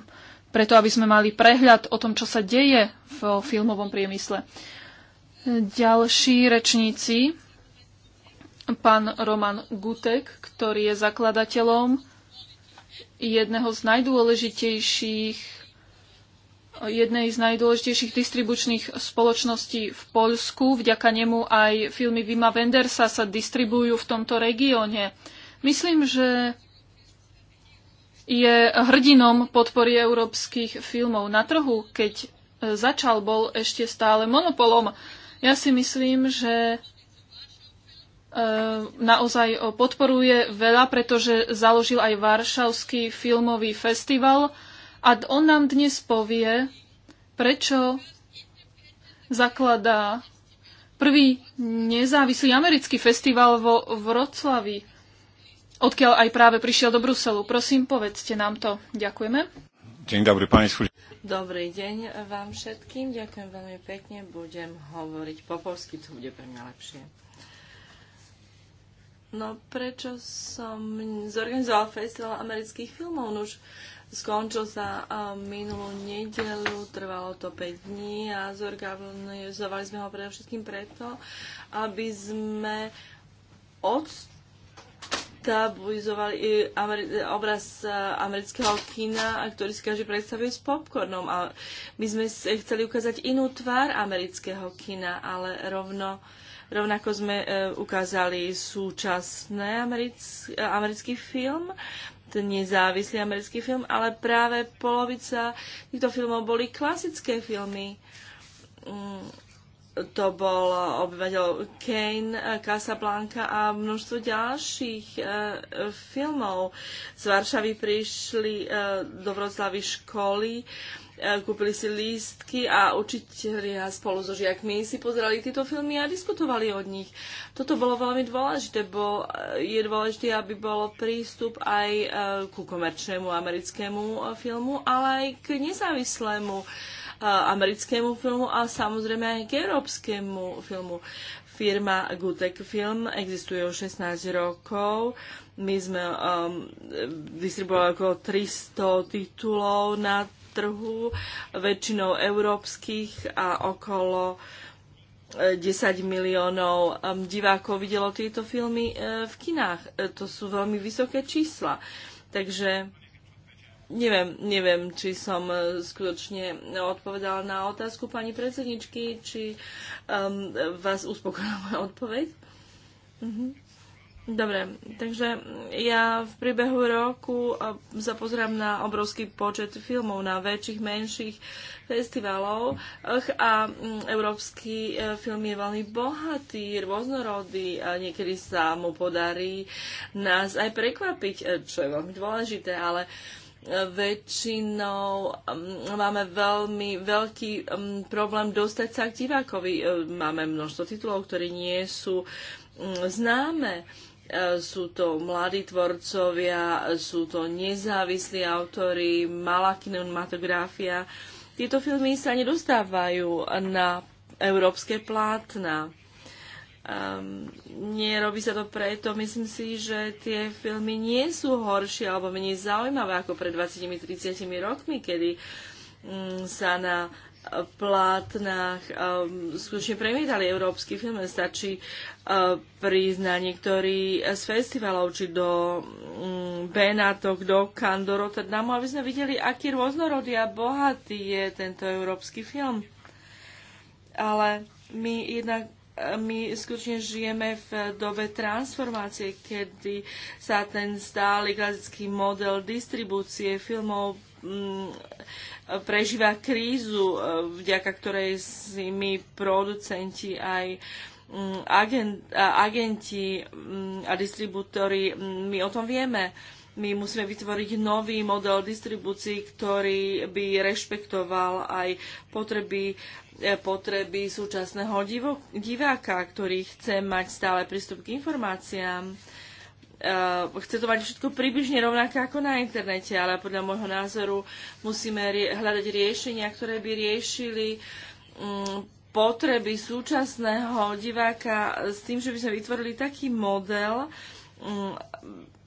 preto, aby sme mali prehľad o tom, čo sa deje v filmovom priemysle. Ďalší rečníci, pán Roman Gutek, ktorý je zakladateľom jedného z najdôležitejších jednej z najdôležitejších distribučných spoločností v Poľsku. Vďaka nemu aj filmy Vima Wendersa sa distribujú v tomto regióne. Myslím, že je hrdinom podpory európskych filmov. Na trhu, keď e, začal, bol ešte stále monopolom. Ja si myslím, že e, naozaj e, podporuje veľa, pretože založil aj Varšavský filmový festival – a on nám dnes povie, prečo zakladá prvý nezávislý americký festival vo Vroclavi, odkiaľ aj práve prišiel do Bruselu. Prosím, povedzte nám to. Ďakujeme. Deň dobrý, pani Dobrý deň vám všetkým. Ďakujem veľmi pekne. Budem hovoriť po polsky, to bude pre mňa lepšie. No prečo som zorganizoval festival amerických filmov? No už skončil sa um, minulú nedelu, trvalo to 5 dní a zorganizovali sme ho predovšetkým preto, aby sme odstabilizovali obraz uh, amerického kina, ktorý si každý predstavuje s popcornom. A my sme chceli ukázať inú tvár amerického kina, ale rovno Rovnako sme e, ukázali súčasný americký film, nezávislý americký film, ale práve polovica týchto filmov boli klasické filmy. Mm, to bol obyvateľ Kane, eh, Casablanca a množstvo ďalších eh, filmov. Z Varšavy prišli eh, do Vroclavy školy kúpili si lístky a učiteľia spolu so žiakmi si pozerali tieto filmy a diskutovali o nich. Toto bolo veľmi dôležité, bo e, je dôležité, aby bol prístup aj e, ku komerčnému americkému e, filmu, ale aj k nezávislému americkému filmu a samozrejme aj k európskemu filmu. Firma Gutek Film existuje už 16 rokov. My sme um, distribuovali okolo 300 titulov na trhu, väčšinou európskych a okolo 10 eh, miliónov um, divákov videlo tieto filmy eh, v kinách. Eh, to sú veľmi vysoké čísla. Takže Neviem, neviem, či som skutočne odpovedala na otázku pani predsedničky, či um, vás uspokojila moja odpoveď. Mm-hmm. Dobre, takže ja v priebehu roku zapozerám na obrovský počet filmov, na väčších, menších festivalov a mm, európsky e, film je veľmi bohatý, rôznorodý a niekedy sa mu podarí nás aj prekvapiť, e, čo je veľmi dôležité, ale e, väčšinou mm, máme veľmi veľký mm, problém dostať sa k divákovi. Máme množstvo titulov, ktoré nie sú známe Eh, sú to mladí tvorcovia, sú to nezávislí autory, malá kinematografia. Tieto filmy sa nedostávajú na európske plátna. Um, nerobí sa to preto, myslím si, že tie filmy nie sú horšie alebo menej zaujímavé ako pred 20-30 rokmi, kedy um, sa na plátnach um, skutočne premietali európsky film. Stačí uh, prísť na niektorý z festivalov, či do um, Benátok, do Cannes, do Rotterdamu, aby sme videli, aký rôznorodý a bohatý je tento európsky film. Ale my jednak eh, my skutočne žijeme v dobe transformácie, kedy sa ten stály klasický model distribúcie filmov mm, prežíva krízu, e, vďaka ktorej si my producenti aj mm, agent, agenti mm, a distribútori, mm, my o tom vieme. My musíme vytvoriť nový model distribúcií, ktorý by rešpektoval aj potreby, e, potreby súčasného diváka, ktorý chce mať stále prístup k informáciám uh, chce to mať všetko približne rovnaké ako na internete, ale podľa môjho názoru musíme rie- hľadať riešenia, ktoré by riešili um, potreby súčasného diváka s tým, že by sme vytvorili taký model um,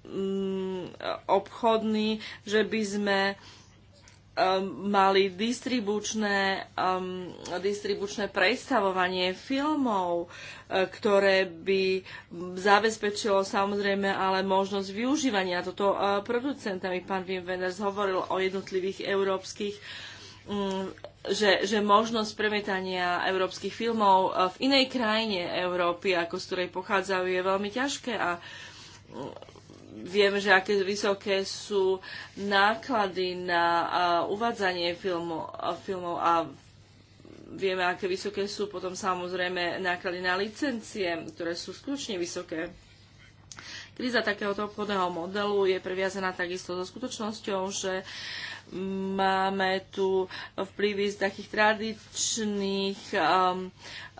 um, obchodný, že by sme um, Um, mali distribučné, um, distribučné predstavovanie filmov, uh, ktoré by zabezpečilo samozrejme ale možnosť využívania toto uh, producentami. Pán Wim Wenders hovoril o jednotlivých európskych um, že, že možnosť premietania európskych filmov uh, v inej krajine Európy, ako z ktorej pochádzajú, je veľmi ťažké a vieme, že aké vysoké sú náklady na uvádzanie filmu, filmov a vieme, aké vysoké sú potom samozrejme náklady na licencie, ktoré sú skutočne vysoké. Kríza takéhoto obchodného modelu je previazaná takisto so skutočnosťou, že máme tu vplyvy z takých tradičných um,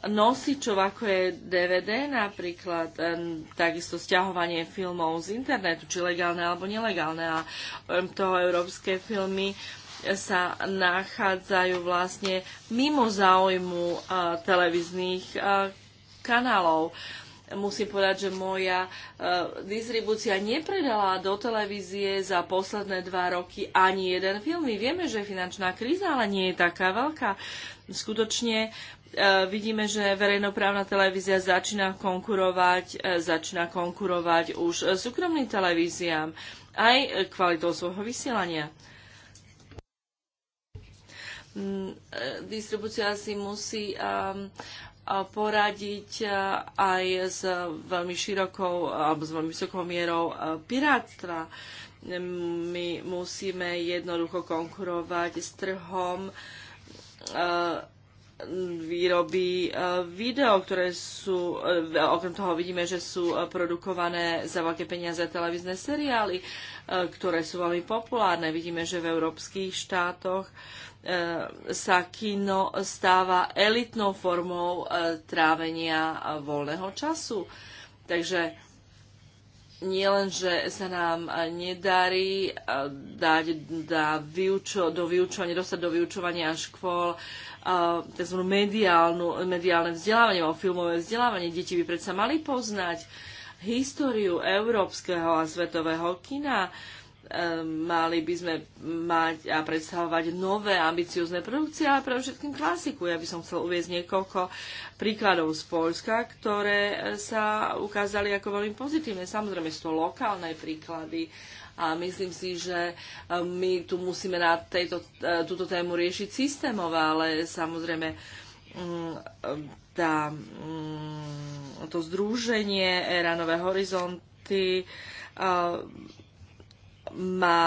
nosičov, ako je DVD napríklad, takisto stiahovanie filmov z internetu, či legálne alebo nelegálne. A toho európske filmy sa nachádzajú vlastne mimo záujmu televíznych kanálov. Musím povedať, že moja e, distribúcia nepredala do televízie za posledné dva roky ani jeden film. My vieme, že finančná kríza, ale nie je taká veľká. Skutočne E, vidíme, že verejnoprávna televízia začína konkurovať, e, začína konkurovať už súkromným televíziám aj kvalitou svojho vysielania mm, e, distribúcia si musí um, poradiť aj s veľmi širokou alebo s veľmi vysokou mierou pirátstva. My musíme jednoducho konkurovať s trhom výroby e, video, ktoré sú, e, okrem toho vidíme, že sú e, produkované za veľké peniaze televízne seriály, ktoré sú veľmi populárne. Vidíme, že v európskych štátoch sa kino stáva elitnou formou trávenia voľného času. Takže nie len, že sa nám nedarí dať da vyučo, do vyučovania, dostať do vyučovania škôl tzv. Mediálnu, mediálne vzdelávanie alebo filmové vzdelávanie. Deti by predsa mali poznať históriu európskeho a svetového kina. Mali by sme mať a predstavovať nové ambiciozne produkcie, ale pre všetkým klasiku. Ja by som chcel uvieť niekoľko príkladov z Polska, ktoré sa ukázali ako veľmi pozitívne. Samozrejme sú to lokálne príklady, a myslím si, že e, my tu musíme na tejto, e, túto tému riešiť systémovo, ale samozrejme mm, tá, mm, to združenie Era Nové horizonty e, má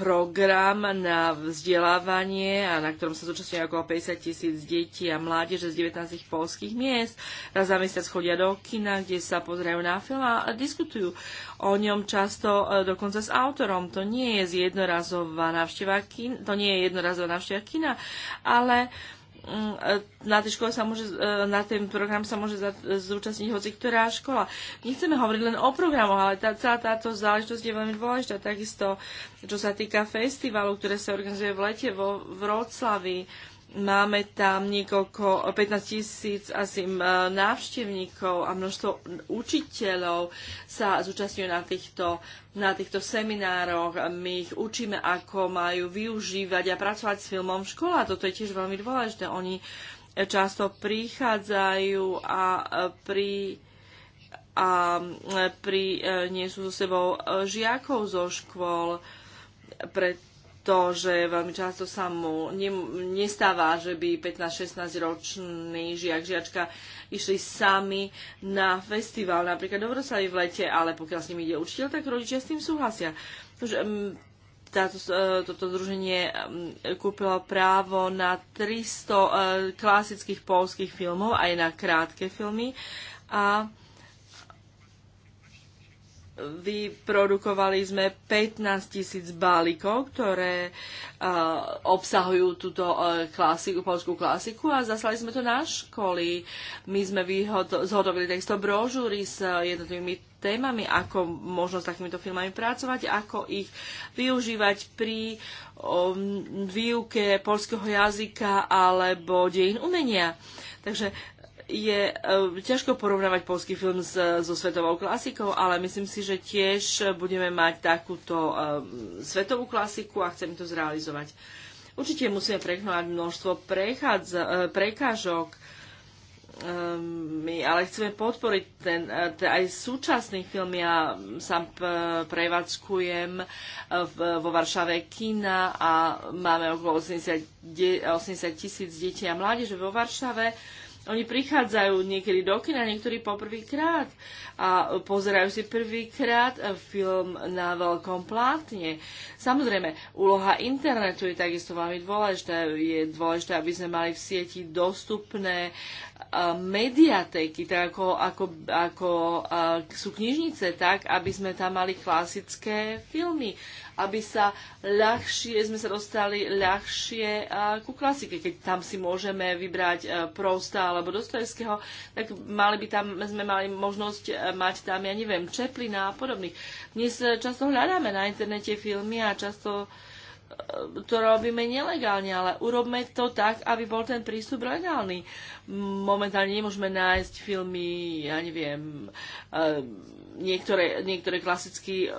program na vzdelávanie, a na ktorom sa zúčastňuje okolo 50 tisíc detí a mládeže z 19 polských miest. Raz za mesiac chodia do kina, kde sa pozerajú na film a diskutujú o ňom často e, dokonca s autorom. To nie je jednorazová návšteva kina, to nie je jednorazová návšteva kina, ale Mm, e, na tej škole sa môže, e, na ten program sa môže zúčastniť hoci ktorá škola. Nechceme hovoriť len o programoch, ale tá, celá táto záležitosť je veľmi dôležitá. Takisto, čo sa týka festivalu, ktoré sa organizuje v lete vo Vroclavi, Máme tam niekoľko, 15 tisíc asi návštevníkov a množstvo učiteľov sa zúčastňujú na týchto, na týchto seminároch. My ich učíme, ako majú využívať a pracovať s filmom v škole. A toto je tiež veľmi dôležité. Oni často prichádzajú a e, pri a e, pri, e, nie sú so sebou žiakov zo škôl, pred, to, že veľmi často sa mu ne, nestáva, že by 15-16 ročný žiak, žiačka išli sami na festival, napríklad dobro sa v lete, ale pokiaľ s nimi ide učiteľ, tak rodičia s tým súhlasia. Že, mm, táto, e, toto združenie mm, kúpilo právo na 300 e, klasických polských filmov, aj na krátke filmy a vyprodukovali sme 15 tisíc balíkov, ktoré uh, obsahujú túto uh, klasiku, polskú klasiku a zaslali sme to na školy. My sme vyhod- zhodovili takisto brožúry s uh, jednotlivými témami, ako možno s takýmito filmami pracovať, ako ich využívať pri um, výuke polského jazyka alebo dejin umenia. Takže je eh, ťažko porovnávať polský film s, so svetovou klasikou, ale myslím si, že tiež budeme mať takúto eh, svetovú klasiku a chcem to zrealizovať. Určite musíme prekonať množstvo prechádza, eh, prekážok, ehm, my ale chceme podporiť ten, ten aj súčasný film. Ja sám prevádzkujem vo Varšave kina a máme okolo 80, 80 tisíc detí a mládeže vo Varšave oni prichádzajú niekedy do kina, niektorí poprvýkrát a pozerajú si prvýkrát film na veľkom plátne. Samozrejme, úloha internetu je takisto veľmi dôležitá. Je dôležité, aby sme mali v sieti dostupné uh, mediatéky, tak ako, ako, ako sú knižnice, tak aby sme tam mali klasické filmy, aby sa ľahšie, sme sa dostali ľahšie ku klasike. Keď tam si môžeme vybrať e, Prosta alebo Dostojevského, tak mali by tam, sme mali možnosť e, mať tam, ja neviem, Čeplina a podobných. Dnes e, často hľadáme na internete filmy a často uh, to robíme nelegálne, ale urobme to tak, aby bol ten prístup legálny. Momentálne nemôžeme nájsť filmy, ja neviem, eh, niektoré, niektoré klasicky eh,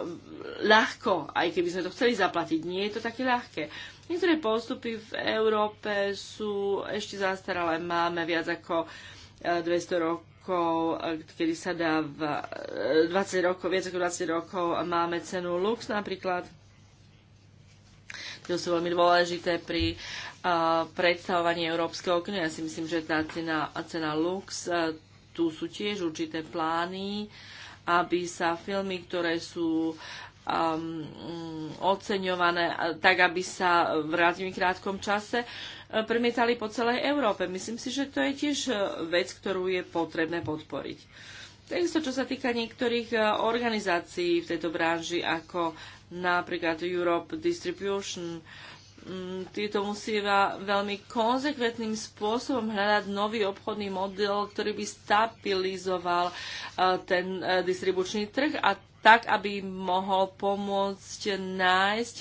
ľahko, aj keby sme to chceli zaplatiť. Nie je to také ľahké. Niektoré postupy v Európe sú ešte zastaralé. Máme viac ako 200 eh, rokov, kedy sa dá v 20 rokov, viac ako 20 rokov máme cenu Lux napríklad ktoré sú veľmi dôležité pri uh, predstavovaní Európskeho okna. Ja si myslím, že tá cena, cena Lux, uh, tu sú tiež určité plány, aby sa filmy, ktoré sú um, oceňované, tak aby sa v relatívne krátkom čase e, premietali po celej Európe. Myslím si, že to je tiež e, vec, ktorú je potrebné podporiť. Takisto, čo sa týka niektorých e, organizácií v tejto branži, ako napríklad Europe Distribution. Mm, títo musia veľmi konzekventným spôsobom hľadať nový obchodný model, ktorý by stabilizoval e, ten e, distribučný trh a tak, aby mohol pomôcť nájsť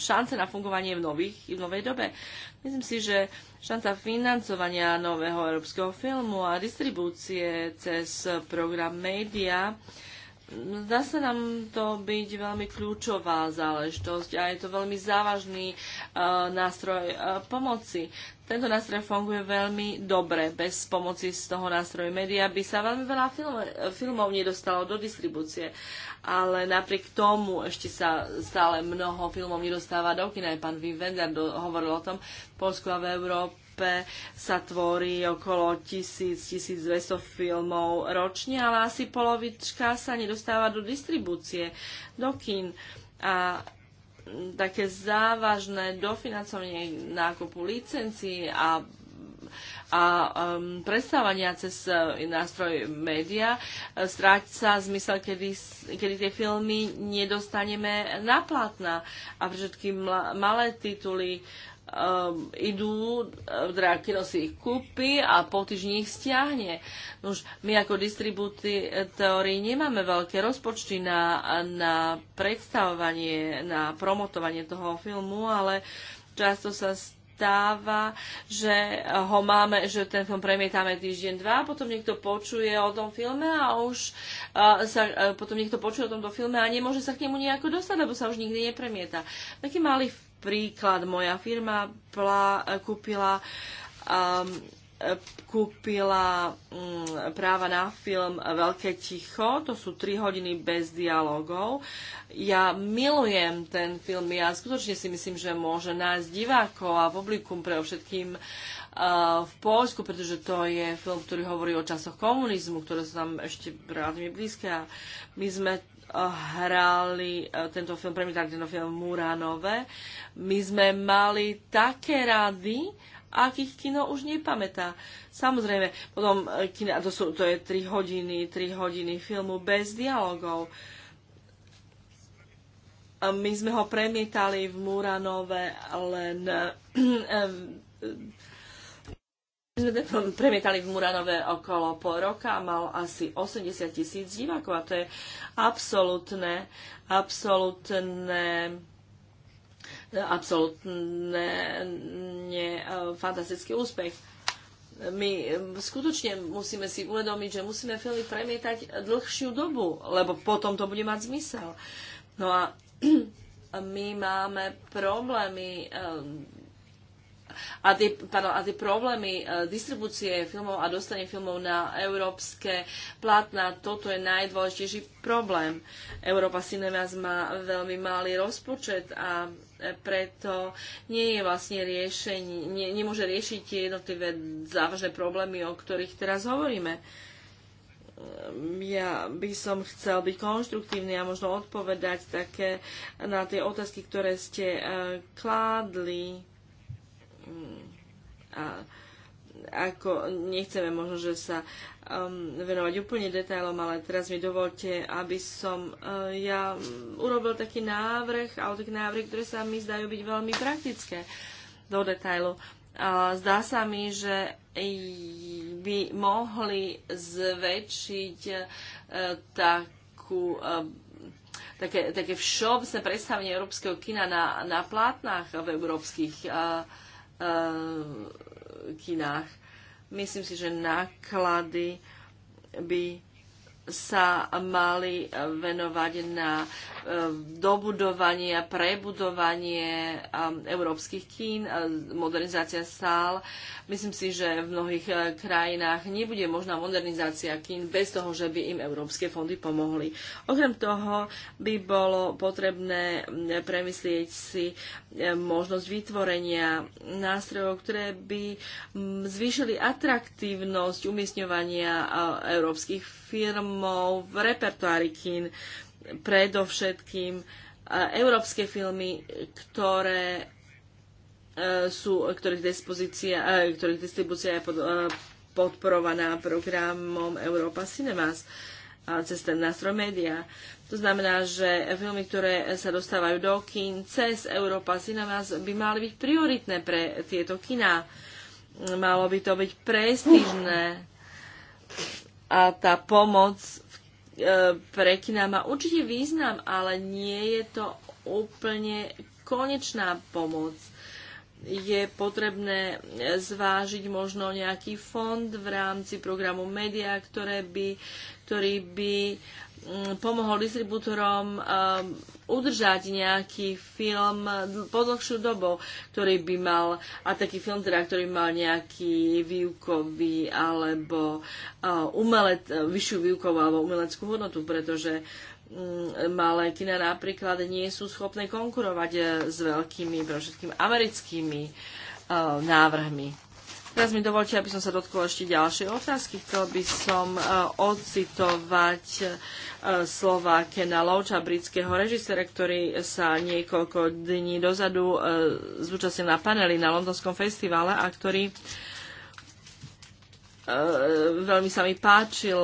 šance na fungovanie v, nových, v novej dobe. Myslím si, že šanca financovania nového európskeho filmu a distribúcie cez program Media uh, Zdá sa nám to byť veľmi kľúčová záležitosť a je to veľmi závažný uh, nástroj uh, pomoci. Tento nástroj funguje veľmi dobre. Bez pomoci z toho nástroju média by sa veľmi veľa film, filmov nedostalo do distribúcie. Ale napriek tomu ešte sa stále mnoho filmov nedostáva do kina. Aj pán Vivender hovoril o tom. Polsku a v Európe Európe sa tvorí okolo 1000-1200 filmov ročne, ale asi polovička sa nedostáva do distribúcie, do kín. A také závažné dofinancovanie nákupu licencií a a um, predstávania cez e, nástroj média e, stráť sa zmysel, kedy, kedy tie filmy nedostaneme na platná. A všetky malé tituly uh, um, idú, teda kino si ich kúpi a po týždni ich stiahne. Už my ako distribútori nemáme veľké rozpočty na, na predstavovanie, na promotovanie toho filmu, ale často sa stáva, že ho máme, že ten film premietame týždeň, dva, potom niekto počuje o tom filme a už eh, sa, eh, potom niekto počuje o tomto filme a nemôže sa k nemu nejako dostať, lebo sa už nikdy nepremieta. Taký malý príklad, moja firma plá, kúpila um, kúpila um, práva na film Veľké ticho, to sú 3 hodiny bez dialogov. Ja milujem ten film, ja skutočne si myslím, že môže nájsť divákov a publikum pre všetkým uh, v Polsku, pretože to je film, ktorý hovorí o časoch komunizmu, ktoré sú tam ešte relatívne blízke a my sme hrali eh, tento film, premietali tento film Muranové. My sme mali také rady, akých kino už nepamätá. Samozrejme, potom eh, kino, to, sú, to je 3 hodiny, 3 hodiny filmu bez dialogov. My sme ho premietali v Muranove len eh, premietali v Muranove okolo pol roka a mal asi 80 tisíc divákov a to je absolútne, absolútne absolútne ne, e, fantastický úspech. My e, skutočne musíme si uvedomiť, že musíme filmy premietať dlhšiu dobu, lebo potom to bude mať zmysel. No a my máme problémy e, a tie, pardon, a tie problémy e, distribúcie filmov a dostanie filmov na európske platná, toto je najdôležitejší problém. Európa Cinemas má veľmi malý rozpočet a preto nie je vlastne riešenie, nie, nemôže riešiť tie jednotlivé závažné problémy, o ktorých teraz hovoríme ja by som chcel byť konštruktívny a možno odpovedať také na tie otázky, ktoré ste e, kládli a ako nechceme možno, že sa um, venovať úplne detailom, ale teraz mi dovolte, aby som uh, ja mm, urobil taký návrh, ale taký návrh, ktoré sa mi zdajú byť veľmi praktické do detailu. Uh, zdá sa mi, že by mohli zväčšiť uh, takú uh, také, také všeobecné predstavenie európskeho kina na, na plátnach v európskych uh, Eh, kinách. Myslím si, že náklady by sa mali venovať na E, dobudovanie a prebudovanie e, európskych kín, e, modernizácia sál. Myslím si, že v mnohých krajinách nebude možná modernizácia kín bez toho, že by im európske fondy pomohli. Okrem toho by bolo potrebné premyslieť si možnosť vytvorenia nástrojov, ktoré by zvýšili atraktívnosť umiestňovania európskych firmov v repertoári kín predovšetkým e, európske filmy, ktoré e, sú, ktorých, dispozícia, e, ktorých distribúcia je pod, podporovaná programom Európa Cinemas cez ten nástroj média. To znamená, že filmy, ktoré sa dostávajú do kín cez Európa Cinemas by mali byť prioritné pre tieto kina. Malo by to byť prestížne a tá pomoc E, Prekina má určite význam, ale nie je to úplne konečná pomoc. Je potrebné zvážiť možno nejaký fond v rámci programu Media, ktoré by, ktorý by Mm, pomohol distribútorom um, udržať nejaký film po dlhšiu dobu, ktorý by mal, a taký film teda, ktorý mal nejaký výukový alebo uh, umelec, vyššiu výukovú alebo umeleckú hodnotu, pretože um, malé kina napríklad nie sú schopné konkurovať eh, s veľkými, pre všetkým americkými uh, návrhmi. Teraz mi dovolte, aby som sa dotkol ešte ďalšej otázky. Chcel by som e, ocitovať e, slova Kena Loucha, britského režisera, ktorý sa niekoľko dní dozadu e, zúčastnil na paneli na Londonskom festivale a ktorý E, veľmi sa mi páčil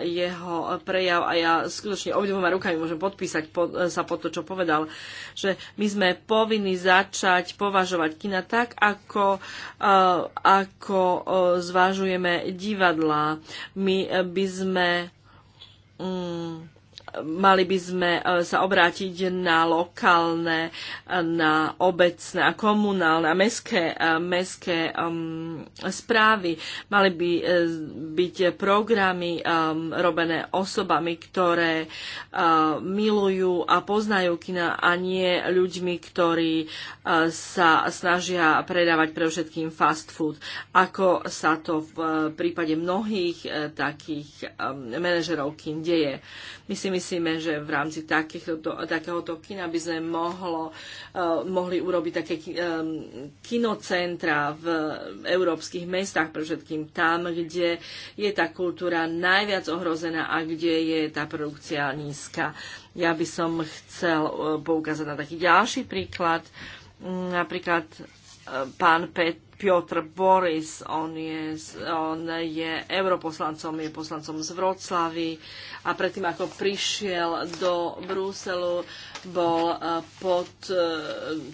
jeho prejav a ja skutočne obidvoma rukami môžem podpísať po, sa pod to, čo povedal, že my sme povinni začať považovať kina tak, ako, e, ako e, zvážujeme divadlá. My by sme mm, mali by sme e, sa obrátiť na lokálne, e, na obecné a komunálne a meské, e, meské um, správy. Mali by byť programy um, robené osobami, ktoré uh, milujú a poznajú kina a nie ľuďmi, ktorí uh, sa snažia predávať pre všetkým fast food. Ako sa to v prípade mnohých uh, takých um, manažerov kin deje. myslím, myslíme, že v rámci takýchto, takéhoto kina by sme mohlo, uh, mohli urobiť také um, kinocentra v európskych mestách, pre všetkým tam, kde je tá kultúra najviac ohrozená a kde je tá produkcia nízka. Ja by som chcel eh, poukázať na taký ďalší príklad. Mm, napríklad pán Pet, Piotr Boris, on je, on je europoslancom, je poslancom z Vroclavy a predtým, ako prišiel do Bruselu, bol e, pod, e,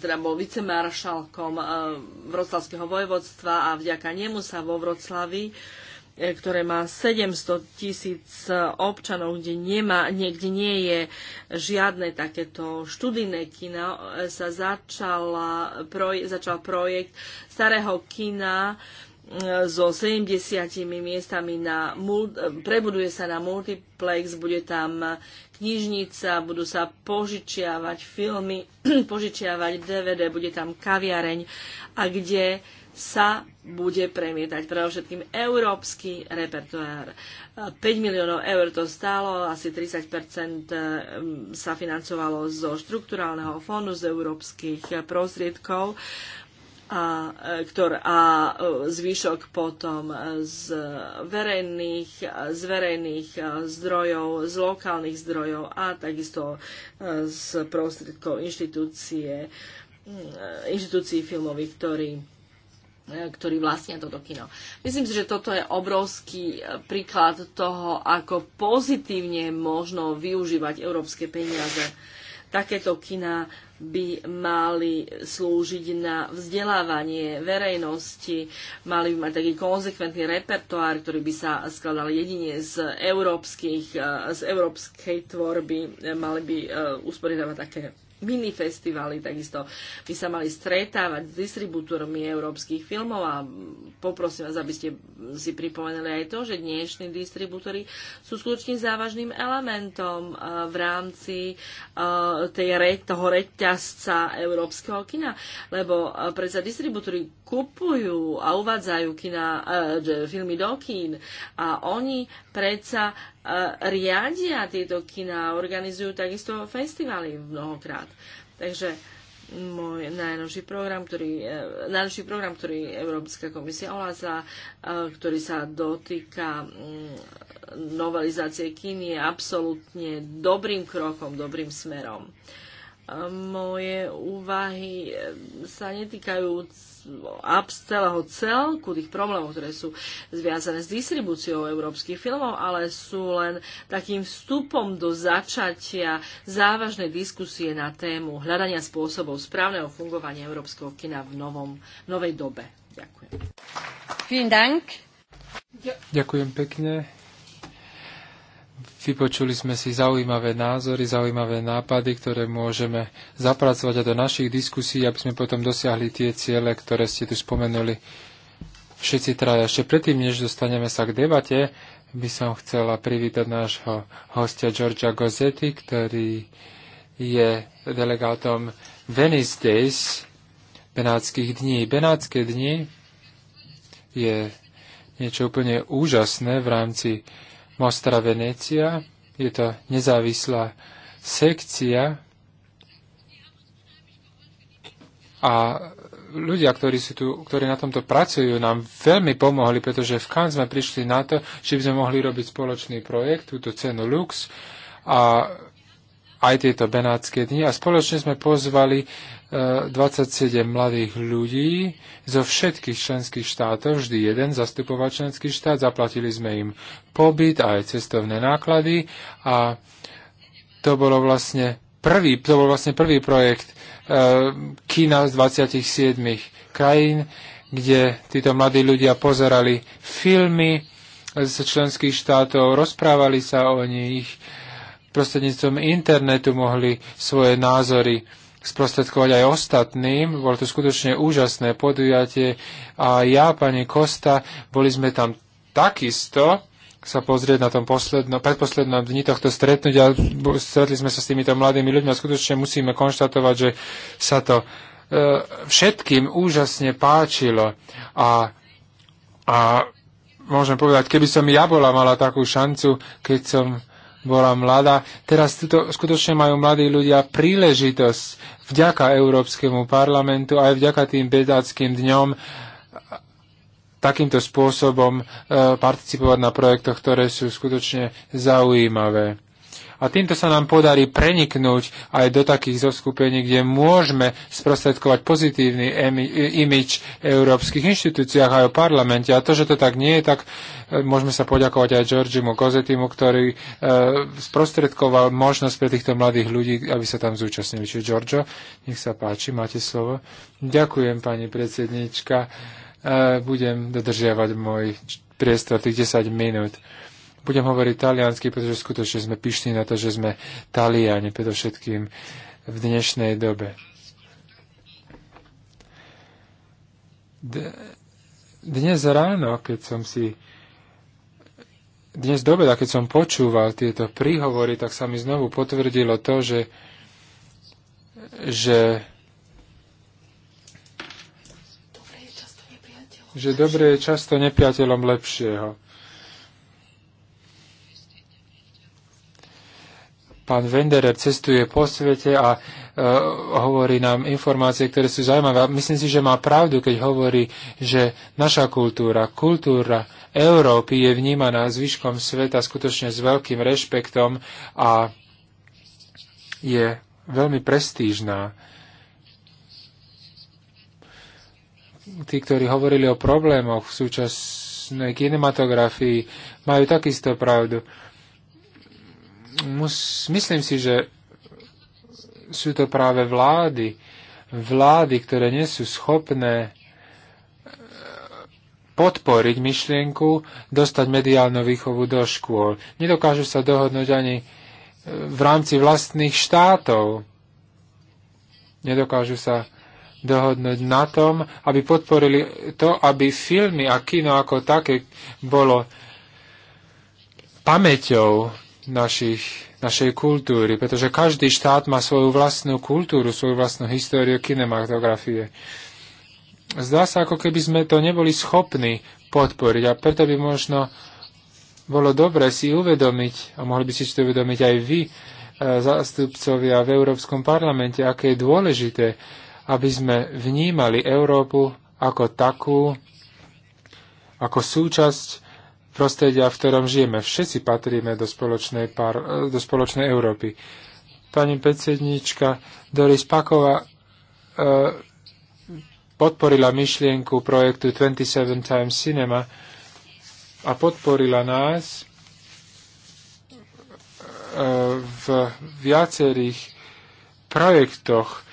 teda bol vicemaršalkom Vroclavského e, vojvodstva a vďaka nemu sa vo Vroclavi ktoré má 700 tisíc občanov, kde, nemá, kde nie je žiadne takéto študijné kino, e, sa začala, proj, začal projekt starého kina e, so 70 miestami na, e, prebuduje sa na multiplex, bude tam knižnica, budú sa požičiavať filmy, požičiavať DVD, bude tam kaviareň a kde sa bude premietať pre všetkým európsky repertoár. 5 miliónov eur to stálo, asi 30 eh, sa financovalo zo štrukturálneho fondu, z európskych prostriedkov a, eh, ktor, a eh, zvyšok potom z verejných, z verejných zdrojov, z lokálnych zdrojov a takisto z prostriedkov inštitúcie, inštitúcií filmových, ktorí E, ktorí vlastnia toto kino. Myslím si, že toto je obrovský e, príklad toho, ako pozitívne možno využívať európske peniaze. Takéto kina by mali slúžiť na vzdelávanie verejnosti, mali by mať taký konzekventný repertoár, ktorý by sa skladal jedine z, európskych, e, z európskej tvorby, mali by usporiadavať také mini festivaly takisto by sa mali stretávať s distribútormi európskych filmov a poprosím vás, aby ste si pripomenuli aj to, že dnešní distribútory sú skutočne závažným elementom eh, v rámci eh, tej, toho reťazca európskeho kina, lebo eh, predsa distribútory kupujú a uvádzajú kina, filmy do kín a oni predsa riadia tieto kina a organizujú takisto festivaly mnohokrát. Takže môj najnovší program, ktorý, e, najnovší program, ktorý Európska komisia ohlásila, e, ktorý sa dotýka mm, novelizácie kín, je absolútne dobrým krokom, dobrým smerom. E, moje úvahy sa netýkajú z celého celku tých problémov, ktoré sú zviazané s distribúciou európskych filmov, ale sú len takým vstupom do začatia závažnej diskusie na tému hľadania spôsobov správneho fungovania európskeho kina v novom, novej dobe. Ďakujem. Ďakujem pekne. Vypočuli sme si zaujímavé názory, zaujímavé nápady, ktoré môžeme zapracovať aj do našich diskusí, aby sme potom dosiahli tie ciele, ktoré ste tu spomenuli všetci traja. Ešte predtým, než dostaneme sa k debate, by som chcela privítať nášho hostia Georgia Gozetti, ktorý je delegátom Venice Days, Benátskych dní. Benátske dni je niečo úplne úžasné v rámci Mostra Venecia. Je to nezávislá sekcia a ľudia, ktorí, sú tu, ktorí na tomto pracujú, nám veľmi pomohli, pretože v Cannes sme prišli na to, že by sme mohli robiť spoločný projekt, túto cenu Lux a aj tieto benátske dni a spoločne sme pozvali 27 mladých ľudí zo všetkých členských štátov, vždy jeden zastupoval členský štát, zaplatili sme im pobyt a aj cestovné náklady a to bolo vlastne prvý, to bol vlastne prvý projekt uh, e, kina z 27 krajín, kde títo mladí ľudia pozerali filmy z členských štátov, rozprávali sa o nich, prostredníctvom internetu mohli svoje názory sprostredkovať aj ostatným. Bolo to skutočne úžasné podujatie a ja, pani Kosta, boli sme tam takisto sa pozrieť na tom posledno, predposlednom dni tohto stretnúť a Stretli sme sa s týmito mladými ľuďmi a skutočne musíme konštatovať, že sa to e, všetkým úžasne páčilo. A, a môžem povedať, keby som ja bola mala takú šancu, keď som bola mladá. Teraz tuto, skutočne majú mladí ľudia príležitosť vďaka Európskemu parlamentu aj vďaka tým bedáckým dňom takýmto spôsobom e, participovať na projektoch, ktoré sú skutočne zaujímavé. A týmto sa nám podarí preniknúť aj do takých zoskupení, kde môžeme sprostredkovať pozitívny imič európskych inštitúciách aj o parlamente. A to, že to tak nie je, tak e, môžeme sa poďakovať aj Georgimu Kozetimu, ktorý e, sprostredkoval možnosť pre týchto mladých ľudí, aby sa tam zúčastnili. Čiže Giorgio, nech sa páči, máte slovo. Ďakujem, pani predsednička. E, budem dodržiavať môj priestor, tých 10 minút. Budem hovoriť taliansky, pretože skutočne sme pyšní na to, že sme Taliani, predovšetkým v dnešnej dobe. Dnes ráno, keď som si dnes dobeda, keď som počúval tieto príhovory, tak sa mi znovu potvrdilo to, že, že že dobre je často nepriateľom lepšieho. pán Venderer cestuje po svete a e, hovorí nám informácie, ktoré sú zaujímavé. A myslím si, že má pravdu, keď hovorí, že naša kultúra, kultúra Európy je vnímaná zvyškom sveta skutočne s veľkým rešpektom a je veľmi prestížná. Tí, ktorí hovorili o problémoch v súčasnej kinematografii, majú takisto pravdu mus, myslím si, že sú to práve vlády, vlády, ktoré nie sú schopné eh, podporiť myšlienku, dostať mediálnu výchovu do škôl. Nedokážu sa dohodnúť ani eh, v rámci vlastných štátov. Nedokážu sa dohodnúť na tom, aby podporili to, aby filmy a kino ako také bolo pamäťou našich, našej kultúry, pretože každý štát má svoju vlastnú kultúru, svoju vlastnú históriu kinematografie. Zdá sa, ako keby sme to neboli schopní podporiť a preto by možno bolo dobre si uvedomiť, a mohli by si to uvedomiť aj vy, e, zástupcovia v Európskom parlamente, aké je dôležité, aby sme vnímali Európu ako takú, ako súčasť prostredia, v ktorom žijeme. Všetci patríme do spoločnej, par, e, do spoločnej Európy. Pani predsednička Doris Pakova e, podporila myšlienku projektu 27 Times Cinema a podporila nás e, v viacerých projektoch.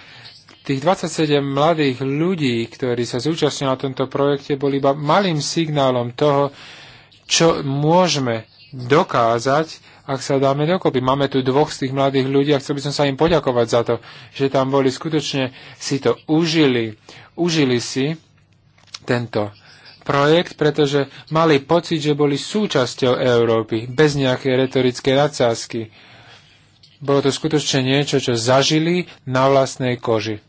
Tých 27 mladých ľudí, ktorí sa zúčastnili na tomto projekte, boli iba malým signálom toho, čo môžeme dokázať, ak sa dáme dokopy. Máme tu dvoch z tých mladých ľudí a chcel by som sa im poďakovať za to, že tam boli skutočne, si to užili, užili si tento projekt, pretože mali pocit, že boli súčasťou Európy, bez nejakej retorickej nadsázky. Bolo to skutočne niečo, čo zažili na vlastnej koži.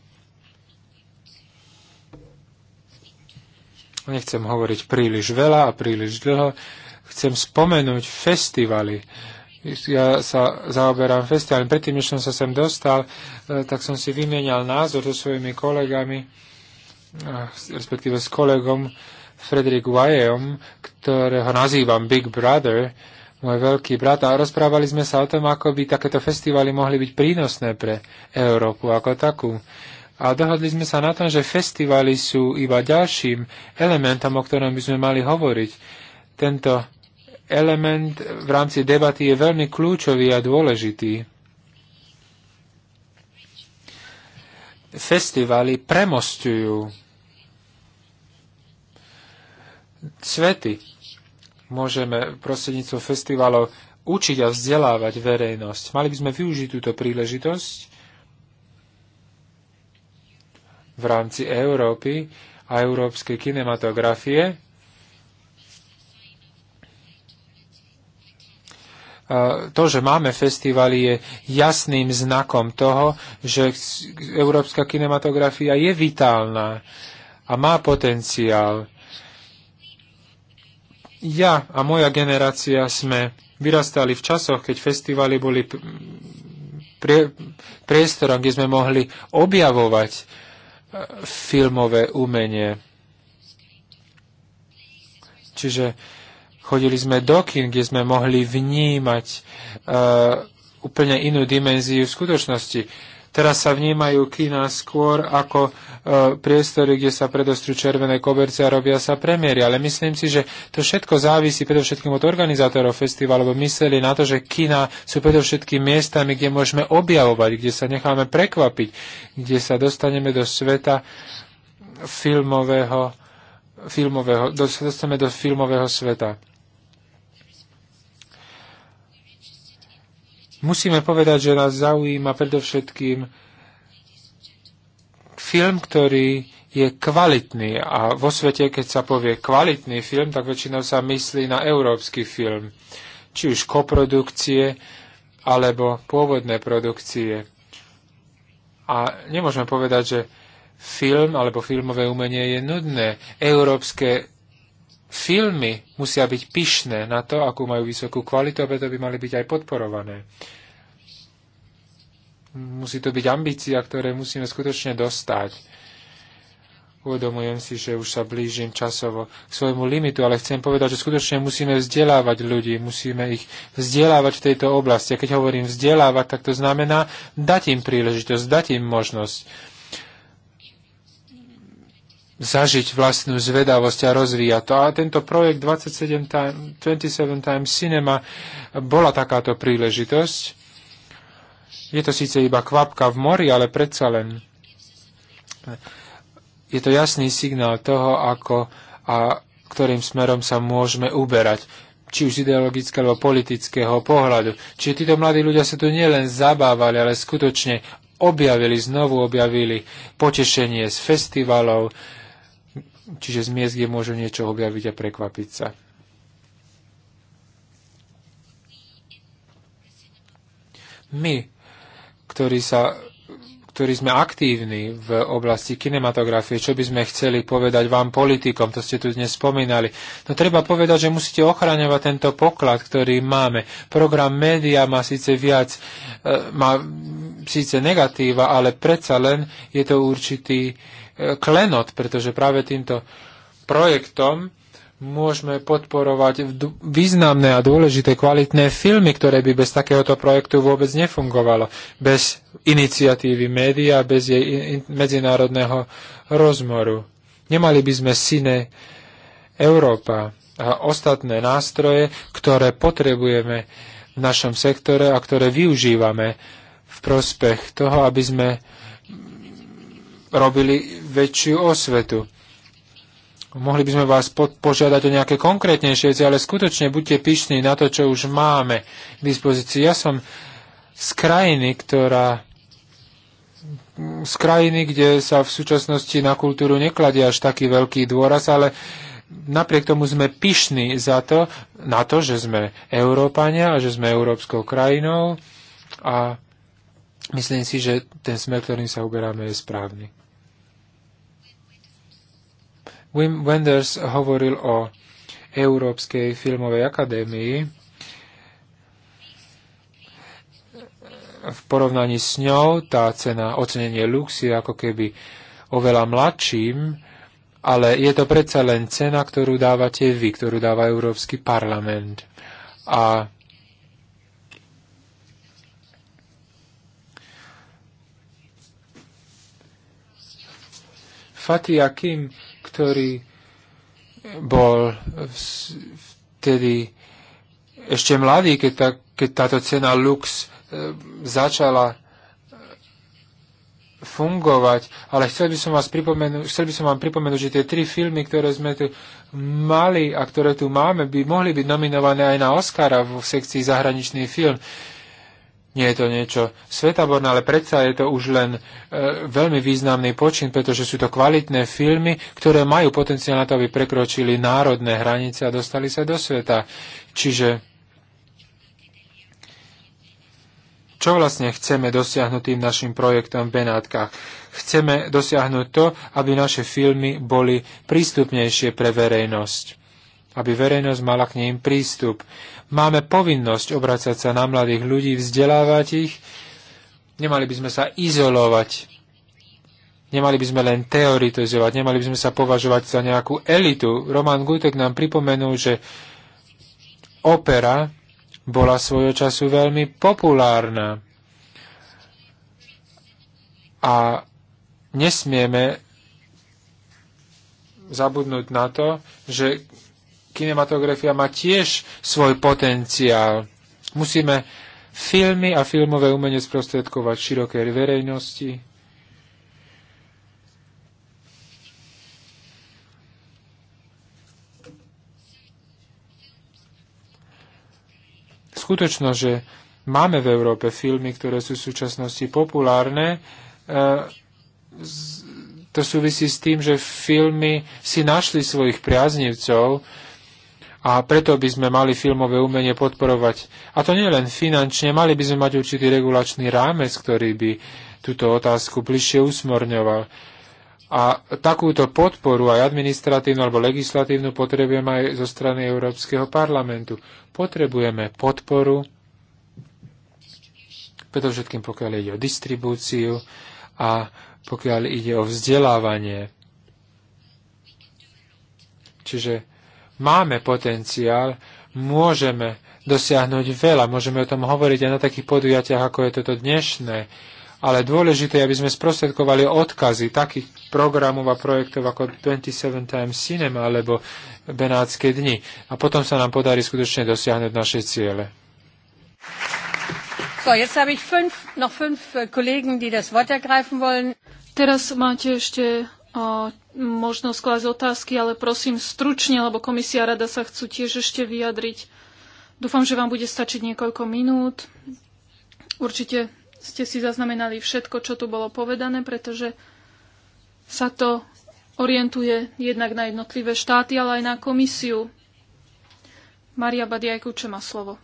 Nechcem hovoriť príliš veľa a príliš dlho. Chcem spomenúť festivaly. Ja sa zaoberám festivalom. Predtým, než som sa sem dostal, e, tak som si vymienial názor so svojimi kolegami, respektíve s kolegom Frederick Wyom, ktorého nazývam Big Brother, môj veľký brat a rozprávali sme sa o tom, ako by takéto festivály mohli byť prínosné pre Európu ako takú. A dohodli sme sa na tom, že festivály sú iba ďalším elementom, o ktorom by sme mali hovoriť. Tento element v rámci debaty je veľmi kľúčový a dôležitý. Festivály premostujú svety. Môžeme prostredníctvom festivalov učiť a vzdelávať verejnosť. Mali by sme využiť túto príležitosť v rámci Európy a európskej kinematografie. To, že máme festivaly, je jasným znakom toho, že európska kinematografia je vitálna a má potenciál. Ja a moja generácia sme vyrastali v časoch, keď festivaly boli priestorom, kde sme mohli objavovať filmové umenie. Čiže chodili sme do kin, kde sme mohli vnímať uh, úplne inú dimenziu skutočnosti. skutočnosti. Teraz sa vnímajú kina skôr ako e, priestory, kde sa predostrú červené koberce a robia sa premiéry. Ale myslím si, že to všetko závisí predovšetkým od organizátorov festivalu, lebo mysleli na to, že kina sú predovšetkým miestami, kde môžeme objavovať, kde sa necháme prekvapiť, kde sa dostaneme do sveta filmového, filmového dostaneme do filmového sveta. Musíme povedať, že nás zaujíma predovšetkým film, ktorý je kvalitný. A vo svete, keď sa povie kvalitný film, tak väčšinou sa myslí na európsky film. Či už koprodukcie, alebo pôvodné produkcie. A nemôžeme povedať, že film alebo filmové umenie je nudné. Európske filmy musia byť pyšné na to, akú majú vysokú kvalitu, a to by mali byť aj podporované. Musí to byť ambícia, ktoré musíme skutočne dostať. Uvedomujem si, že už sa blížim časovo k svojmu limitu, ale chcem povedať, že skutočne musíme vzdelávať ľudí, musíme ich vzdelávať v tejto oblasti. A keď hovorím vzdelávať, tak to znamená dať im príležitosť, dať im možnosť zažiť vlastnú zvedavosť a rozvíjať to. A tento projekt 27 time, 27 Times Cinema bola takáto príležitosť. Je to síce iba kvapka v mori, ale predsa len je to jasný signál toho, ako a ktorým smerom sa môžeme uberať či už ideologického alebo politického pohľadu. Čiže títo mladí ľudia sa tu nielen zabávali, ale skutočne objavili, znovu objavili potešenie z festivalov, čiže z miest, kde môže niečo objaviť a prekvapiť sa. My, ktorí, sa, ktorí sme aktívni v oblasti kinematografie, čo by sme chceli povedať vám politikom, to ste tu dnes spomínali. No treba povedať, že musíte ochraňovať tento poklad, ktorý máme. Program média má síce viac, e, má síce negatíva, ale predsa len je to určitý klenot, pretože práve týmto projektom môžeme podporovať významné a dôležité kvalitné filmy, ktoré by bez takéhoto projektu vôbec nefungovalo. Bez iniciatívy médií a bez jej medzinárodného rozmoru. Nemali by sme Cine Európa a ostatné nástroje, ktoré potrebujeme v našom sektore a ktoré využívame v prospech toho, aby sme robili väčšiu osvetu. Mohli by sme vás požiadať o nejaké konkrétnejšie veci, ale skutočne buďte pyšní na to, čo už máme k dispozícii. Ja som z krajiny, ktorá z krajiny, kde sa v súčasnosti na kultúru nekladie až taký veľký dôraz, ale napriek tomu sme pyšní za to, na to, že sme Európania a že sme európskou krajinou a myslím si, že ten smer, ktorým sa uberáme, je správny. Wim Wenders hovoril o Európskej filmovej akadémii v porovnaní s ňou tá cena ocenenie Lux je ako keby oveľa mladším, ale je to predsa len cena, ktorú dávate vy, ktorú dáva Európsky parlament. A Fatia Kim ktorý bol vtedy ešte mladý, keď, tá, keď táto cena Lux e, začala e, fungovať, ale chcel by som, vás pripomenú, chcel by som vám pripomenúť, že tie tri filmy, ktoré sme tu mali a ktoré tu máme, by mohli byť nominované aj na Oscara v sekcii zahraničný film. Uh, nie je to niečo svetaborné, ale predsa je to už len e, veľmi významný počin, pretože sú to kvalitné filmy, ktoré majú potenciál na to, aby prekročili národné hranice a dostali sa do sveta. Čiže čo vlastne chceme dosiahnuť tým našim projektom v Benátkach? Chceme dosiahnuť to, aby naše filmy boli prístupnejšie pre verejnosť aby verejnosť mala k ním prístup. Máme povinnosť obracať sa na mladých ľudí, vzdelávať ich. Nemali by sme sa izolovať. Nemali by sme len teoritizovať, nemali by sme sa považovať za nejakú elitu. Roman Gutek nám pripomenul, že opera bola svojho času veľmi populárna. A nesmieme zabudnúť na to, že kinematografia má tiež svoj potenciál. Musíme filmy a filmové umenie sprostredkovať širokej verejnosti. Skutočno, že máme v Európe filmy, ktoré sú v súčasnosti populárne, e, to súvisí s tým, že filmy si našli svojich priaznivcov, a preto by sme mali filmové umenie podporovať. A to nie len finančne, mali by sme mať určitý regulačný rámec, ktorý by túto otázku bližšie usmorňoval. A takúto podporu aj administratívnu alebo legislatívnu potrebujeme aj zo strany Európskeho parlamentu. Potrebujeme podporu, predovšetkým pokiaľ ide o distribúciu a pokiaľ ide o vzdelávanie. Čiže máme potenciál, môžeme dosiahnuť veľa, môžeme o tom hovoriť aj na takých podujatiach, ako je toto dnešné, ale dôležité je, aby sme sprostredkovali odkazy takých programov a projektov ako 27 Times Cinema alebo Benátske dni. A potom sa nám podarí skutočne dosiahnuť naše ciele. So, jetzt habe ich fünf, noch fünf äh, Kollegen, die das Wort ergreifen wollen. Teraz máte ešte možnosť klásť otázky, ale prosím stručne, lebo komisia rada sa chcú tiež ešte vyjadriť. Dúfam, že vám bude stačiť niekoľko minút. Určite ste si zaznamenali všetko, čo tu bolo povedané, pretože sa to orientuje jednak na jednotlivé štáty, ale aj na komisiu. Maria Badiajkuče má slovo.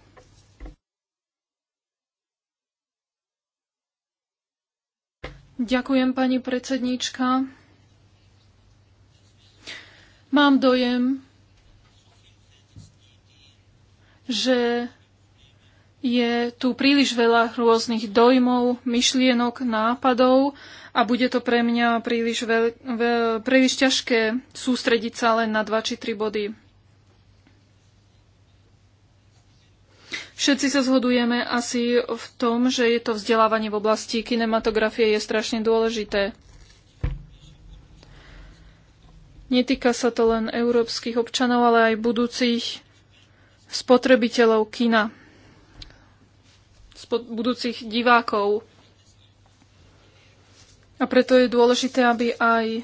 Ďakujem, pani predsedníčka. Mám dojem, že je tu príliš veľa rôznych dojmov, myšlienok, nápadov a bude to pre mňa príliš, veľ, veľ, príliš ťažké sústrediť sa len na dva či tri body. Všetci sa zhodujeme asi v tom, že je to vzdelávanie v oblasti kinematografie je strašne dôležité. Netýka sa to len európskych občanov, ale aj budúcich spotrebiteľov kina, spod, budúcich divákov. A preto je dôležité, aby aj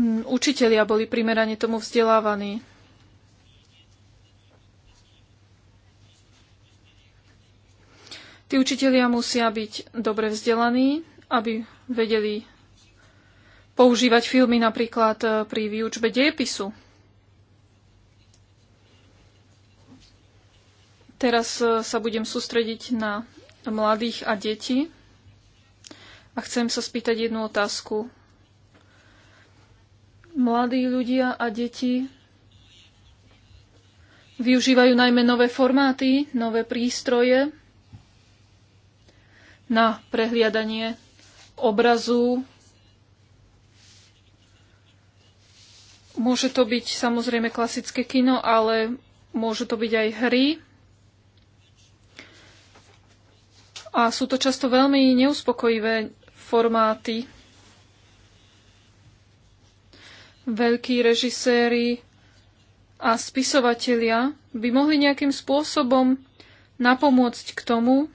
mm, učitelia boli primerane tomu vzdelávaní. Tí učitelia musia byť dobre vzdelaní, aby vedeli používať filmy napríklad e, pri výučbe diepisu. Teraz e, sa budem sústrediť na mladých a deti a chcem sa spýtať jednu otázku. Mladí ľudia a deti využívajú najmä nové formáty, nové prístroje na prehliadanie obrazu, Môže to byť samozrejme klasické kino, ale môžu to byť aj hry. A sú to často veľmi neuspokojivé formáty. Veľkí režiséri a spisovatelia by mohli nejakým spôsobom napomôcť k tomu,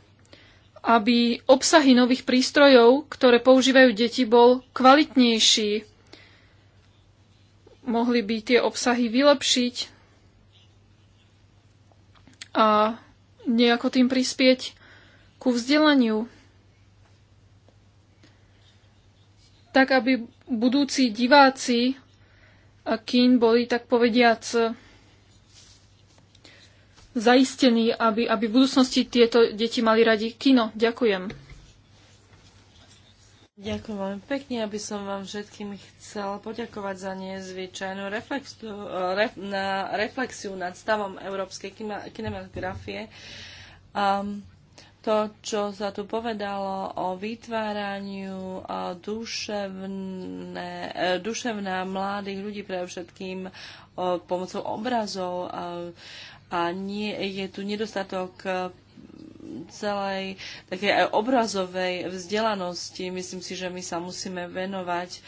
aby obsahy nových prístrojov, ktoré používajú deti, bol kvalitnejší mohli by tie obsahy vylepšiť a nejako tým prispieť ku vzdelaniu. Tak, aby budúci diváci a kín boli, tak povediac, zaistení, aby, aby v budúcnosti tieto deti mali radi kino. Ďakujem. Ďakujem veľmi pekne, aby som vám všetkým chcel poďakovať za nezvyčajnú reflexu ref, na reflexiu nad stavom európskej kinematografie. Um, to, čo sa tu povedalo o vytváraniu duševné, e, duševná mladých ľudí pre všetkým e, pomocou obrazov a nie, je tu nedostatok celej takej aj obrazovej vzdelanosti. Myslím si, že my sa musíme venovať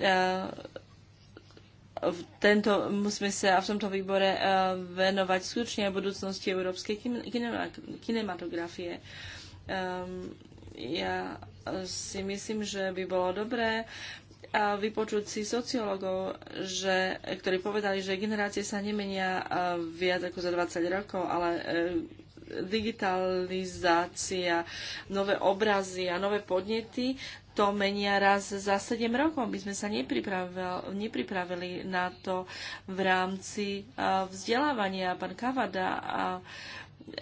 eh, v tento, musíme sa v tomto výbore eh, venovať skutočne aj budúcnosti európskej kinematografie. Ehm, ja si myslím, že by bolo dobré a eh, vypočuť si sociológov, že, ktorí povedali, že generácie sa nemenia viac ako za 20 rokov, ale digitalizácia, nové obrazy a nové podnety, to menia raz za 7 rokov. My sme sa nepripravili na to v rámci vzdelávania. Pán Kavada a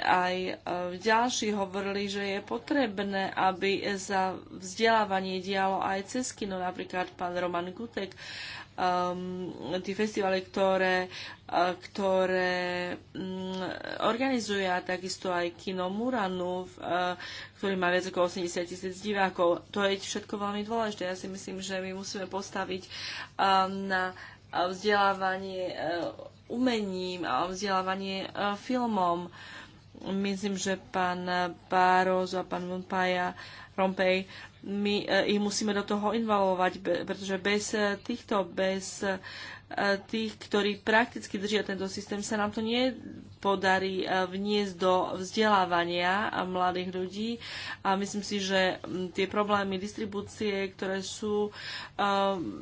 aj e, ďalší hovorili, že je potrebné, aby za vzdelávanie dialo aj cez kino, napríklad pán Roman Kutek, um, tie festivaly, ktoré ktoré mm, organizuje takisto aj kino Muranu, ktorý má viac ako 80 tisíc divákov. To je všetko veľmi dôležité. Ja si myslím, že my musíme postaviť na vzdelávanie e, umením a vzdelávanie e, filmom. Myslím, že pán Bározo a pán Vompaja Rompej my eh, ich musíme do toho invalovať, pretože bez eh, týchto, bez eh, tých, ktorí prakticky držia tento systém, sa nám to nepodarí vniesť do vzdelávania mladých ľudí. A myslím si, že mm, tie problémy distribúcie, ktoré sú ehm,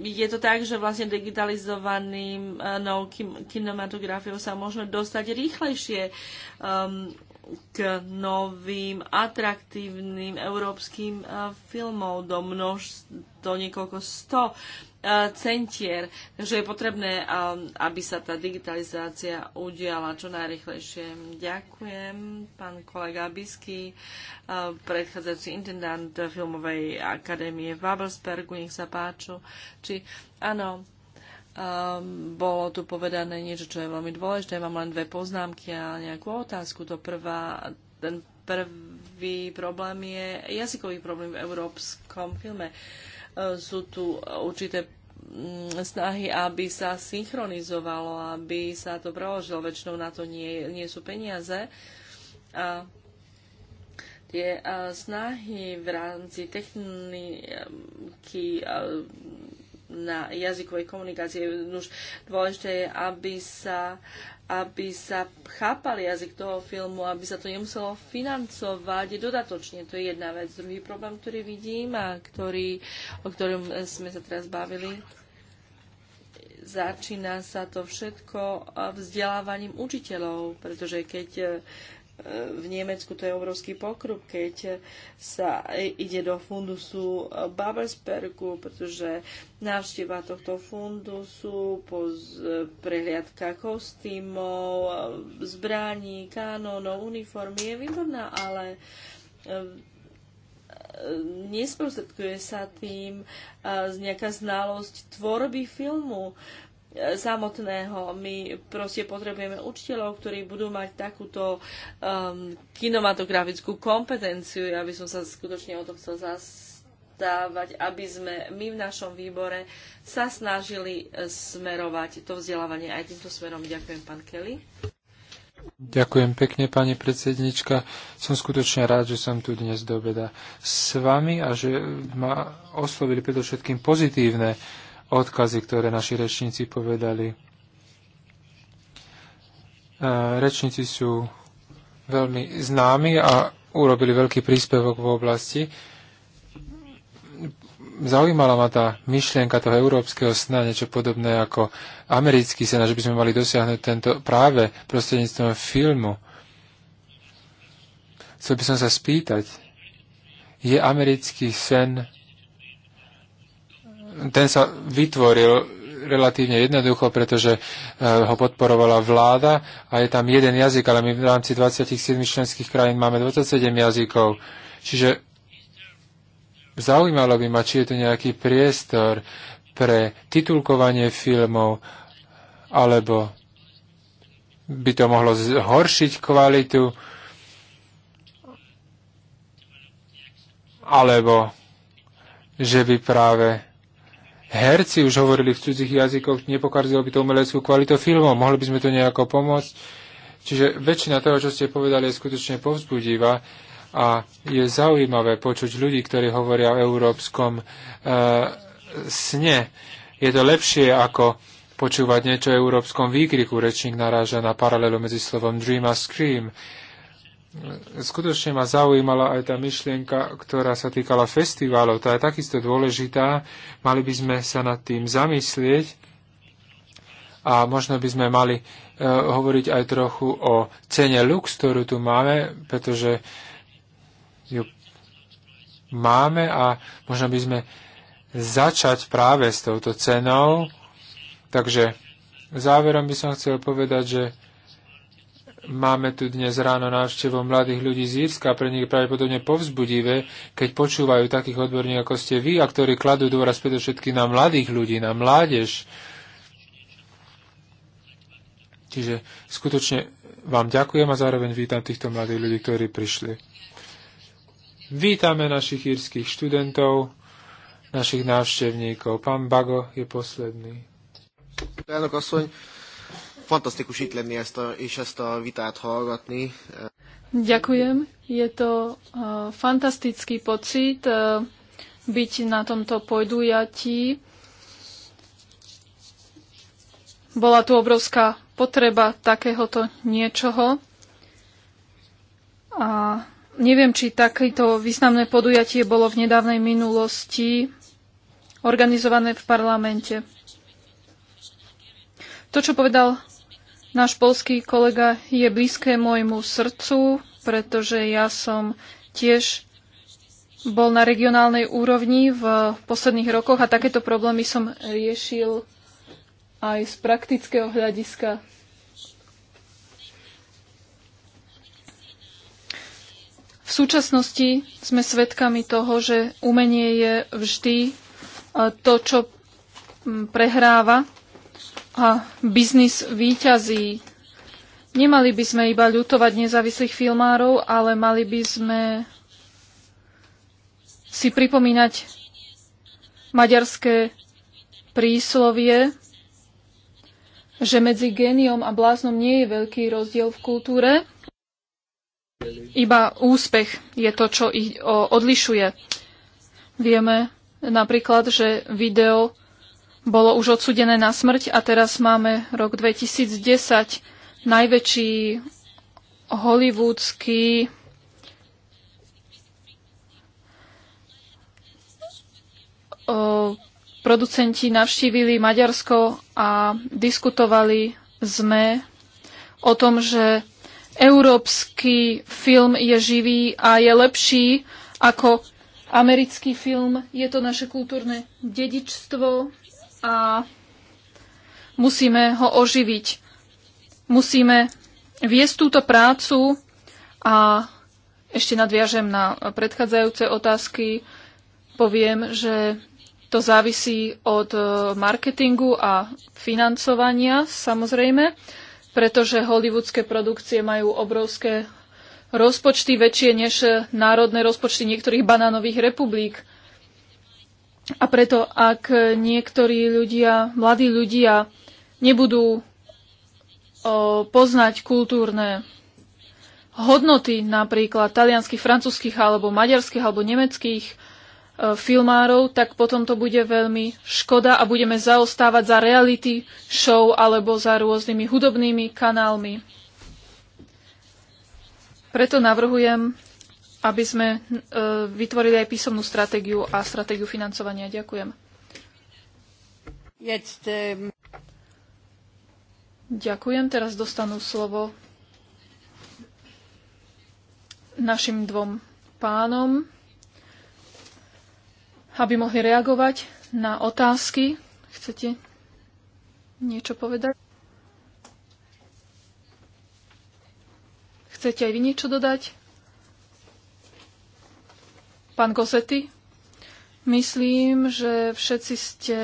je to tak, že vlastne digitalizovaným uh, no, kinematografiou sa môžeme dostať rýchlejšie um, k novým atraktívnym európskym e, filmov do množ, do niekoľko sto e, centier. Takže je potrebné, e, aby sa tá digitalizácia udiala čo najrychlejšie. Ďakujem, pán kolega Bisky, predchádzajúci intendant Filmovej akadémie v Babelsbergu, nech sa páču. Či, áno, Um, bolo tu povedané niečo, čo je veľmi dôležité. Mám len dve poznámky a nejakú otázku. To prvá, ten prvý problém je jazykový problém v európskom filme. Uh, sú tu určité mm, snahy, aby sa synchronizovalo, aby sa to preložilo. Väčšinou na to nie, nie sú peniaze. A tie uh, snahy v rámci techniky uh, na jazykovej komunikácii. Už dôležité je, aby sa, aby sa chápal jazyk toho filmu, aby sa to nemuselo financovať dodatočne. To je jedna vec. Druhý problém, ktorý vidím a ktorý, o ktorom sme sa teraz bavili, začína sa to všetko vzdelávaním učiteľov, pretože keď v Nemecku to je obrovský pokrup, keď sa ide do fundusu Babelsbergu, pretože návšteva tohto fundusu, poz, prehliadka kostýmov, zbraní, kanónov, uniformy je výborná, ale eh, nesprostredkuje sa tým eh, nejaká znalosť tvorby filmu samotného. My proste potrebujeme učiteľov, ktorí budú mať takúto um, kinematografickú kompetenciu. Ja by som sa skutočne o to chcel zastávať, aby sme my v našom výbore sa snažili eh, smerovať to vzdelávanie aj týmto smerom. Ďakujem, pán Kelly. Ďakujem pekne, pani predsednička. Som skutočne rád, že som tu dnes do obeda s vami a že ma oslovili predovšetkým pozitívne uh, odkazy, ktoré naši rečníci povedali. E, rečníci sú veľmi známi a urobili veľký príspevok v oblasti. Zaujímala ma tá myšlienka toho európskeho sna, niečo podobné ako americký sen, že by sme mali dosiahnuť tento práve prostredníctvom filmu. Chcel by som sa spýtať, je americký sen ten sa vytvoril relatívne jednoducho, pretože e, ho podporovala vláda a je tam jeden jazyk, ale my v rámci 27 členských krajín máme 27 jazykov. Čiže zaujímalo by ma, či je to nejaký priestor pre titulkovanie filmov, alebo by to mohlo zhoršiť kvalitu, alebo že by práve herci už hovorili v cudzích jazykoch, nepokazilo by to umeleckú kvalitu filmov, mohli by sme to nejako pomôcť. Čiže väčšina toho, čo ste povedali, je skutočne povzbudivá a je zaujímavé počuť ľudí, ktorí hovoria o európskom e, sne. Je to lepšie ako počúvať niečo o európskom výkriku. Rečník naráža na paralelu medzi slovom dream a scream skutočne ma zaujímala aj tá myšlienka, ktorá sa týkala festivalov. Tá je takisto dôležitá. Mali by sme sa nad tým zamyslieť a možno by sme mali e, hovoriť aj trochu o cene lux, ktorú tu máme, pretože ju máme a možno by sme začať práve s touto cenou. Takže záverom by som chcel povedať, že Máme tu dnes ráno návštevu mladých ľudí z Írska a pre nich pravdepodobne povzbudivé, keď počúvajú takých odborníkov, ako ste vy, a ktorí kladú dôraz predovšetky na mladých ľudí, na mládež. Čiže skutočne vám ďakujem a zároveň vítam týchto mladých ľudí, ktorí prišli. Vítame našich írskych študentov, našich návštevníkov. Pán Bago je posledný. Elnök asszony, fantasztikus itt lenni ezt a, és ezt a vitát hallgatni. Ďakujem. Je to uh, fantastický pocit uh, byť na tomto podujatí. Bola tu obrovská potreba takéhoto niečoho. A neviem, či takéto významné podujatie bolo v nedávnej minulosti organizované v parlamente. To, čo povedal Náš polský kolega je blízke môjmu srdcu, pretože ja som tiež bol na regionálnej úrovni v posledných rokoch a takéto problémy som riešil aj z praktického hľadiska. V súčasnosti sme svedkami toho, že umenie je vždy eh, to, čo mm, prehráva a biznis výťazí. Nemali by sme iba ľutovať nezávislých filmárov, ale mali by sme si pripomínať maďarské príslovie, že medzi géniom a bláznom nie je veľký rozdiel v kultúre, iba úspech je to, čo ich odlišuje. Vieme napríklad, že video bolo už odsudené na smrť a teraz máme rok 2010, najväčší hollywoodsky producenti navštívili Maďarsko a diskutovali sme o tom, že európsky film je živý a je lepší ako americký film. Je to naše kultúrne dedičstvo a musíme ho oživiť. Musíme viesť túto prácu a ešte nadviažem na predchádzajúce otázky. Poviem, že to závisí od e, marketingu a financovania samozrejme, pretože hollywoodske produkcie majú obrovské rozpočty, väčšie než národné rozpočty niektorých banánových republik. A preto, ak niektorí ľudia, mladí ľudia, nebudú poznať kultúrne hodnoty napríklad talianských, francúzských alebo maďarských alebo nemeckých filmárov, tak potom to bude veľmi škoda a budeme zaostávať za reality show alebo za rôznymi hudobnými kanálmi. Preto navrhujem aby sme e, vytvorili aj písomnú stratégiu a stratégiu financovania. Ďakujem. E, Ďakujem. Teraz dostanú slovo našim dvom pánom, aby mohli reagovať na otázky. Chcete niečo povedať? Chcete aj vy niečo dodať? Pán Gozety, myslím, že všetci ste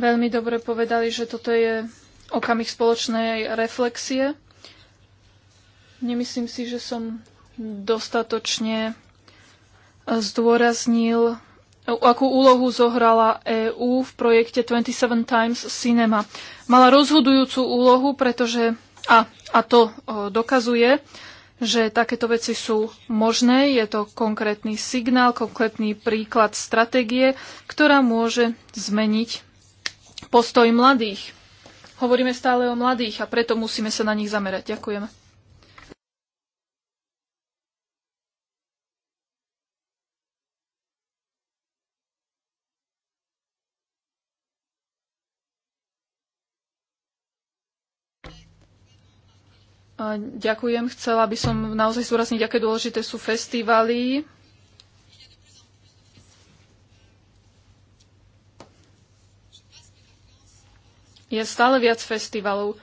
veľmi dobre povedali, že toto je okamih spoločnej reflexie. Nemyslím si, že som dostatočne e, zdôraznil, akú úlohu zohrala EÚ v projekte 27 Times Cinema. Mala rozhodujúcu úlohu, pretože, a, a to e, dokazuje, že takéto veci sú možné. Je to konkrétny signál, konkrétny príklad stratégie, ktorá môže zmeniť postoj mladých. Hovoríme stále o mladých a preto musíme sa na nich zamerať. Ďakujeme. Ďakujem. Chcela by som naozaj zúrazniť, aké dôležité sú festivaly. Je stále viac festivalov.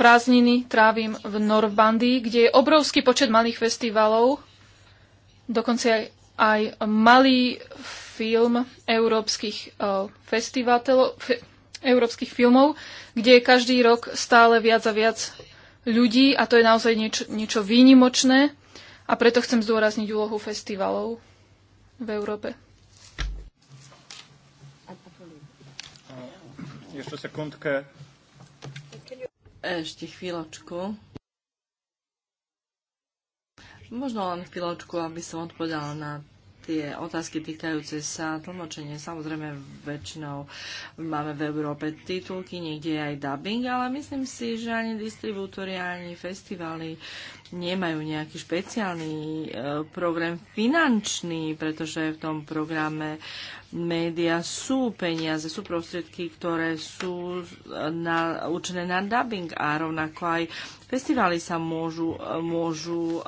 Prázdniny trávim v Normandii, kde je obrovský počet malých festivalov. Dokonca aj, aj malý film európskych eh, festivalov, európskych filmov, kde je každý rok stále viac a viac ľudí a to je naozaj niečo, niečo výnimočné a preto chcem zdôrazniť úlohu festivalov v Európe. Ešte sekundke. Ešte chvíľočku. Možno len chvíľočku, aby som odpovedala na tie otázky týkajúce sa tlmočenia. Samozrejme, väčšinou máme v Európe titulky, niekde je aj dubbing, ale myslím si, že ani distribútory, ani festivaly nemajú nejaký špeciálny e, program finančný, pretože v tom programe média sú peniaze, sú prostriedky, ktoré sú na, určené na dubbing a rovnako aj Festivály sa môžu, môžu um,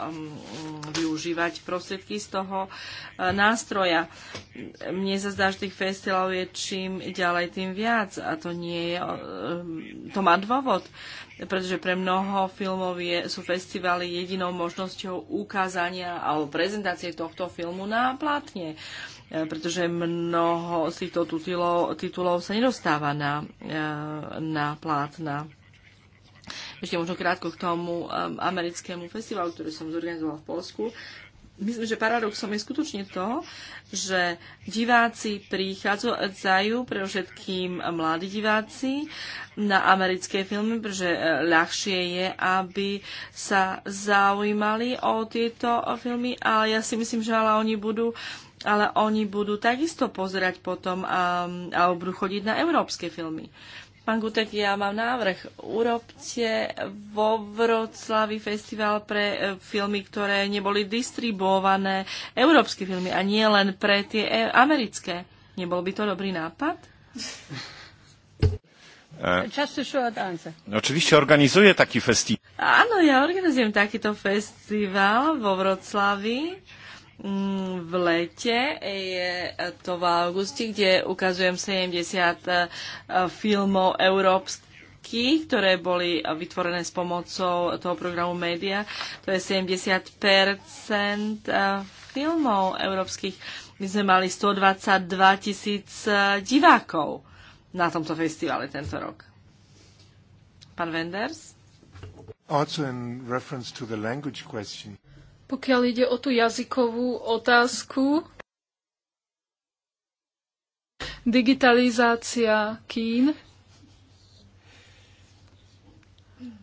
využívať prostriedky z toho uh, nástroja. Mne sa zdá, že tých festivalov je čím ďalej, tým viac a to nie je, uh, to má dôvod pretože pre mnoho filmov je, sú festivály jedinou možnosťou ukázania alebo prezentácie tohto filmu na plátne uh, pretože mnoho z týchto titulov, titulov sa nedostáva na, na plátna. Ešte možno krátko k tomu um, americkému festivalu, ktorý som zorganizovala v Polsku. Myslím, že paradoxom je skutočne to, že diváci prichádzajú, pre všetkým mladí diváci, na americké filmy, pretože e, ľahšie je, aby sa zaujímali o tieto filmy, ale ja si myslím, že ale oni budú ale oni budú takisto pozerať potom a, um, a budú chodiť na európske filmy. Pán Gutek, ja mám návrh. Urobte vo Vroclavi festival pre e, filmy, ktoré neboli distribuované, európske filmy a nie len pre tie e, americké. Nebol by to dobrý nápad? E, no oczywiście organizuje taki festiwal. Áno, ja organizujem takýto festival vo Vroclavi Mm, v lete, je to v augusti, kde ukazujem 70 e, filmov európskych, ktoré boli vytvorené s pomocou toho programu Media. To je 70 e, filmov európskych. My sme mali 122 tisíc e, divákov na tomto festivale tento rok. Pán Wenders? Also in reference to the language question. Pokiaľ ide o tú jazykovú otázku, digitalizácia kín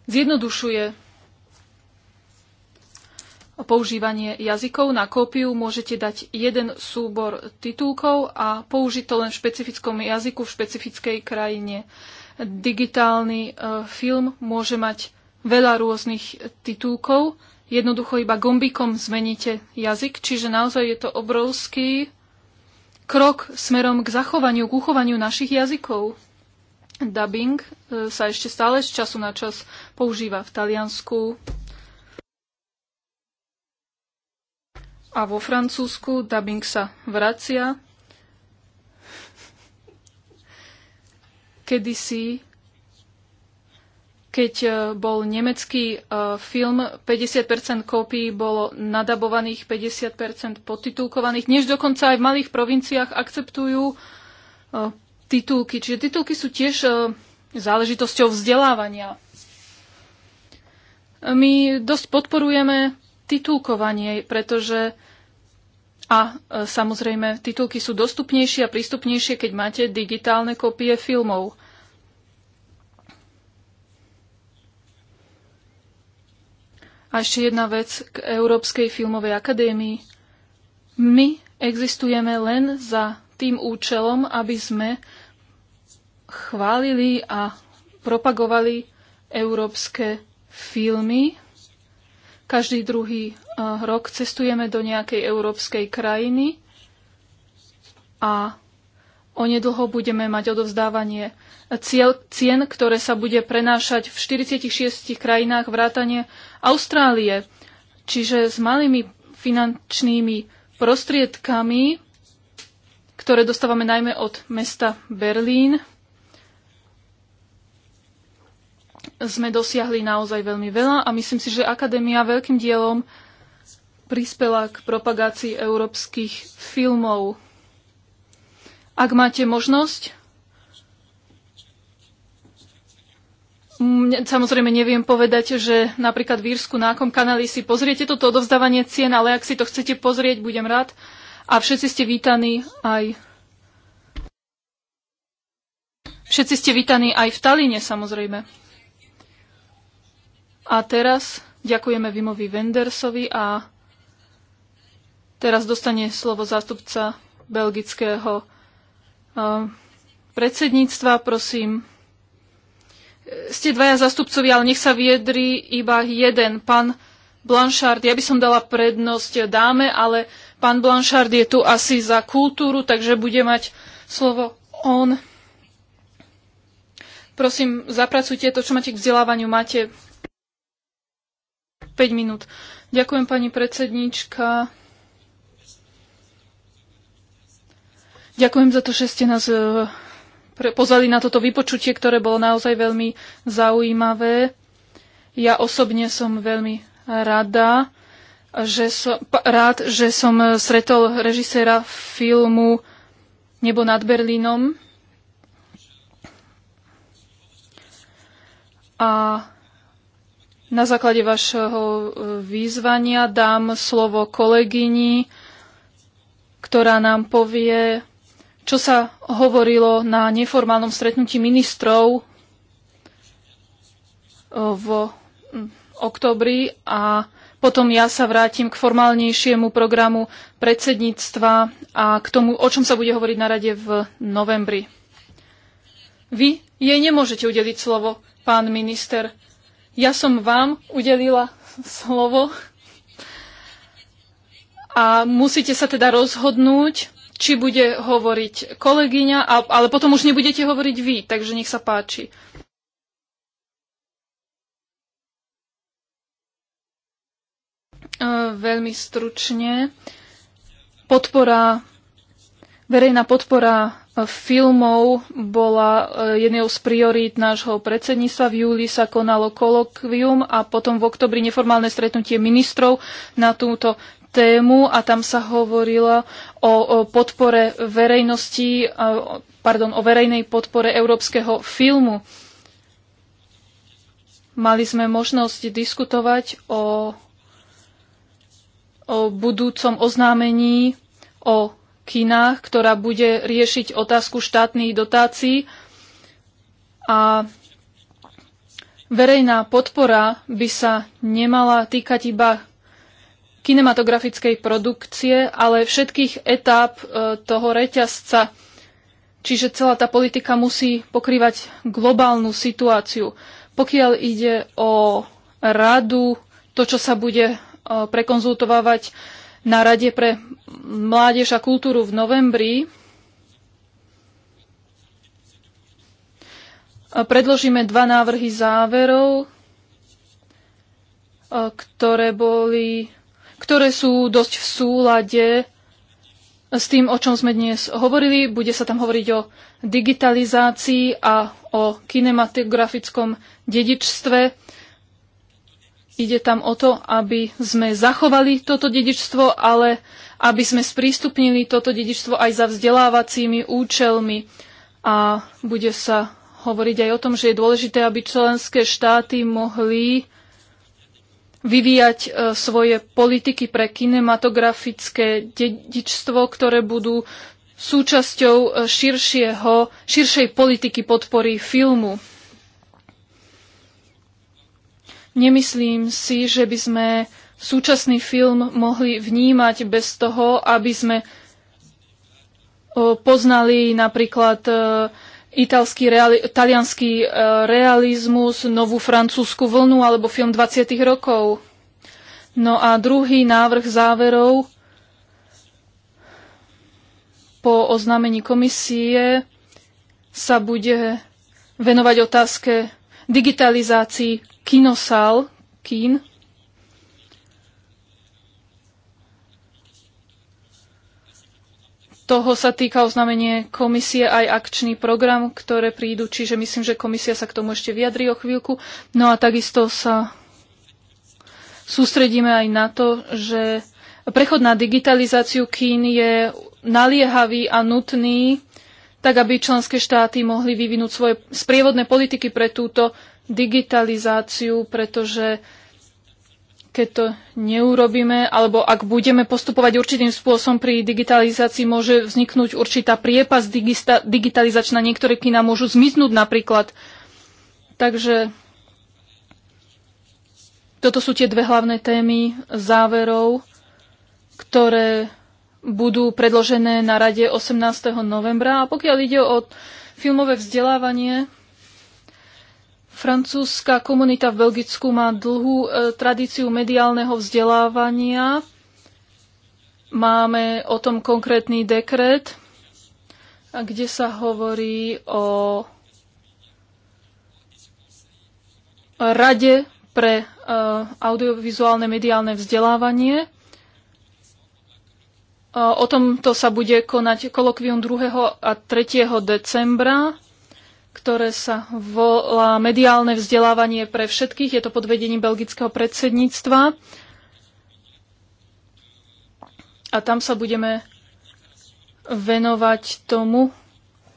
zjednodušuje používanie jazykov. Na kópiu môžete dať jeden súbor titulkov a použiť to len v špecifickom jazyku v špecifickej krajine. Digitálny e, film môže mať veľa rôznych titulkov, jednoducho iba gombikom zmeníte jazyk, čiže naozaj je to obrovský krok smerom k zachovaniu, k uchovaniu našich jazykov. Dubbing e, sa ešte stále z času na čas používa v Taliansku a vo Francúzsku. Dubbing sa vracia. Kedysi keď e, bol nemecký e, film, 50% kópií bolo nadabovaných, 50% podtitulkovaných. Dnes dokonca aj v malých provinciách akceptujú e, titulky. Čiže titulky sú tiež záležitosťou vzdelávania. My dosť podporujeme titulkovanie, pretože a samozrejme titulky sú dostupnejšie a prístupnejšie, keď máte digitálne kopie filmov. A ešte jedna vec k Európskej filmovej akadémii. My existujeme len za tým účelom, aby sme chválili a propagovali európske filmy. Každý druhý eh, rok cestujeme do nejakej európskej krajiny a onedlho budeme mať odovzdávanie cien, ktoré sa bude prenášať v 46 krajinách vrátane Austrálie. Čiže s malými finančnými prostriedkami, ktoré dostávame najmä od mesta Berlín, sme dosiahli naozaj veľmi veľa a myslím si, že akadémia veľkým dielom prispela k propagácii európskych filmov. Ak máte možnosť, Samozrejme neviem povedať, že napríklad v Írsku na akom kanáli si pozriete toto odovzdávanie cien, ale ak si to chcete pozrieť, budem rád. A všetci ste vítaní aj Všetci ste vítaní aj v Talíne, samozrejme. A teraz ďakujeme Vimovi Wendersovi a teraz dostane slovo zástupca belgického eh, predsedníctva. Prosím, ste dvaja zastupcovia, ale nech sa viedri iba jeden. Pán Blanchard, ja by som dala prednosť dáme, ale pán Blanchard je tu asi za kultúru, takže bude mať slovo on. Prosím, zapracujte to, čo máte k vzdelávaniu. Máte 5 minút. Ďakujem, pani predsednička. Ďakujem za to, že ste nás eh, pre, pozvali na toto vypočutie, ktoré bolo naozaj veľmi zaujímavé. Ja osobne som veľmi rada, že som, rád, že som stretol režiséra filmu Nebo nad Berlínom. A na základe vašho e, výzvania dám slovo kolegyni, ktorá nám povie čo sa hovorilo na neformálnom stretnutí ministrov eh, v hm, oktobri a potom ja sa vrátim k formálnejšiemu programu predsedníctva a k tomu, o čom sa bude hovoriť na rade v novembri. Vy jej nemôžete udeliť slovo, pán minister. Ja som vám udelila slovo a musíte sa teda rozhodnúť, či bude hovoriť kolegyňa, ale potom už nebudete hovoriť vy, takže nech sa páči. E, veľmi stručne. Podpora, verejná podpora e, filmov bola e, jednou z priorít nášho predsedníctva. V júli sa konalo kolokvium a potom v oktobri neformálne stretnutie ministrov na túto tému a tam sa hovorilo o, o podpore verejnosti, pardon, o verejnej podpore európskeho filmu. Mali sme možnosť diskutovať o, o budúcom oznámení o kinách, ktorá bude riešiť otázku štátnych dotácií a verejná podpora by sa nemala týkať iba kinematografickej produkcie, ale všetkých etáp e, toho reťazca. Čiže celá tá politika musí pokrývať globálnu situáciu. Pokiaľ ide o radu, to, čo sa bude e, prekonzultovávať na Rade pre mládež a kultúru v novembri, e, predložíme dva návrhy záverov, ktoré boli ktoré sú dosť v súlade s tým, o čom sme dnes hovorili. Bude sa tam hovoriť o digitalizácii a o kinematografickom dedičstve. Ide tam o to, aby sme zachovali toto dedičstvo, ale aby sme sprístupnili toto dedičstvo aj za vzdelávacími účelmi. A bude sa hovoriť aj o tom, že je dôležité, aby členské štáty mohli vyvíjať e, svoje politiky pre kinematografické dedičstvo, ktoré budú súčasťou e, širšieho, širšej politiky podpory filmu. Nemyslím si, že by sme súčasný film mohli vnímať bez toho, aby sme e, poznali napríklad italský, reali- talianský e, realizmus, novú francúzsku vlnu alebo film 20. rokov. No a druhý návrh záverov po oznámení komisie sa bude venovať otázke digitalizácii kinosal, kín, toho sa týka oznámenie komisie aj akčný program, ktoré prídu, čiže myslím, že komisia sa k tomu ešte vyjadrí o chvíľku. No a takisto sa sústredíme aj na to, že prechod na digitalizáciu kín je naliehavý a nutný, tak aby členské štáty mohli vyvinúť svoje sprievodné politiky pre túto digitalizáciu, pretože keď to neurobíme, alebo ak budeme postupovať určitým spôsobom pri digitalizácii, môže vzniknúť určitá priepas digitalizačná. Niektoré kina môžu zmiznúť napríklad. Takže toto sú tie dve hlavné témy záverov, ktoré budú predložené na rade 18. novembra. A pokiaľ ide o filmové vzdelávanie, Francúzska komunita v Belgicku má dlhú e, tradíciu mediálneho vzdelávania. Máme o tom konkrétny dekret, kde sa hovorí o Rade pre e, audiovizuálne mediálne vzdelávanie. E, o tomto sa bude konať kolokvium 2. a 3. decembra ktoré sa volá mediálne vzdelávanie pre všetkých. Je to pod vedením belgického predsedníctva. A tam sa budeme venovať tomu,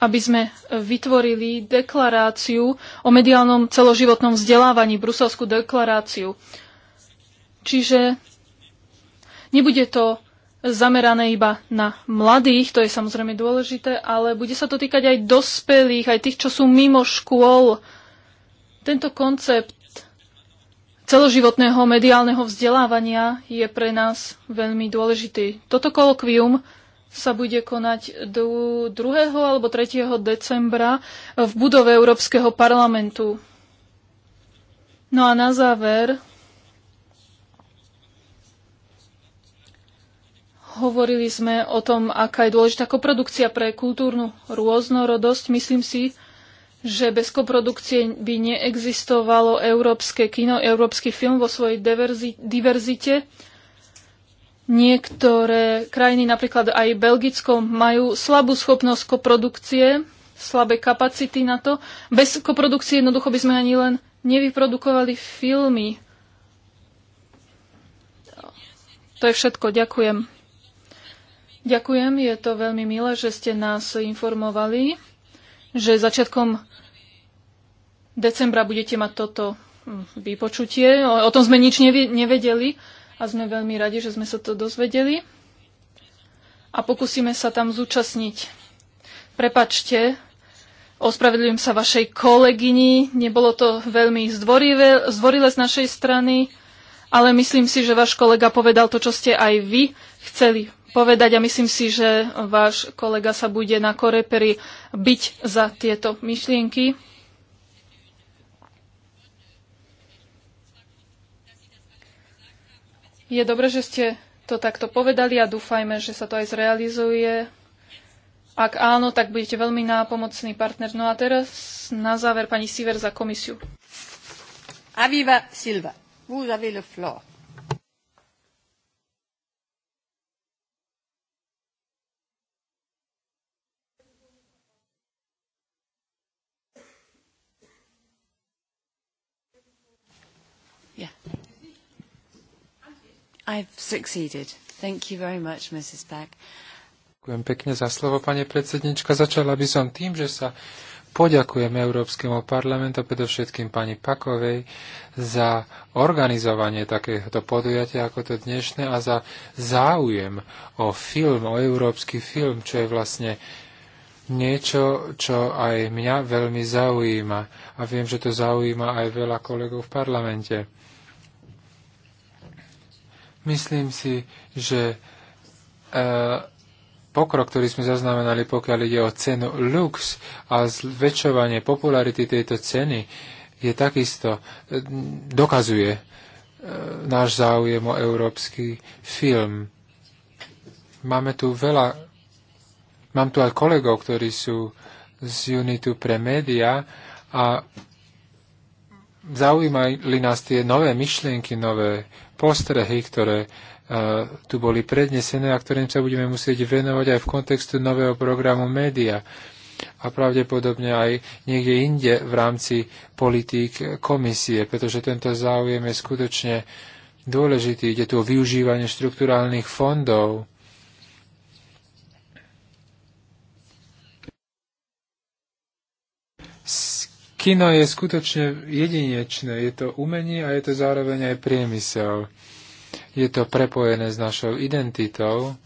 aby sme vytvorili deklaráciu o mediálnom celoživotnom vzdelávaní, bruselskú deklaráciu. Čiže nebude to zamerané iba na mladých, to je samozrejme dôležité, ale bude sa to týkať aj dospelých, aj tých, čo sú mimo škôl. Tento koncept celoživotného mediálneho vzdelávania je pre nás veľmi dôležitý. Toto kolokvium sa bude konať do 2. alebo 3. decembra v budove Európskeho parlamentu. No a na záver Hovorili sme o tom, aká je dôležitá koprodukcia pre kultúrnu rôznorodosť. Myslím si, že bez koprodukcie by neexistovalo európske kino, európsky film vo svojej diverzite. Niektoré krajiny, napríklad aj Belgicko, majú slabú schopnosť koprodukcie, slabé kapacity na to. Bez koprodukcie jednoducho by sme ani len nevyprodukovali filmy. To je všetko. Ďakujem. Ďakujem, je to veľmi milé, že ste nás informovali, že začiatkom decembra budete mať toto hm, vypočutie. O, tom sme nič nevedeli a sme veľmi radi, že sme sa to dozvedeli. A pokúsime sa tam zúčastniť. Prepačte, ospravedlňujem sa vašej kolegyni, nebolo to veľmi zdvorilé, zdvorilé z našej strany, ale myslím si, že váš kolega povedal to, čo ste aj vy chceli povedať a myslím si, že váš kolega sa bude na Koreperi byť za tieto myšlienky. Je dobre, že ste to takto povedali a dúfajme, že sa to aj zrealizuje. Ak áno, tak budete veľmi nápomocný partner. No a teraz na záver pani Siver za komisiu. Aviva Silva, vous avez le floor. I've succeeded. Thank you very much, Mrs. Beck. Ďakujem pekne za slovo, pani predsednička. Začala by som tým, že sa poďakujem Európskemu parlamentu, predovšetkým pani Pakovej, za organizovanie takéhoto podujatia ako to dnešné a za záujem o film, o európsky film, čo je vlastne niečo, čo aj mňa veľmi zaujíma. A viem, že to zaujíma aj veľa kolegov v parlamente. Myslím si, že e, pokrok, ktorý sme zaznamenali, pokiaľ ide o cenu lux a zväčšovanie popularity tejto ceny, je takisto, e, dokazuje e, náš záujem o európsky film. Máme tu veľa, mám tu aj kolegov, ktorí sú z Unitu pre média a zaujímali nás tie nové myšlienky, nové postrehy, ktoré e, tu boli prednesené a ktorým sa budeme musieť venovať aj v kontextu nového programu média a pravdepodobne aj niekde inde v rámci politík komisie, pretože tento záujem je skutočne dôležitý. Ide tu o využívanie štruktúrálnych fondov Kino je skutočne jedinečné, je to umenie a je to zároveň aj priemysel. Je to prepojené s našou identitou,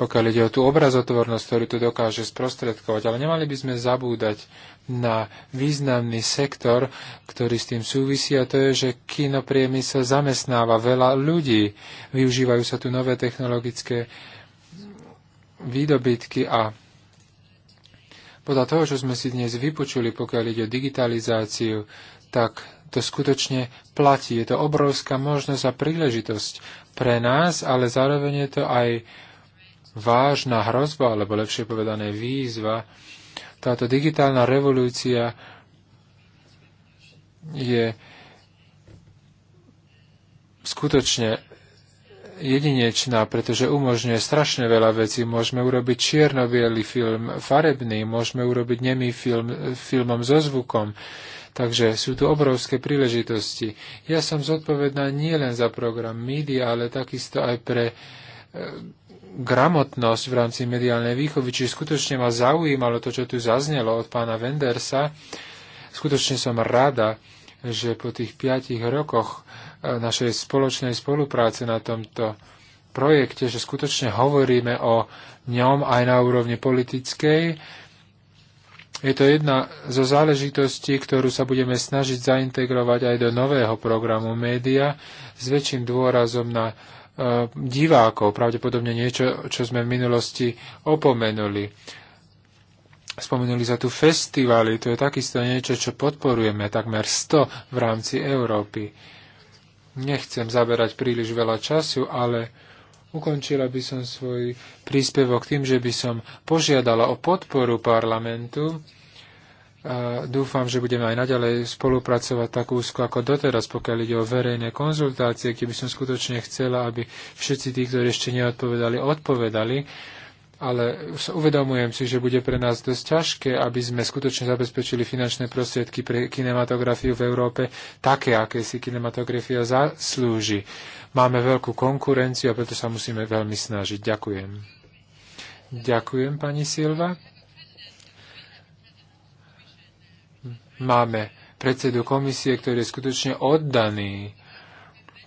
pokiaľ ide o tú obrazotvornosť, ktorú tu dokáže sprostredkovať. Ale nemali by sme zabúdať na významný sektor, ktorý s tým súvisí a to je, že kinopriemysel zamestnáva veľa ľudí. Využívajú sa tu nové technologické výdobytky a podľa toho, čo sme si dnes vypočuli, pokiaľ ide o digitalizáciu, tak to skutočne platí. Je to obrovská možnosť a príležitosť pre nás, ale zároveň je to aj vážna hrozba, alebo lepšie povedané výzva. Táto digitálna revolúcia je skutočne jedinečná, pretože umožňuje strašne veľa vecí. Môžeme urobiť čierno film farebný, môžeme urobiť nemý film filmom so zvukom. Takže sú tu obrovské príležitosti. Ja som zodpovedná nielen za program MIDI, ale takisto aj pre e, gramotnosť v rámci mediálnej výchovy, čiže skutočne ma zaujímalo to, čo tu zaznelo od pána Wendersa. Skutočne som rada, že po tých piatich rokoch E, našej spoločnej spolupráce na tomto projekte, že skutočne hovoríme o ňom aj na úrovni politickej. Je to jedna zo záležitostí, ktorú sa budeme snažiť zaintegrovať aj do nového programu média s väčším dôrazom na e, divákov, pravdepodobne niečo, čo sme v minulosti opomenuli. Spomenuli sa tu festivály, to je takisto niečo, čo podporujeme takmer 100 v rámci Európy. Nechcem zaberať príliš veľa času, ale ukončila by som svoj príspevok tým, že by som požiadala o podporu parlamentu. A dúfam, že budeme aj naďalej spolupracovať tak úzko ako doteraz, pokiaľ ide o verejné konzultácie, keby som skutočne chcela, aby všetci tí, ktorí ešte neodpovedali, odpovedali ale uvedomujem si, že bude pre nás dosť ťažké, aby sme skutočne zabezpečili finančné prostriedky pre kinematografiu v Európe také, aké si kinematografia zaslúži. Máme veľkú konkurenciu a preto sa musíme veľmi snažiť. Ďakujem. Ďakujem, pani Silva. Máme predsedu komisie, ktorý je skutočne oddaný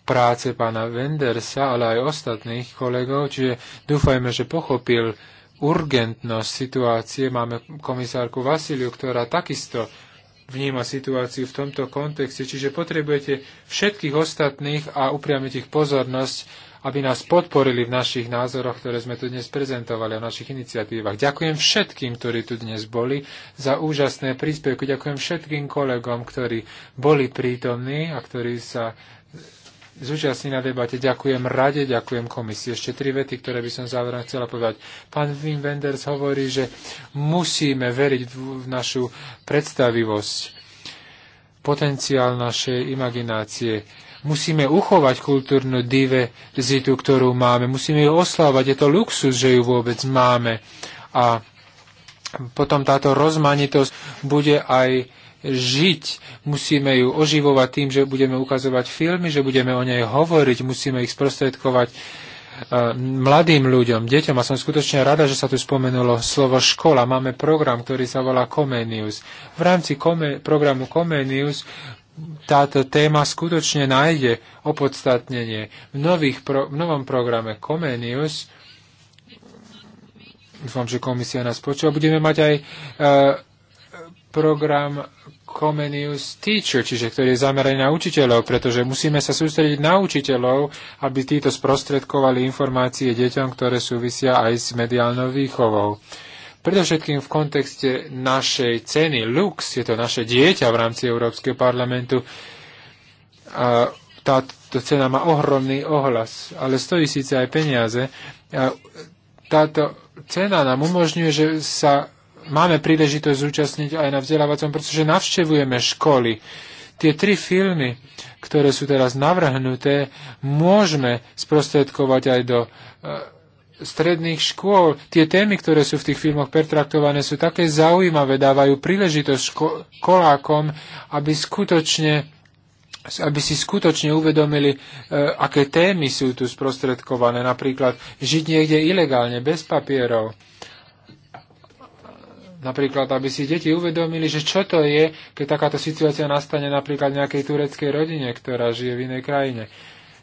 práce pána Wendersa, ale aj ostatných kolegov, čiže dúfajme, že pochopil urgentnosť situácie. Máme komisárku Vasiliu, ktorá takisto vníma situáciu v tomto kontexte, čiže potrebujete všetkých ostatných a upriamiť ich pozornosť, aby nás podporili v našich názoroch, ktoré sme tu dnes prezentovali a v našich iniciatívach. Ďakujem všetkým, ktorí tu dnes boli, za úžasné príspevky. Ďakujem všetkým kolegom, ktorí boli prítomní a ktorí sa zúčastní na debate. Ďakujem rade, ďakujem komisii. Ešte tri vety, ktoré by som záverom chcela povedať. Pán Wim Wenders hovorí, že musíme veriť v našu predstavivosť, potenciál našej imaginácie musíme uchovať kultúrnu diverzitu, ktorú máme. Musíme ju oslávať. Je to luxus, že ju vôbec máme. A potom táto rozmanitosť bude aj žiť. Musíme ju oživovať tým, že budeme ukazovať filmy, že budeme o nej hovoriť, musíme ich sprostredkovať e, mladým ľuďom, deťom a som skutočne rada, že sa tu spomenulo slovo škola. Máme program, ktorý sa volá Comenius. V rámci kome, programu Comenius táto téma skutočne nájde opodstatnenie. V, nových pro, v novom programe Comenius dúfam, že komisia nás počúva, budeme mať aj e, program Comenius Teacher, čiže ktorý je zameraný na učiteľov, pretože musíme sa sústrediť na učiteľov, aby títo sprostredkovali informácie deťom, ktoré súvisia aj s mediálnou výchovou. Predovšetkým v kontexte našej ceny Lux, je to naše dieťa v rámci Európskeho parlamentu, a táto cena má ohromný ohlas, ale stojí síce aj peniaze. A táto cena nám umožňuje, že sa máme príležitosť zúčastniť aj na vzdelávacom, pretože navštevujeme školy. Tie tri filmy, ktoré sú teraz navrhnuté, môžeme sprostredkovať aj do e, stredných škôl. Tie témy, ktoré sú v tých filmoch pertraktované, sú také zaujímavé, dávajú príležitosť školákom, aby skutočne aby si skutočne uvedomili, e, aké témy sú tu sprostredkované. Napríklad žiť niekde ilegálne, bez papierov. Napríklad, aby si deti uvedomili, že čo to je, keď takáto situácia nastane napríklad v nejakej tureckej rodine, ktorá žije v inej krajine.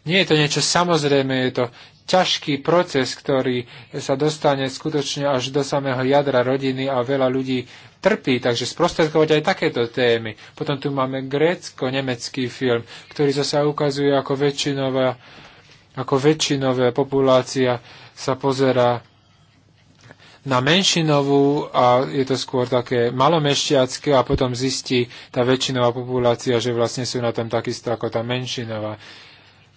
Nie je to niečo samozrejme, je to ťažký proces, ktorý sa dostane skutočne až do samého jadra rodiny a veľa ľudí trpí, takže sprostredkovať aj takéto témy. Potom tu máme grécko-nemecký film, ktorý zase ukazuje, ako väčšinová, ako väčšinová populácia sa pozerá na menšinovú a je to skôr také malomešťacké a potom zistí tá väčšinová populácia, že vlastne sú na tom takisto ako tá menšinová.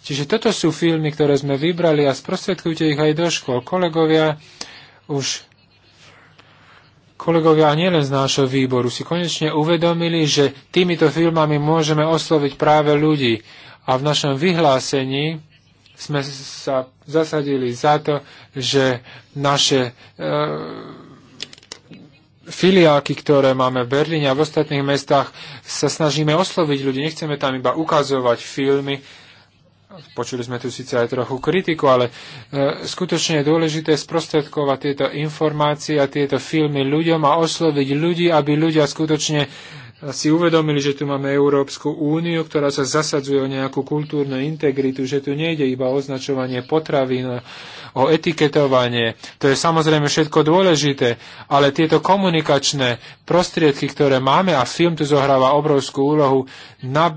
Čiže toto sú filmy, ktoré sme vybrali a sprostredkujte ich aj do škôl. Kolegovia už kolegovia nielen z nášho výboru si konečne uvedomili, že týmito filmami môžeme osloviť práve ľudí. A v našom vyhlásení sme sa zasadili za to, že naše e, filiálky, ktoré máme v Berlíne a v ostatných mestách, sa snažíme osloviť ľudí. Nechceme tam iba ukazovať filmy. Počuli sme tu síce aj trochu kritiku, ale e, skutočne je dôležité sprostredkovať tieto informácie a tieto filmy ľuďom a osloviť ľudí, aby ľudia skutočne si uvedomili, že tu máme Európsku úniu, ktorá sa zasadzuje o nejakú kultúrnu integritu, že tu nejde iba o označovanie potravín, o etiketovanie. To je samozrejme všetko dôležité, ale tieto komunikačné prostriedky, ktoré máme a film tu zohráva obrovskú úlohu, na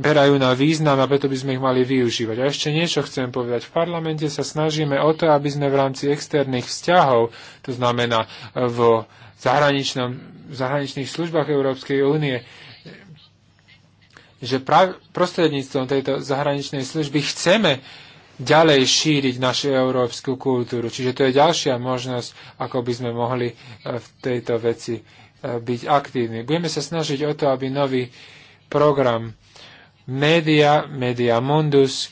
berajú na význam a preto by sme ich mali využívať. A ešte niečo chcem povedať. V parlamente sa snažíme o to, aby sme v rámci externých vzťahov, to znamená v zahraničnom zahraničných službách Európskej únie, že prav, prostredníctvom tejto zahraničnej služby chceme ďalej šíriť našu európsku kultúru. Čiže to je ďalšia možnosť, ako by sme mohli e, v tejto veci e, byť aktívni. Budeme sa snažiť o to, aby nový program Media, Media Mundus,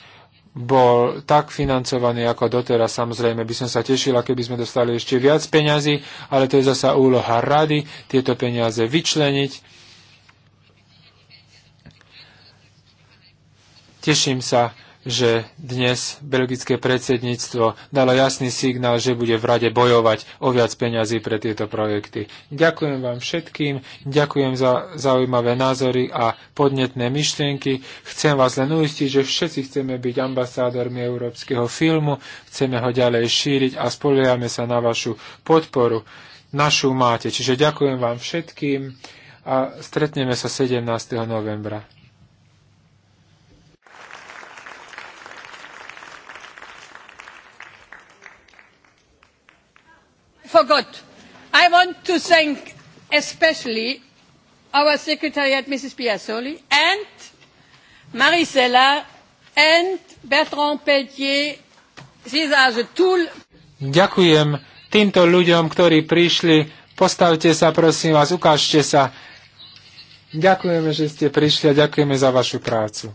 bol tak financovaný ako doteraz. Samozrejme, by som sa tešila, keby sme dostali ešte viac peňazí, ale to je zasa úloha rady tieto peniaze vyčleniť. Teším sa že dnes belgické predsedníctvo dalo jasný signál, že bude v rade bojovať o viac peňazí pre tieto projekty. Ďakujem vám všetkým, ďakujem za zaujímavé názory a podnetné myšlienky. Chcem vás len uistiť, že všetci chceme byť ambasádormi európskeho filmu, chceme ho ďalej šíriť a spoliehame sa na vašu podporu. Našu máte. Čiže ďakujem vám všetkým a stretneme sa 17. novembra. forgot. I want to thank especially our secretariat, Mrs. Piazzoli, and Marisela, and Bertrand Pelletier. These are the tool. Ďakujem týmto ľuďom, ktorí prišli. Postavte sa, prosím vás, ukážte sa. Ďakujeme, že ste prišli a ďakujeme za vašu prácu.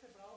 se brala